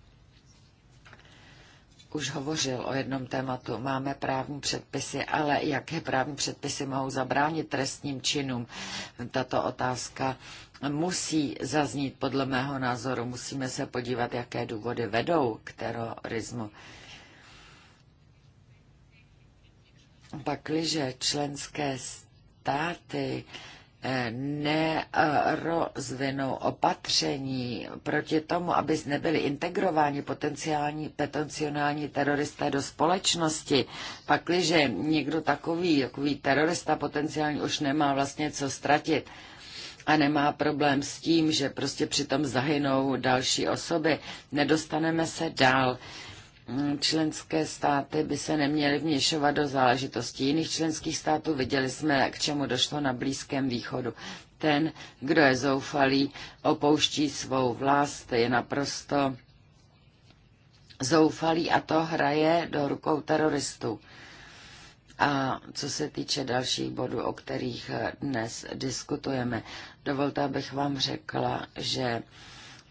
Už hovořil o jednom tématu. Máme právní předpisy, ale jaké právní předpisy mohou zabránit trestním činům? Tato otázka musí zaznít podle mého názoru. Musíme se podívat, jaké důvody vedou k terorismu. Pakliže členské státy eh, nerozvinou opatření proti tomu, aby nebyli integrováni potenciální, potenciální teroristé do společnosti. Pakliže někdo takový, takový terorista potenciální už nemá vlastně co ztratit a nemá problém s tím, že prostě přitom zahynou další osoby, nedostaneme se dál. Mm, členské státy by se neměly vněšovat do záležitostí jiných členských států. Viděli jsme, k čemu došlo na Blízkém východu. Ten, kdo je zoufalý, opouští svou vlast, je naprosto zoufalý a to hraje do rukou teroristů. A co se týče dalších bodů, o kterých dnes diskutujeme, dovolte, abych vám řekla, že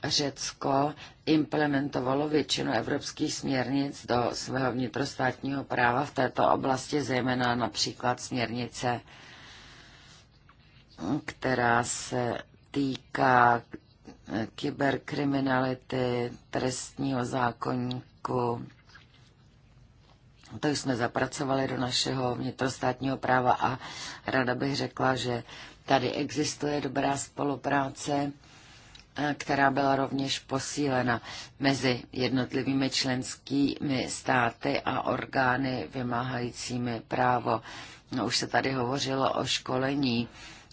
Řecko implementovalo většinu evropských směrnic do svého vnitrostátního práva v této oblasti, zejména například směrnice, která se týká kyberkriminality, trestního zákonníku. To jsme zapracovali do našeho vnitrostátního práva a rada bych řekla, že tady existuje dobrá spolupráce Eh, která byla rovněž posílena mezi jednotlivými členskými státy a orgány vymáhajícími právo. No, už se tady hovořilo o školení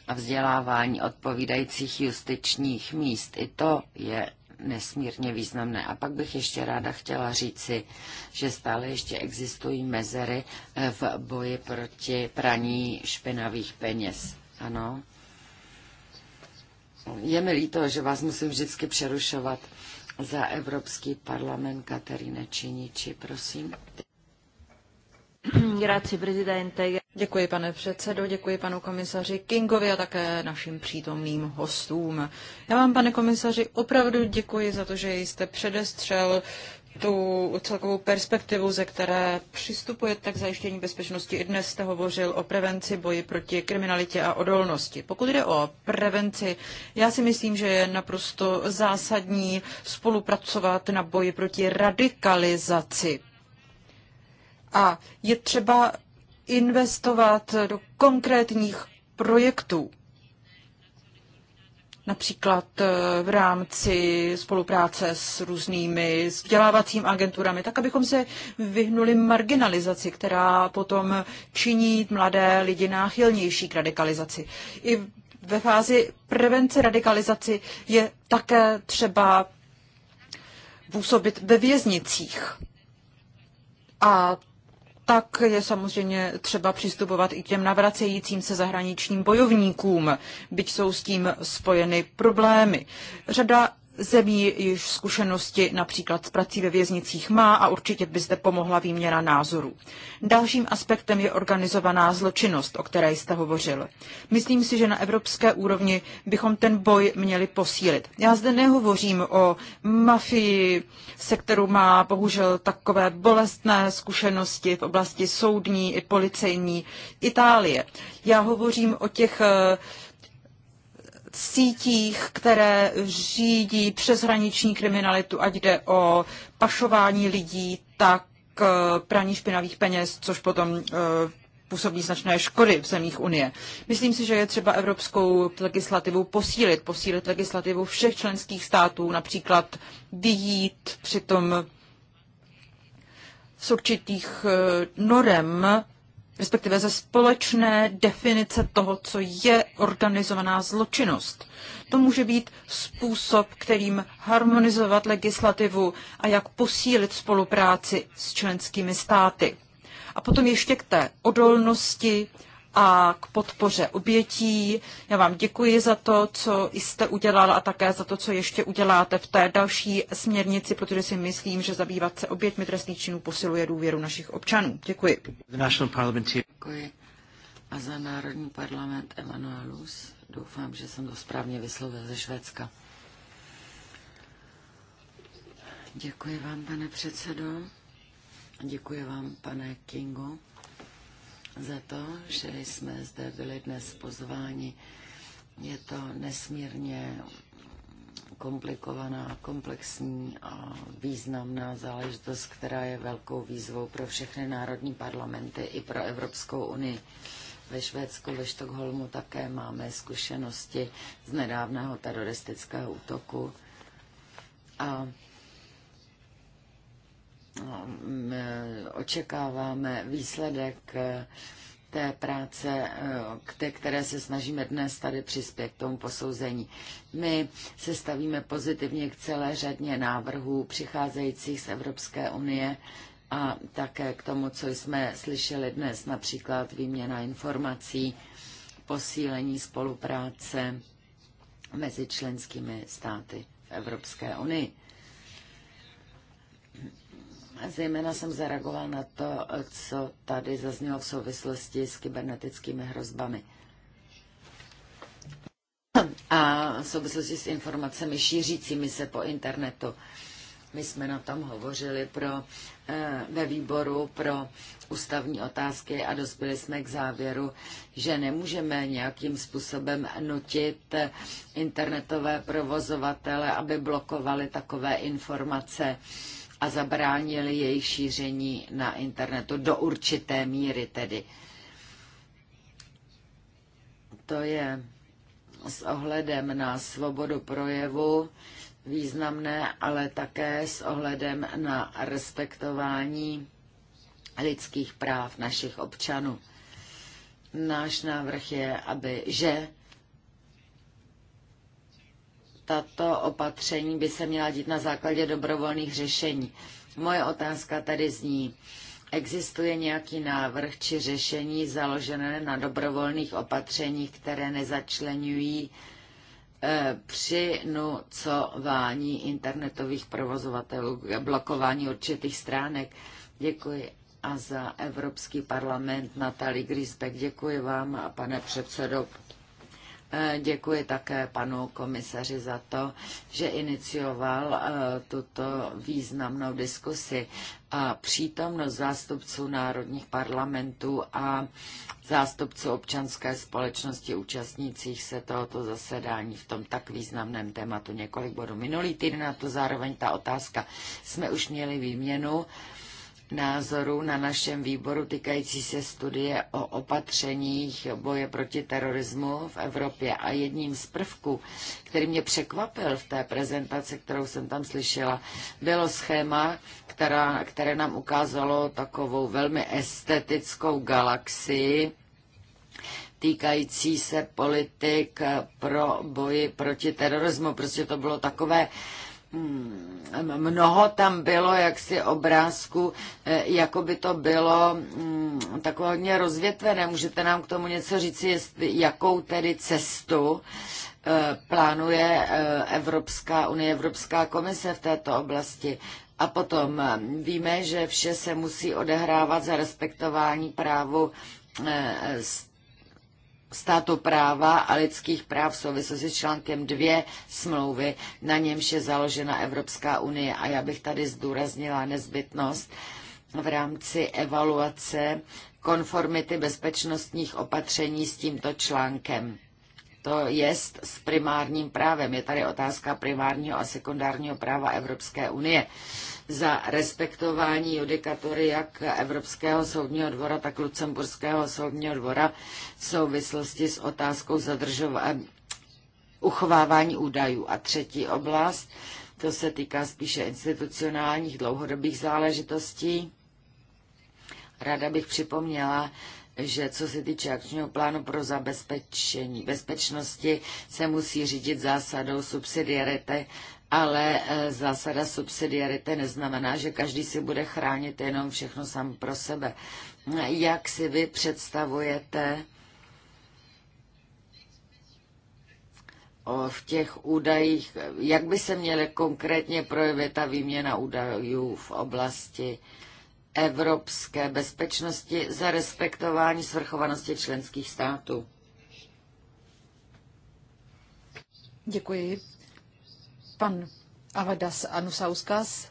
a vzdělávání odpovídajících justičních míst. I to je nesmírně významné. A pak bych ještě ráda chtěla říci, že stále ještě existují mezery eh, v boji proti praní špinavých peněz. Ano. Je mi líto, že vás musím vždycky přerušovat za Evropský parlament Katerine Činiči, prosím. Děkuji, pane předsedo, děkuji panu komisaři Kingovi a také našim přítomným hostům. Já vám, pane komisaři, opravdu děkuji za to, že jste předestřel tu celkovou perspektivu, ze které přistupujete k zajištění bezpečnosti. I dnes jste hovořil o prevenci, boji proti kriminalitě a odolnosti. Pokud jde o prevenci, já si myslím, že je naprosto zásadní spolupracovat na boji proti radikalizaci. A je třeba investovat do konkrétních projektů například eh, v rámci spolupráce s různými vzdělávacími agenturami, tak abychom se vyhnuli marginalizaci, která potom činí mladé lidi náchylnější k radikalizaci. I ve fázi prevence radikalizaci je také třeba působit ve věznicích. A tak je samozřejmě třeba přistupovat i k těm navracejícím se zahraničním bojovníkům, byť jsou s tím spojeny problémy. Řada zemí již zkušenosti například s prací ve věznicích má a určitě by zde pomohla výměna názorů. Dalším aspektem je organizovaná zločinnost, o které jste hovořil. Myslím si, že na evropské úrovni bychom ten boj měli posílit. Já zde nehovořím o mafii, se kterou má bohužel takové bolestné zkušenosti v oblasti soudní i policejní Itálie. Já hovořím o těch uh, sítích, které řídí přeshraniční kriminalitu, ať jde o pašování lidí, tak eh, praní špinavých peněz, což potom eh, působí značné škody v zemích Unie. Myslím si, že je třeba evropskou legislativu posílit, posílit legislativu všech členských států, například vyjít přitom z určitých eh, norem respektive ze společné definice toho, co je organizovaná zločinnost. To může být způsob, kterým harmonizovat legislativu a jak posílit spolupráci s členskými státy. A potom ještě k té odolnosti a k podpoře obětí. Já vám děkuji za to, co jste udělal a také za to, co ještě uděláte v té další směrnici, protože si myslím, že zabývat se oběťmi trestných činů posiluje důvěru našich občanů. Děkuji. Děkuji. A za Národní parlament Emanuelus, doufám, že jsem to správně vyslovil ze Švédska. Děkuji vám, pane předsedo. Děkuji vám, pane Kingo za to, že jsme zde byli dnes pozváni. Je to nesmírně komplikovaná, komplexní a významná záležitost, která je velkou výzvou pro všechny národní parlamenty i pro Evropskou unii. Ve Švédsku, ve Štokholmu také máme zkušenosti z nedávného teroristického útoku. A No, eh, očekáváme výsledek eh, té práce, eh, k té, které se snažíme dnes tady přispět k tomu posouzení. My se stavíme pozitivně k celé řadě návrhů přicházejících z Evropské unie a také k tomu, co jsme slyšeli dnes, například výměna informací, posílení spolupráce mezi členskými státy v Evropské unii. Zejména jsem zareagoval na to, co tady zaznělo v souvislosti s kybernetickými hrozbami. A v souvislosti s informacemi šířícími se po internetu. My jsme na tom hovořili pro, eh, ve výboru pro ústavní otázky a dospěli jsme k závěru, že nemůžeme nějakým způsobem nutit eh, internetové provozovatele, aby blokovali takové informace a zabránili jejich šíření na internetu do určité míry tedy. To je s ohledem na svobodu projevu významné, ale také s ohledem na respektování lidských práv našich občanů. Náš návrh je, aby že tato opatření by se měla dít na základě dobrovolných řešení. Moje otázka tady zní, existuje nějaký návrh či řešení založené na dobrovolných opatřeních, které nezačlenují eh, přinucování internetových provozovatelů blokování určitých stránek. Děkuji. A za Evropský parlament Natali Grisbeck. Děkuji vám, pane předsedo. Děkuji také panu komisaři za to, že inicioval eh, tuto významnou diskusi a přítomnost zástupců národních parlamentů a zástupců občanské společnosti účastnících se tohoto zasedání v tom tak významném tématu několik bodů. Minulý týden na to zároveň ta otázka jsme už měli výměnu názorů na našem výboru týkající se studie o opatřeních boje proti terorismu v Evropě. A jedním z prvků, který mě překvapil v té prezentaci, kterou jsem tam slyšela, bylo schéma, která, které nám ukázalo takovou velmi estetickou galaxii, týkající se politik pro boji proti terorismu. Prostě to bylo takové Hmm, mnoho tam bylo jaksi obrázku, eh, jako by to bylo hmm, takové hodně rozvětvené. Můžete nám k tomu něco říct, jestli, jakou tedy cestu eh, plánuje eh, Evropská unie, Evropská komise v této oblasti. A potom víme, že vše se musí odehrávat za respektování právu státu práva a lidských práv v souvislosti s článkem 2 smlouvy, na němž je založena Evropská unie. A já bych tady zdůraznila nezbytnost v rámci evaluace konformity bezpečnostních opatření s tímto článkem. To je s primárním právem. Je tady otázka primárního a sekundárního práva Evropské unie za respektování judikatury jak Evropského soudního dvora, tak Lucemburského soudního dvora v souvislosti s otázkou zadržování uchovávání údajů. A třetí oblast, to se týká spíše institucionálních dlouhodobých záležitostí. Rada bych připomněla, že co se týče akčního plánu pro zabezpečení bezpečnosti, se musí řídit zásadou subsidiarity ale eh, zásada subsidiarity neznamená, že každý si bude chránit jenom všechno sám pro sebe. Jak si vy představujete v těch údajích, jak by se měla konkrétně projevit ta výměna údajů v oblasti evropské bezpečnosti za respektování svrchovanosti členských států? Děkuji. Pan Avadas Anusauskas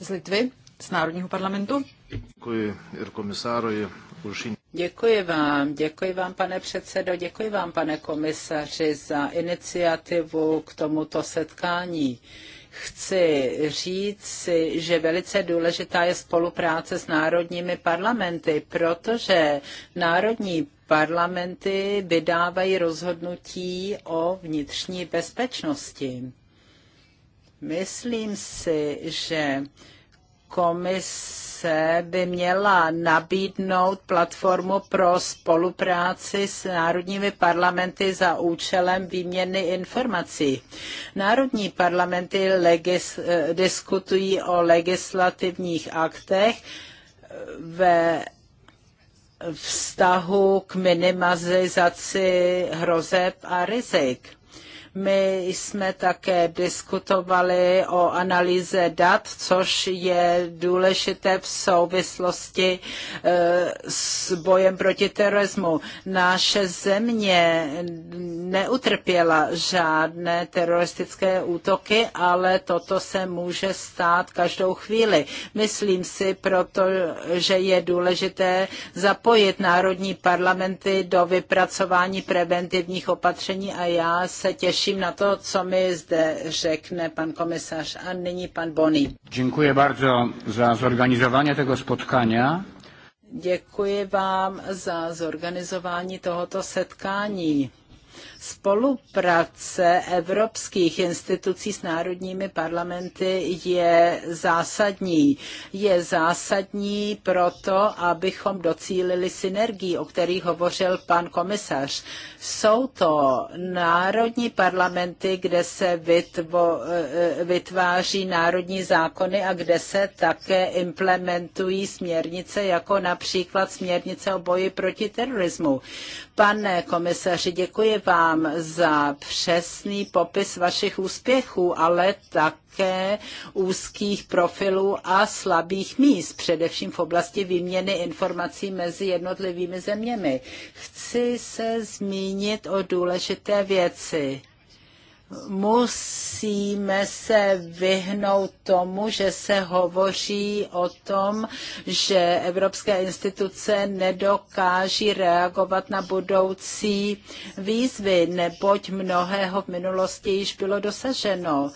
z Litvy, z Národního parlamentu. Děkuji komisárovi už Děkuji vám, děkuji vám, pane předsedo, děkuji vám, pane komisaři, za iniciativu k tomuto setkání chci říct si, že velice důležitá je spolupráce s národními parlamenty, protože národní parlamenty vydávají rozhodnutí o vnitřní bezpečnosti. Myslím si, že komise by měla nabídnout platformu pro spolupráci s národními parlamenty za účelem výměny informací. Národní parlamenty legis, eh, diskutují o legislativních aktech eh, ve vztahu k minimalizaci hrozeb a rizik my jsme také diskutovali o analýze dat, což je důležité v souvislosti e, s bojem proti terorismu. Naše země neutrpěla žádné teroristické útoky, ale toto se může stát každou chvíli. Myslím si proto, že je důležité zapojit národní parlamenty do vypracování preventivních opatření a já se těším, těším na to, co mi zde řekne pan komisař. A nyní pan Bony. Děkuji bardzo za zorganizování tego spotkania. Děkuji vám za zorganizování tohoto setkání. Spolupráce evropských institucí s národními parlamenty je zásadní. Je zásadní proto, abychom docílili synergii, o kterých hovořil pan komisař. Jsou to národní parlamenty, kde se vytvo, eh, vytváří národní zákony a kde se také implementují směrnice, jako například směrnice o boji proti terorismu. Pane komisaři, děkuji vám za přesný popis vašich úspěchů, ale tak také úzkých profilů a slabých míst, především v oblasti výměny informací mezi jednotlivými zeměmi. Chci se zmínit o důležité věci musíme se vyhnout tomu, že se hovoří o tom, že evropské instituce nedokáží reagovat na budoucí výzvy, neboť mnohého v minulosti již bylo dosaženo.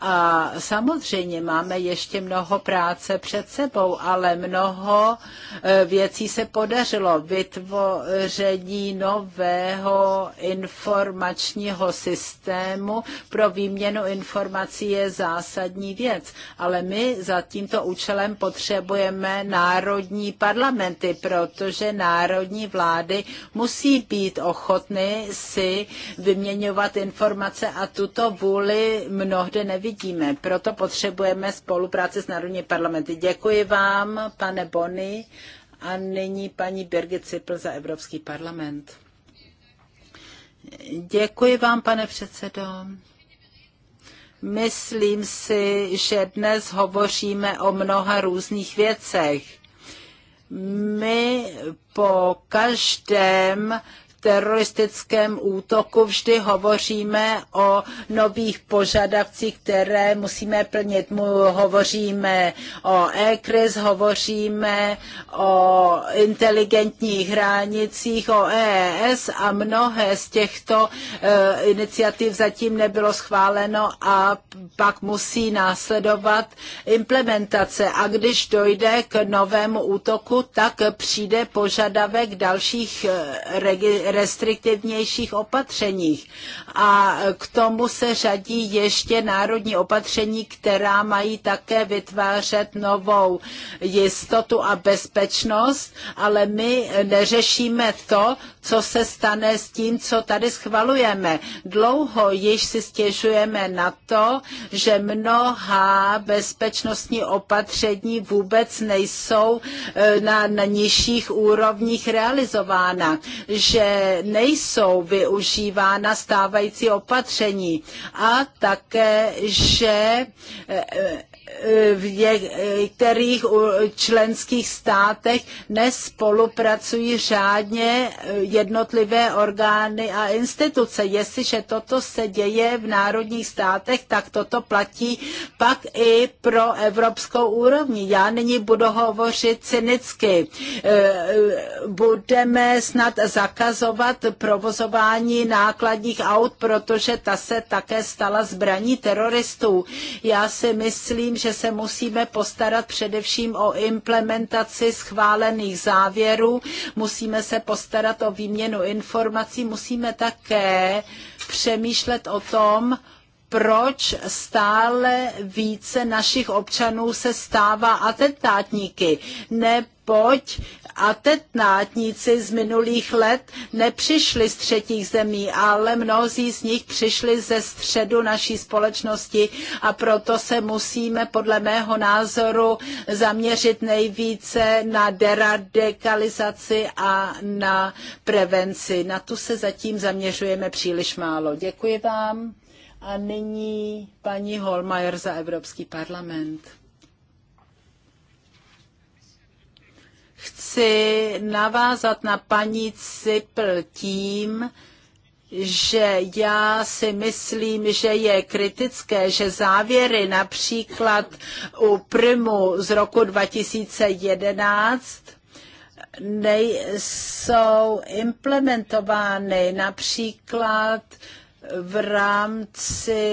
A samozřejmě máme ještě mnoho práce před sebou, ale mnoho e, věcí se podařilo. Vytvoření nového informačního systému pro výměnu informací je zásadní věc, ale my za tímto účelem potřebujeme národní parlamenty, protože národní vlády musí být ochotny si vyměňovat informace a tuto vůli mnohde neví nevidíme. Proto potřebujeme spolupráci s národní parlamenty. Děkuji vám, pane Bony, a nyní paní Birgit Cipl za Evropský parlament. Děkuji vám, pane předsedo. Myslím si, že dnes hovoříme o mnoha různých věcech. My po každém teroristickém útoku vždy hovoříme o nových požadavcích, které musíme plnit. Mu hovoříme o ECRIS, hovoříme o inteligentních hranicích, o EES a mnohé z těchto e, iniciativ zatím nebylo schváleno a pak musí následovat implementace. A když dojde k novému útoku, tak přijde požadavek dalších e, regi- restriktivnějších opatřeních. A k tomu se řadí ještě národní opatření, která mají také vytvářet novou jistotu a bezpečnost, ale my neřešíme to, co se stane s tím, co tady schvalujeme. Dlouho již si stěžujeme na to, že mnoha bezpečnostní opatření vůbec nejsou eh, na, na nižších úrovních realizována, že nejsou využívána stávající opatření a také, že eh, v některých členských státech nespolupracují řádně jednotlivé orgány a instituce. Jestliže toto se děje v národních státech, tak toto platí pak i pro evropskou úrovni. Já nyní budu hovořit cynicky. E, budeme snad zakazovat provozování nákladních aut, protože ta se také stala zbraní teroristů. Já si myslím, že se musíme postarat především o implementaci schválených závěrů, musíme se postarat o výměnu informací, musíme také přemýšlet o tom, proč stále více našich občanů se stává atentátníky, neboť a tetnátníci z minulých let nepřišli z třetích zemí, ale mnozí z nich přišli ze středu naší společnosti a proto se musíme podle mého názoru zaměřit nejvíce na deradikalizaci a na prevenci. Na tu se zatím zaměřujeme příliš málo. Děkuji vám. A nyní paní Holmajer za Evropský parlament. chci navázat na paní Cipl tím, že já si myslím, že je kritické, že závěry například u Primu z roku 2011 nejsou implementovány například v rámci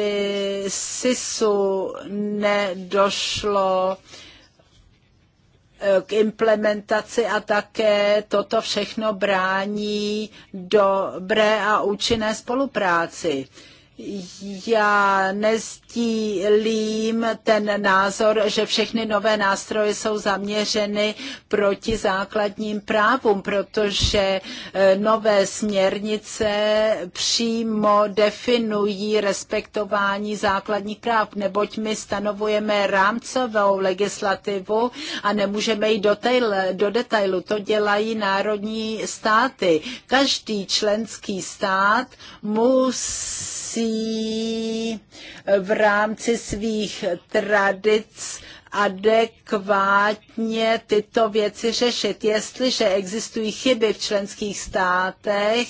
SISu nedošlo uh, Eh, k implementaci a také toto všechno brání dobré a účinné spolupráci já nezdílím ten názor, že všechny nové nástroje jsou zaměřeny proti základním právům, protože eh, nové směrnice přímo definují respektování základních práv, neboť my stanovujeme rámcovou legislativu a nemůžeme jít do, tejl, do detailu. To dělají národní státy. Každý členský stát musí věcí eh, v rámci svých tradic adekvátně tyto věci řešit. Jestliže existují chyby v členských státech,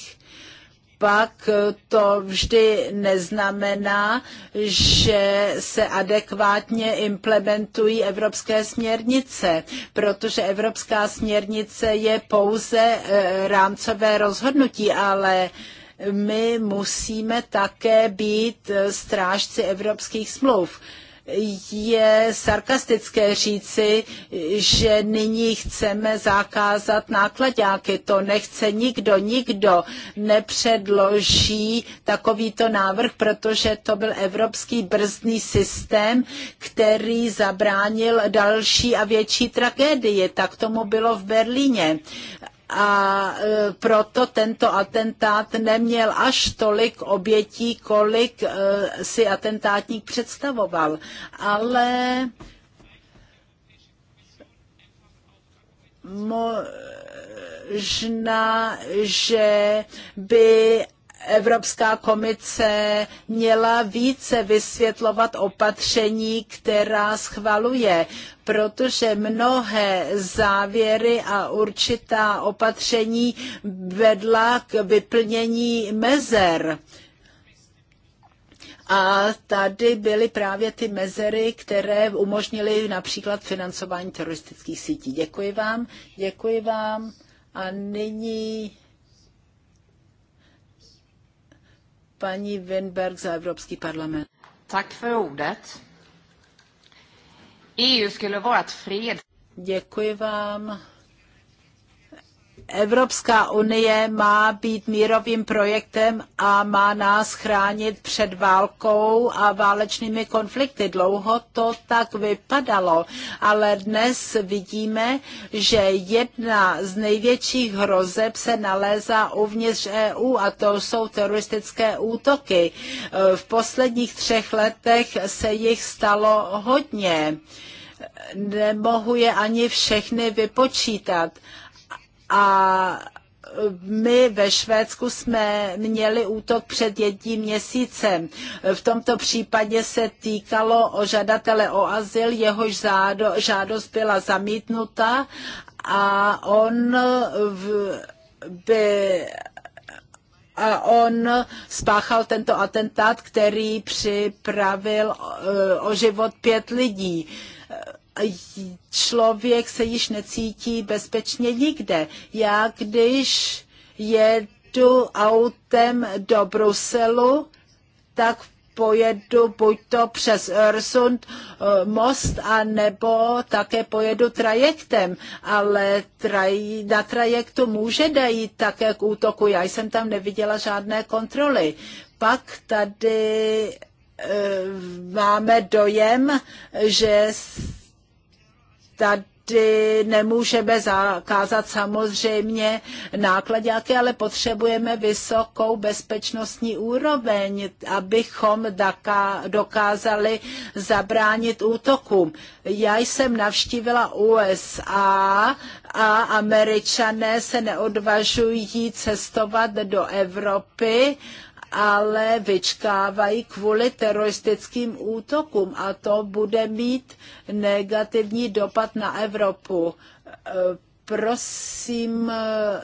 pak to vždy neznamená, že se adekvátně implementují evropské směrnice, protože evropská směrnice je pouze eh, rámcové rozhodnutí, ale my musíme také být strážci evropských smluv je sarkastické říci, že nyní chceme zakázat nákladňáky. To nechce nikdo, nikdo nepředloží takovýto návrh, protože to byl evropský brzdný systém, který zabránil další a větší tragédii. Tak tomu bylo v Berlíně a e, proto tento atentát neměl až tolik obětí, kolik e, si atentátník představoval. Ale možná, že by Evropská komise měla více vysvětlovat opatření, která schvaluje, protože mnohé závěry a určitá opatření vedla k vyplnění mezer. A tady byly právě ty mezery, které umožnily například financování teroristických sítí. Děkuji vám, děkuji vám. A nyní paní Winberg za Evropský parlament. Tak för ordet. EU skulle vara ett fred... Děkuji vám. Evropská unie má být mírovým projektem a má nás chránit před válkou a válečnými konflikty. Dlouho to tak vypadalo, ale dnes vidíme, že jedna z největších hrozeb se nalézá uvnitř EU a to jsou teroristické útoky. V posledních třech letech se jich stalo hodně. Nemohu je ani všechny vypočítat a e, my ve Švédsku jsme měli útok před jedním měsícem. V tomto případě se týkalo o žadatele o azyl, jehož žádost byla zamítnuta a on v, by a on spáchal tento atentát, který připravil e, o život pět lidí člověk se již necítí bezpečně nikde. Já když jedu autem do Bruselu, tak pojedu buď to přes Örsund eh, most, a nebo také pojedu trajektem, ale traj, na trajektu může dojít také k útoku. Já jsem tam neviděla žádné kontroly. Pak tady e, máme dojem, že tady nemůžeme zakázat samozřejmě nákladňáky, ale potřebujeme vysokou bezpečnostní úroveň, abychom dokázali zabránit útokům. Já jsem navštívila USA a američané se neodvažují cestovat do Evropy ale vyčkávají kvůli teroristickým útokům a to bude mít negativní dopad na Evropu. E, prosím, e,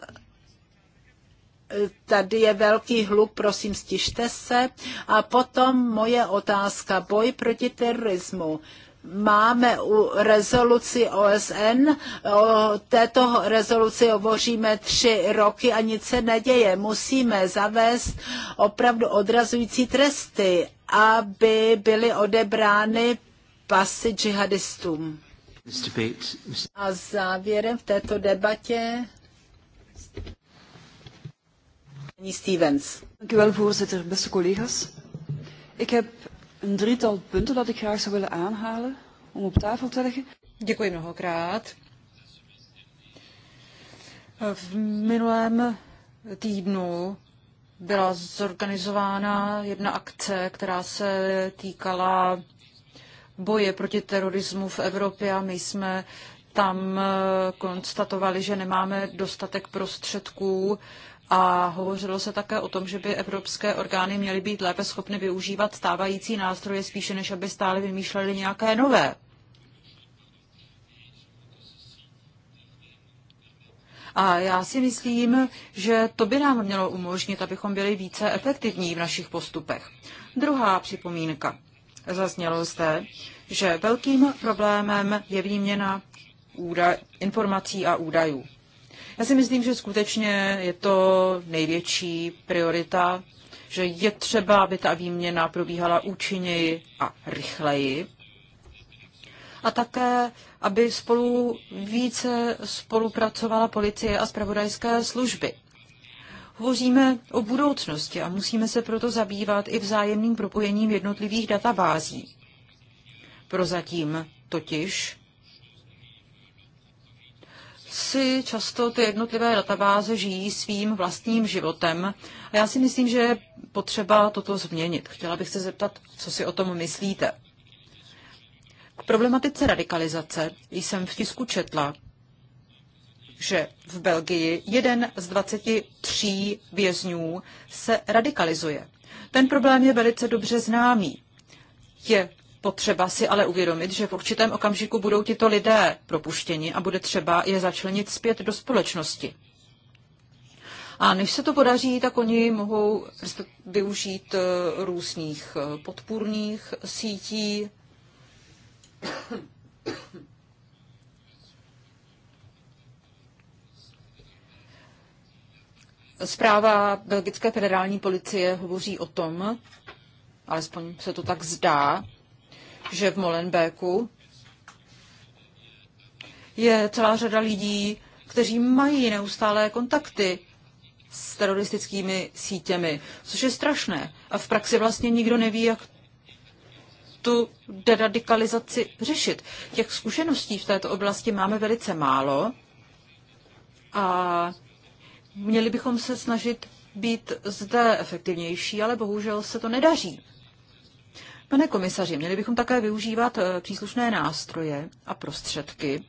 tady je velký hluk, prosím, stište se. A potom moje otázka, boj proti terorismu máme u rezoluci OSN, o této rezoluci hovoříme tři roky a nic se neděje. Musíme zavést opravdu odrazující tresty, aby byly odebrány pasy džihadistům. A závěrem v této debatě paní Stevens. Dank u wel, voorzitter, beste collega's. Ik heb een drietal punten dat ik graag zou willen aanhalen om op tafel te leggen. Děkuji mnohokrát. V minulém týdnu byla zorganizována jedna akce, která se týkala boje proti terorismu v Evropě a my jsme tam eh, konstatovali, že nemáme dostatek prostředků a hovořilo se také o tom, že by evropské orgány měly být lépe schopny využívat stávající nástroje spíše, než aby stále vymýšleli nějaké nové. A já si myslím, že to by nám mělo umožnit, abychom byli více efektivní v našich postupech. Druhá připomínka. Zaznělo zde, že velkým problémem je výměna informací a údajů. Já si myslím, že skutečně je to největší priorita, že je třeba, aby ta výměna probíhala účinněji a rychleji. A také, aby spolu více spolupracovala policie a spravodajské služby. Hovoříme o budoucnosti a musíme se proto zabývat i vzájemným propojením jednotlivých databází. Prozatím totiž si často ty jednotlivé databáze žijí svým vlastním životem. A já si myslím, že je potřeba toto změnit. Chtěla bych se zeptat, co si o tom myslíte. K problematice radikalizace jsem v tisku četla, že v Belgii jeden z 23 vězňů se radikalizuje. Ten problém je velice dobře známý. Je potřeba si ale uvědomit, že v určitém okamžiku budou tito lidé propuštěni a bude třeba je začlenit zpět do společnosti. A než se to podaří, tak oni mohou využít eh, různých eh, podpůrných sítí. Zpráva Belgické federální policie hovoří o tom, alespoň se to tak zdá, že v Molenbeeku je celá řada lidí, kteří mají neustálé kontakty s teroristickými sítěmi, což je strašné. A v praxi vlastně nikdo neví, jak tu deradikalizaci řešit. Těch zkušeností v této oblasti máme velice málo a měli bychom se snažit být zde efektivnější, ale bohužel se to nedaří. Pane komisaři, měli bychom také využívat eh, příslušné nástroje a prostředky,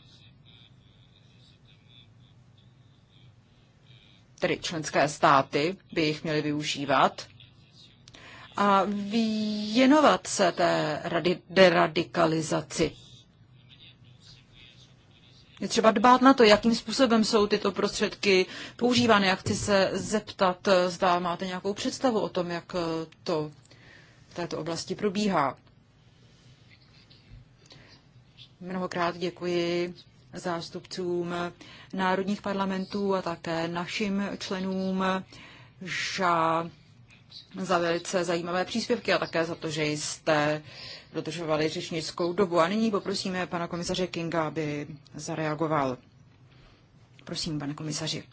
tedy členské státy by jich měly využívat, a věnovat se té deradikalizaci. Je třeba dbát na to, jakým způsobem jsou tyto prostředky používány. Já chci se zeptat, eh, zda máte nějakou představu o tom, jak eh, to této oblasti probíhá. Mnohokrát děkuji zástupcům národních parlamentů a také našim členům za, za velice zajímavé příspěvky a také za to, že jste dodržovali řečnickou dobu. A nyní poprosíme pana komisaře Kinga, aby zareagoval. Prosím, pane komisaři.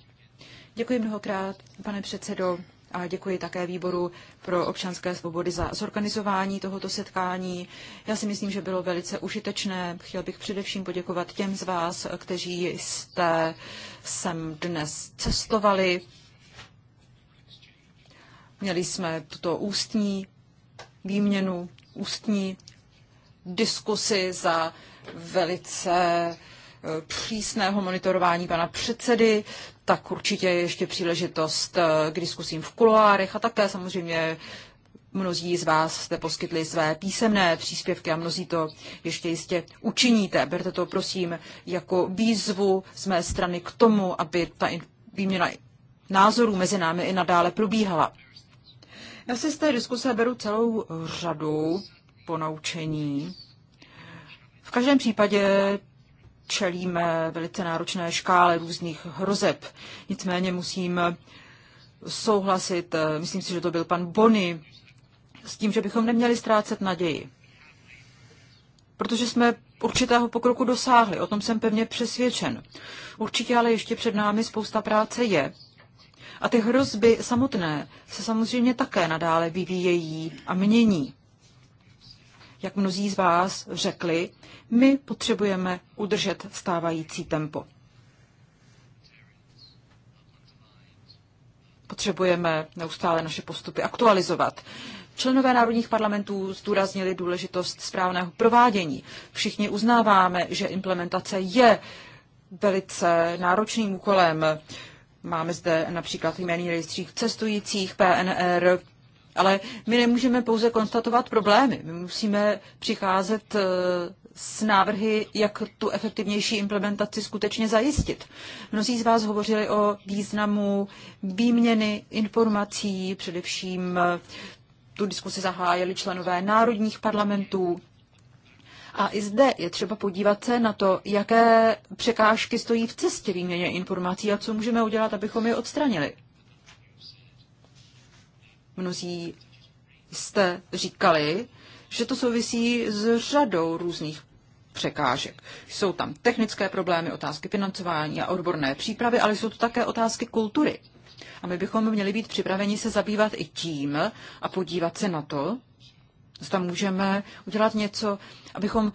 Děkuji mnohokrát, pane předsedo a děkuji také výboru pro občanské svobody za zorganizování tohoto setkání. Já si myslím, že bylo velice užitečné. Chtěl bych především poděkovat těm z vás, kteří jste sem dnes cestovali. Měli jsme tuto ústní výměnu, ústní diskusy za velice přísného monitorování pana předsedy, tak určitě je ještě příležitost eh, k diskusím v kuloárech a také samozřejmě Mnozí z vás jste poskytli své písemné příspěvky a mnozí to ještě jistě učiníte. Berte to prosím jako výzvu z mé strany k tomu, aby ta výměna názorů mezi námi i nadále probíhala. Já si z té diskuse beru celou řadu ponaučení. V každém případě čelíme velice náročné škále různých hrozeb. Nicméně musím souhlasit, myslím si, že to byl pan Bony, s tím, že bychom neměli ztrácet naději. Protože jsme určitého pokroku dosáhli, o tom jsem pevně přesvědčen. Určitě ale ještě před námi spousta práce je. A ty hrozby samotné se samozřejmě také nadále vyvíjejí a mění. Jak mnozí z vás řekli, my potřebujeme udržet stávající tempo. Potřebujeme neustále naše postupy aktualizovat. Členové národních parlamentů zdůraznili důležitost správného provádění. Všichni uznáváme, že implementace je velice náročným úkolem. Máme zde například jméný rejstřík cestujících, PNR, ale my nemůžeme pouze konstatovat problémy. My musíme přicházet eh, s návrhy, jak tu efektivnější implementaci skutečně zajistit. Mnozí z vás hovořili o významu výměny informací, především eh, tu diskusi zahájili členové národních parlamentů. A i zde je třeba podívat se na to, jaké překážky stojí v cestě výměně informací a co můžeme udělat, abychom je odstranili. Mnozí jste říkali, že to souvisí s řadou různých překážek. Jsou tam technické problémy, otázky financování a odborné přípravy, ale jsou to také otázky kultury. A my bychom měli být připraveni se zabývat i tím a podívat se na to, zda můžeme udělat něco, abychom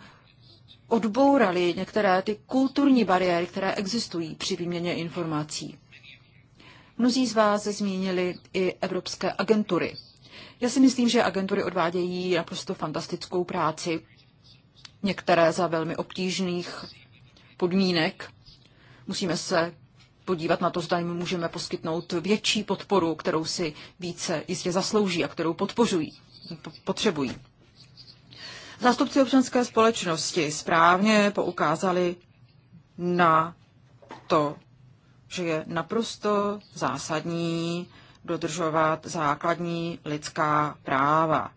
odbourali některé ty kulturní bariéry, které existují při výměně informací. Mnozí z vás zmínili i evropské agentury. Já si myslím, že agentury odvádějí naprosto fantastickou práci, některé za velmi obtížných podmínek. Musíme se podívat na to, zda jim můžeme poskytnout větší podporu, kterou si více jistě zaslouží a kterou podpořují, potřebují. Zástupci občanské společnosti správně poukázali na to, že je naprosto zásadní, dodržovat základní lidská práva.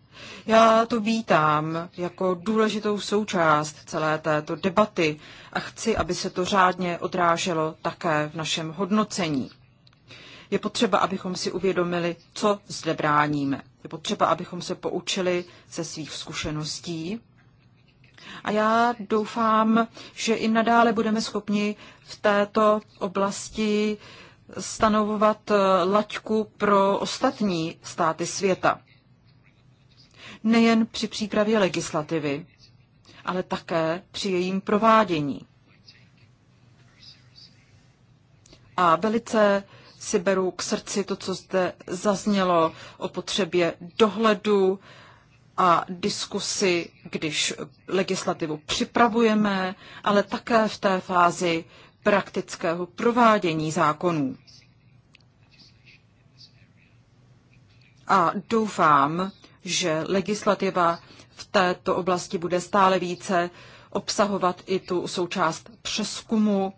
Já to vítám jako důležitou součást celé této debaty a chci, aby se to řádně odráželo také v našem hodnocení. Je potřeba, abychom si uvědomili, co zde bráníme. Je potřeba, abychom se poučili ze svých zkušeností. A já doufám, že i nadále budeme schopni v této oblasti uh, stanovovat eh, laťku pro ostatní státy světa. Nejen při přípravě legislativy, ale také při jejím provádění. A velice si beru k srdci to, co zde zaznělo o potřebě dohledu a diskusy, když legislativu připravujeme, ale také v té fázi, praktického provádění zákonů. A doufám, že legislativa v této oblasti bude stále více obsahovat i tu součást přeskumu,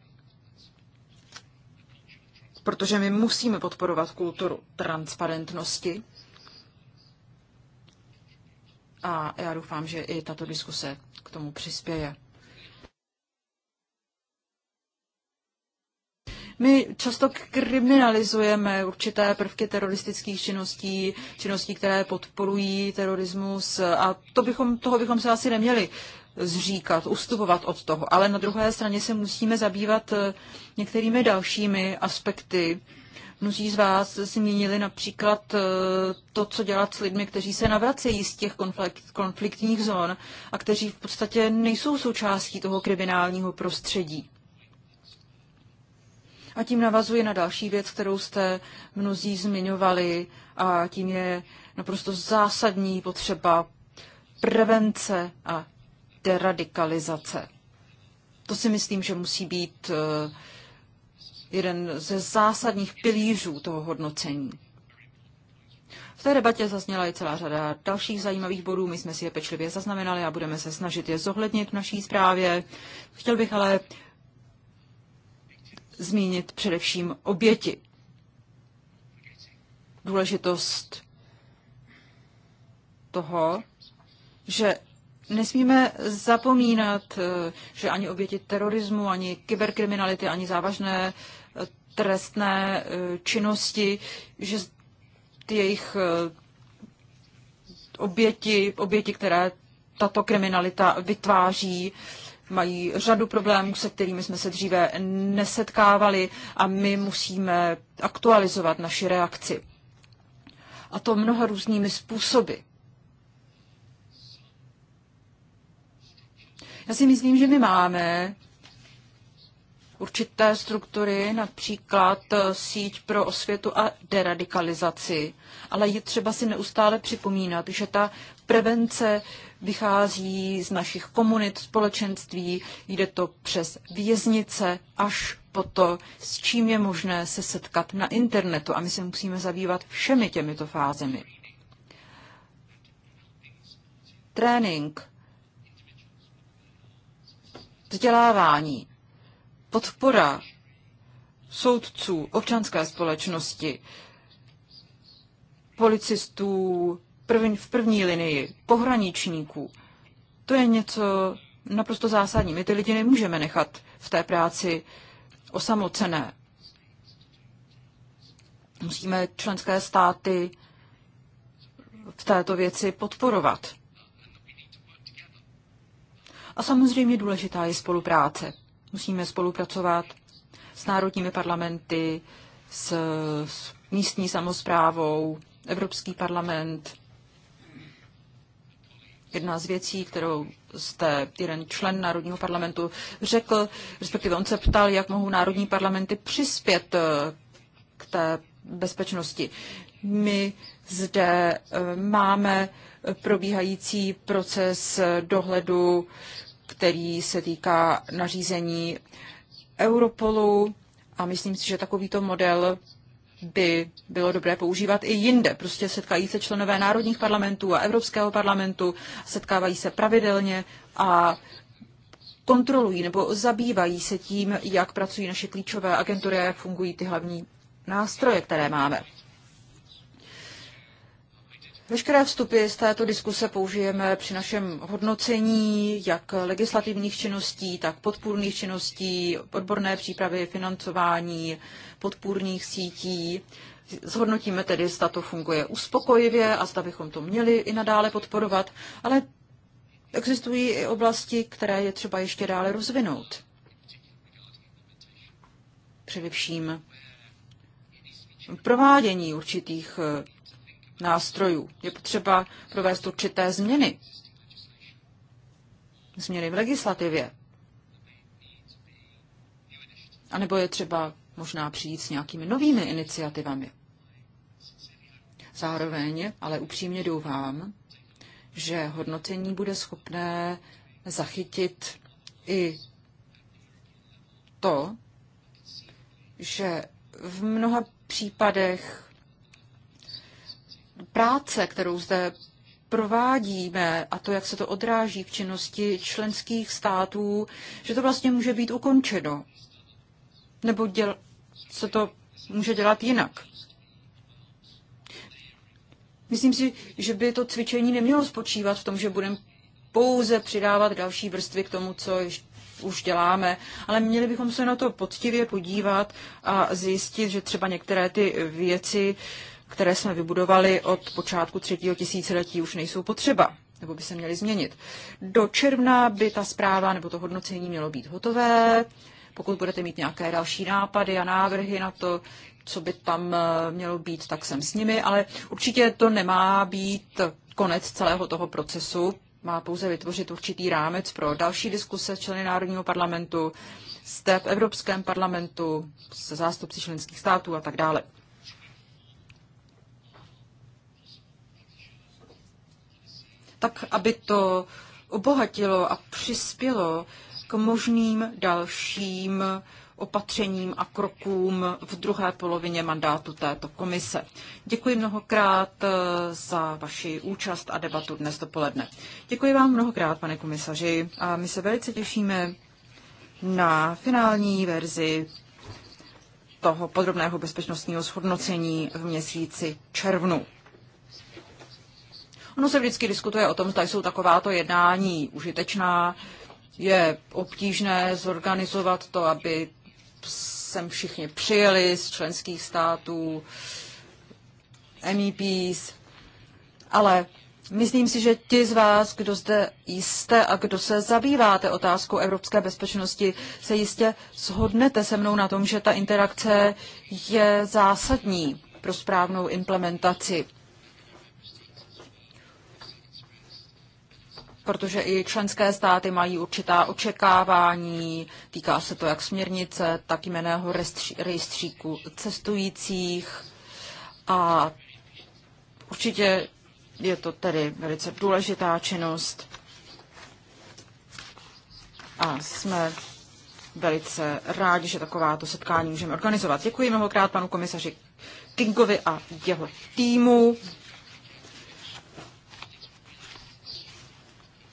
protože my musíme podporovat kulturu transparentnosti. A já doufám, že i tato diskuse k tomu přispěje. My často kriminalizujeme určité prvky teroristických činností, činností, které podporují terorismus a to bychom, toho bychom se asi neměli zříkat, ustupovat od toho. Ale na druhé straně se musíme zabývat eh, některými dalšími aspekty. Mnozí z vás změnili například eh, to, co dělat s lidmi, kteří se navracejí z těch konflikt, konfliktních zón a kteří v podstatě nejsou součástí toho kriminálního prostředí. A tím navazuji na další věc, kterou jste mnozí zmiňovali a tím je naprosto zásadní potřeba prevence a deradikalizace. To si myslím, že musí být eh, jeden ze zásadních pilířů toho hodnocení. V té debatě zazněla i celá řada dalších zajímavých bodů, my jsme si je pečlivě zaznamenali a budeme se snažit je zohlednit v naší zprávě. Chtěl bych ale zmínit především oběti. Důležitost toho, že nesmíme zapomínat, eh, že ani oběti terorismu, ani kyberkriminality, ani závažné eh, trestné eh, činnosti, že ty jejich oběti, oběti, které tato kriminalita vytváří, mají řadu problémů, se kterými jsme se dříve nesetkávali a my musíme aktualizovat naši reakci. A to mnoha různými způsoby. Já si myslím, že my máme určité struktury, například eh, síť pro osvětu a deradikalizaci, ale je třeba si neustále připomínat, že ta prevence vychází z našich komunit, společenství, jde to přes věznice až po to, s čím je možné se setkat na internetu a my se musíme zabývat všemi těmito fázemi. Trénink, vzdělávání, podpora soudců, občanské společnosti, policistů, prvn, v první linii, pohraničníků. To je něco naprosto zásadní. My ty lidi nemůžeme nechat v té práci osamocené. Musíme členské státy v této věci podporovat. A samozřejmě důležitá je spolupráce. Musíme spolupracovat s národními parlamenty, s, s místní samozprávou, Evropský parlament jedna z věcí, kterou jste jeden člen Národního parlamentu řekl, respektive on se ptal, jak mohou Národní parlamenty přispět eh, k té bezpečnosti. My zde eh, máme probíhající proces dohledu, který se týká nařízení Europolu a myslím si, že takovýto model by bylo dobré používat i jinde. Prostě setkají se členové národních parlamentů a Evropského parlamentu, setkávají se pravidelně a kontrolují nebo zabývají se tím, jak pracují naše klíčové agentury a jak fungují ty hlavní nástroje, které máme. Veškeré vstupy z této diskuse použijeme při našem hodnocení jak legislativních činností, tak podpůrných činností, odborné přípravy, financování, podpůrných sítí. Zhodnotíme tedy, zda to funguje uspokojivě a zda bychom to měli i nadále podporovat, ale existují i oblasti, které je třeba ještě dále rozvinout. Především provádění určitých eh, nástrojů. Je potřeba provést určité změny. Změny v legislativě. A nebo je třeba možná přijít s nějakými novými iniciativami. Zároveň ale upřímně doufám, že hodnocení bude schopné zachytit i to, že v mnoha případech práce, kterou zde provádíme a to, jak se to odráží v činnosti členských států, že to vlastně může být ukončeno. Nebo děl, se to může dělat jinak. Myslím si, že by to cvičení nemělo spočívat v tom, že budeme pouze přidávat další vrstvy k tomu, co už děláme, ale měli bychom se na to poctivě podívat a zjistit, že třeba některé ty věci, které jsme vybudovali od počátku třetího tisíciletí, už nejsou potřeba nebo by se měly změnit. Do června by ta zpráva nebo to hodnocení mělo být hotové. Pokud budete mít nějaké další nápady a návrhy na to, co by tam eh, mělo být, tak jsem s nimi, ale určitě to nemá být konec celého toho procesu. Má pouze vytvořit určitý rámec pro další diskuse členy Národního parlamentu, jste v Evropském parlamentu, se zástupci členských států a tak dále. Tak, aby to obohatilo a přispělo k možným dalším opatřením a krokům v druhé polovině mandátu této komise. Děkuji mnohokrát eh, za vaši účast a debatu dnes dopoledne. Děkuji vám mnohokrát, pane komisaři, a my se velice těšíme na finální verzi toho podrobného bezpečnostního shodnocení v měsíci červnu. Ono se vždycky diskutuje o tom, zda jsou takováto jednání užitečná je obtížné zorganizovat to, aby sem všichni přijeli z členských států, MEPs, ale myslím si, že ti z vás, kdo zde jste a kdo se zabýváte otázkou evropské bezpečnosti, se jistě shodnete se mnou na tom, že ta interakce je zásadní pro správnou implementaci protože i členské státy mají určitá očekávání. Týká se to jak směrnice, tak jmeného rejstříku cestujících. A určitě je to tedy velice důležitá činnost. A jsme velice rádi, že takováto setkání můžeme organizovat. Děkuji mnohokrát panu komisaři Kingovi a jeho týmu.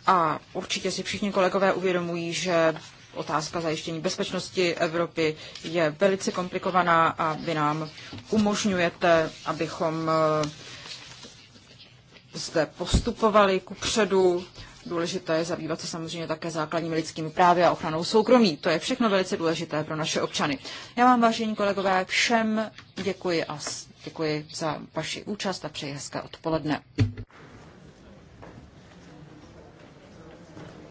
A určitě si všichni kolegové uvědomují, že otázka zajištění bezpečnosti Evropy je velice komplikovaná a vy nám umožňujete, abychom eh, zde postupovali ku předu. Důležité je zabývat se samozřejmě také základními lidskými právy a ochranou soukromí. To je všechno velice důležité pro naše občany. Já vám, vážení kolegové, všem děkuji a děkuji za vaši účast a přeji hezké odpoledne.